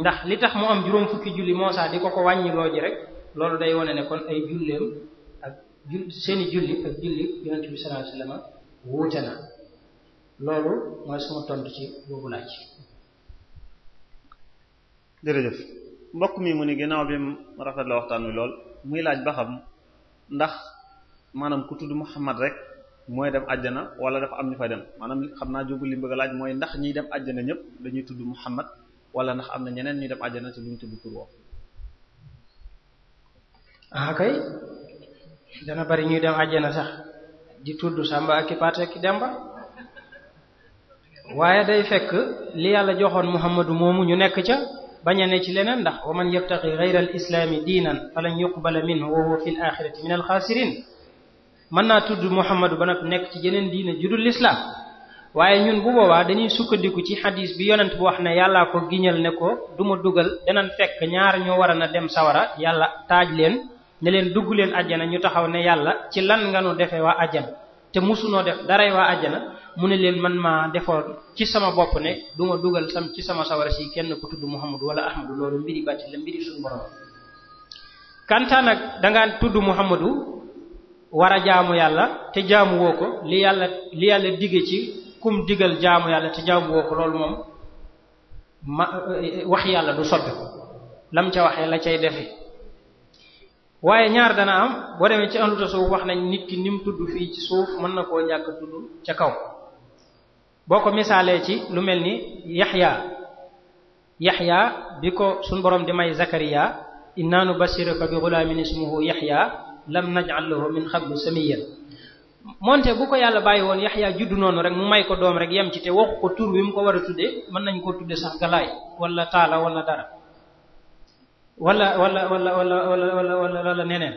Speaker 2: ndax li tax mu am juróom fukki julli moo sax di ko ko wàññi loo rek loolu day wane ne kon ay julleem ak jul seeni julli ak julli yonent bi sallallahu alayhi wasallam loolu mooy suma tontu ci boobu laaj.
Speaker 4: jërëjëf mbokk mi mu ni ginnaaw bi mu rafet la waxtaan wi lool muy laaj ba xam ndax maanaam ku tudd Muhammad rek. mooy dem àjjana wala dafa am ñu fa dem maanaam xam naa jógu li bëgg a laaj mooy ndax ñiy dem àjjana ñëpp dañuy tudd Muhammad wala ndax am na ñeneen ñuy dem àjjana te duñ tudd tur woowu.
Speaker 2: ah ñuy dem àjjana sax di tudd Samba ak ki Paate ki Demba waaye day fekk li yàlla joxoon Muhammadu moomu ñu nekk ca bañ ne ci leneen ndax wa man yabtaqi ghayra al islaami diinan falan yuqbala minhu wa huwa fil min al mën naa tudd Muhammadu ba noppi nekk ci yeneen diine ju dul lislaam waaye ñun bu boobaa dañuy sukkandiku ci xadis bi yonent bu wax ne yàllaa ko giñal ne ko du ma dugal danañ fekk ñaar ñoo war na dem sawara yàlla taaj leen ne leen dugg leen ajana ñu taxaw ne yàlla ci lan nga nu defee waa ajjana te mosunoo def daray waa ajjana mu ne leen man maa defoon ci sama bopp ne duma dugal sam ci sama sawara ci kenn ku tudd Muhammadu wala Ahmadu loolu mbiri bàtti la mbiri suñu borom kantaa war a jaamu yàlla te jaamu woo ko li yàlla li yàlla dige ci kum digal jaamu yàlla te jaamu woo ko loolu moom ma wax yàlla du soppi ko lam ca waxee la cay defe waaye ñaar dana am boo demee ci andu tasawuf wax nañ nit ki ni tudd fii ci suuf mën na koo ñàkk tudd ca kaw boo ko misaalee ci lu mel ni yaxya yaxya bi ko suñ borom di may zakariya inna nubashiruka bi ghulamin ismuhu yaxya lam naj'al lahu min qablu samiyya moonte bu ko yàlla bàyyi woon yaxyaa juddu noonu rek mu may ko doom rek yam ci te waxu ko tur wi mu ko war a tuddee mën nañ koo tudde sax galaay wala taala wala dara wala wala wala wala wala wala wala neneen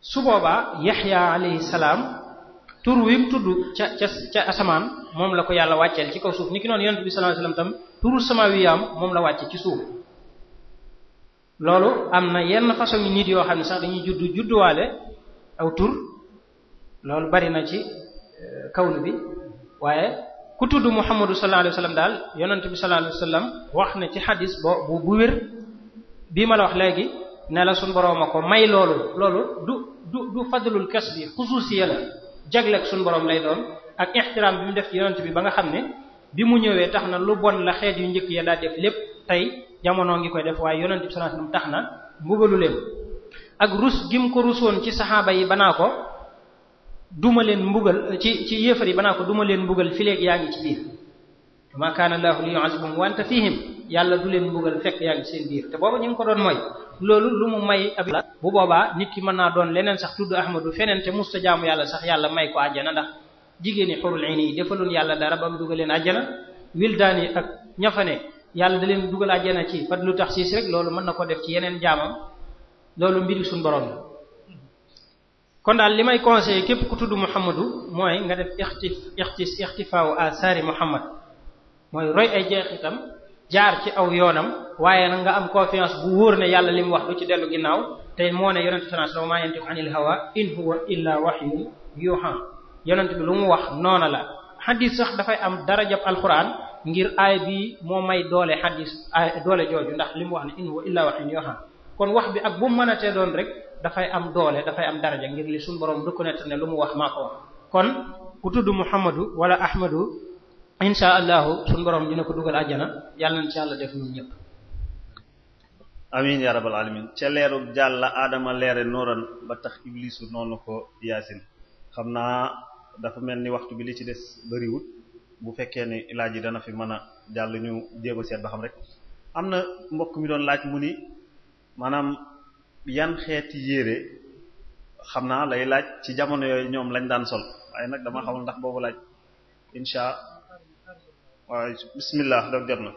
Speaker 2: su boobaa yaxyaa alayhi salaam tur wi mu tudd ca ca ca asamaan moom la ko yàlla wàcceel ci kaw suuf ni ki noonu yonent bi sallallahu alayhi tam turu samaawiyaam moom la wàcce ci suuf loolu am na yenn façon yi nit yoo xam ne sax dañuy juddu judduwaale aw tur loolu bari na ci euh, kawnu bi waaye ku tudd Muhammadu sallallahu alayhi wasallam daal yonent bi sallallahu alayhi wasallam wax na ci xadis boo bu wér bii ma la wax léegi ne la suñ boroom a ko may loolu loolu du du du fadlul kes bi xususiya la jagleeg suñ boroom lay doon ak ixtiraam bi mu def ci yonent bi ba nga xam ne bi mu ñëwee tax na lu bon la xeet yu njëkk ya daa def lépp tey jamono ngi koy def waaye yonent bi sallallahu alayhi tax na mbugalu leen ak rus mu ko rusoon ci saxaaba yi banaa ko duma leen mbugal ci ci yéefar yi banaa ko duma leen mbugal fileeg yaa ngi ci biir ma kaana allahu li yu'azibuhum wa yàlla du leen mbugal fekk yaa ngi seen biir te booba ñu ngi ko doon mooy loolu lu mu may ab bu boobaa nit ki mën naa doon leneen sax tudd ahmadu feneen te musta jaamu yàlla sax yàlla may ko àjjana ndax jigéeni xurul ayni yi defaloon yàlla dara ba mu dugaleen àjjana wildaani ak ñafane yàlla da leen dugal àjjana ci fadlu taxsiis rek loolu mën na ko def ci yeneen jaamam loolu mbiri suñu borom la kon daal li may conseillé képp ku tudd Muhammadu mooy nga def ixti ixti ixtifaawu asaari Muhammad mooy roy ay jeexitam jaar ci aw yoonam waaye nag nga am confiance bu wóor ne yàlla li mu wax du ci dellu ginnaaw te moo ne yonente sanag dama maa yantiqu anil hawa in huwa illa wahyun yuha yonente bi lu mu wax noona la xadis sax dafay am darajab ngir aay bii moo may doole xadis aay doole jooju ndax li mu wax ne in huwa illaa wahyun yuuhaa kon wax bi ak bu mu mënatee doon rek dafay am doole dafay am daraja ngir li suñu borom reconnaître ne lu mu wax maa ko wax kon ku tudd wala Ahmadu
Speaker 4: insha allahu suñu borom dina ko dugal àjjana yàlla def ñun ñëpp. amin ya rabbal alamin ca leeru jàll aadama leere nooran ba tax iblisu noonu ko yaasin xam naa dafa mel ni waxtu bi li ci des bariwul bu fekkee ni laaj yi dana fi mën a jàll ñu jéem a seet ba xam rek am na mbokk mi doon laaj mu ni maanaam yan xeeti yére xam naa lay laaj ci jamono yooyu ñoom lañ daan sol waaye nag dama xamul ndax boobu laaj insha waaye bismillah doog jot na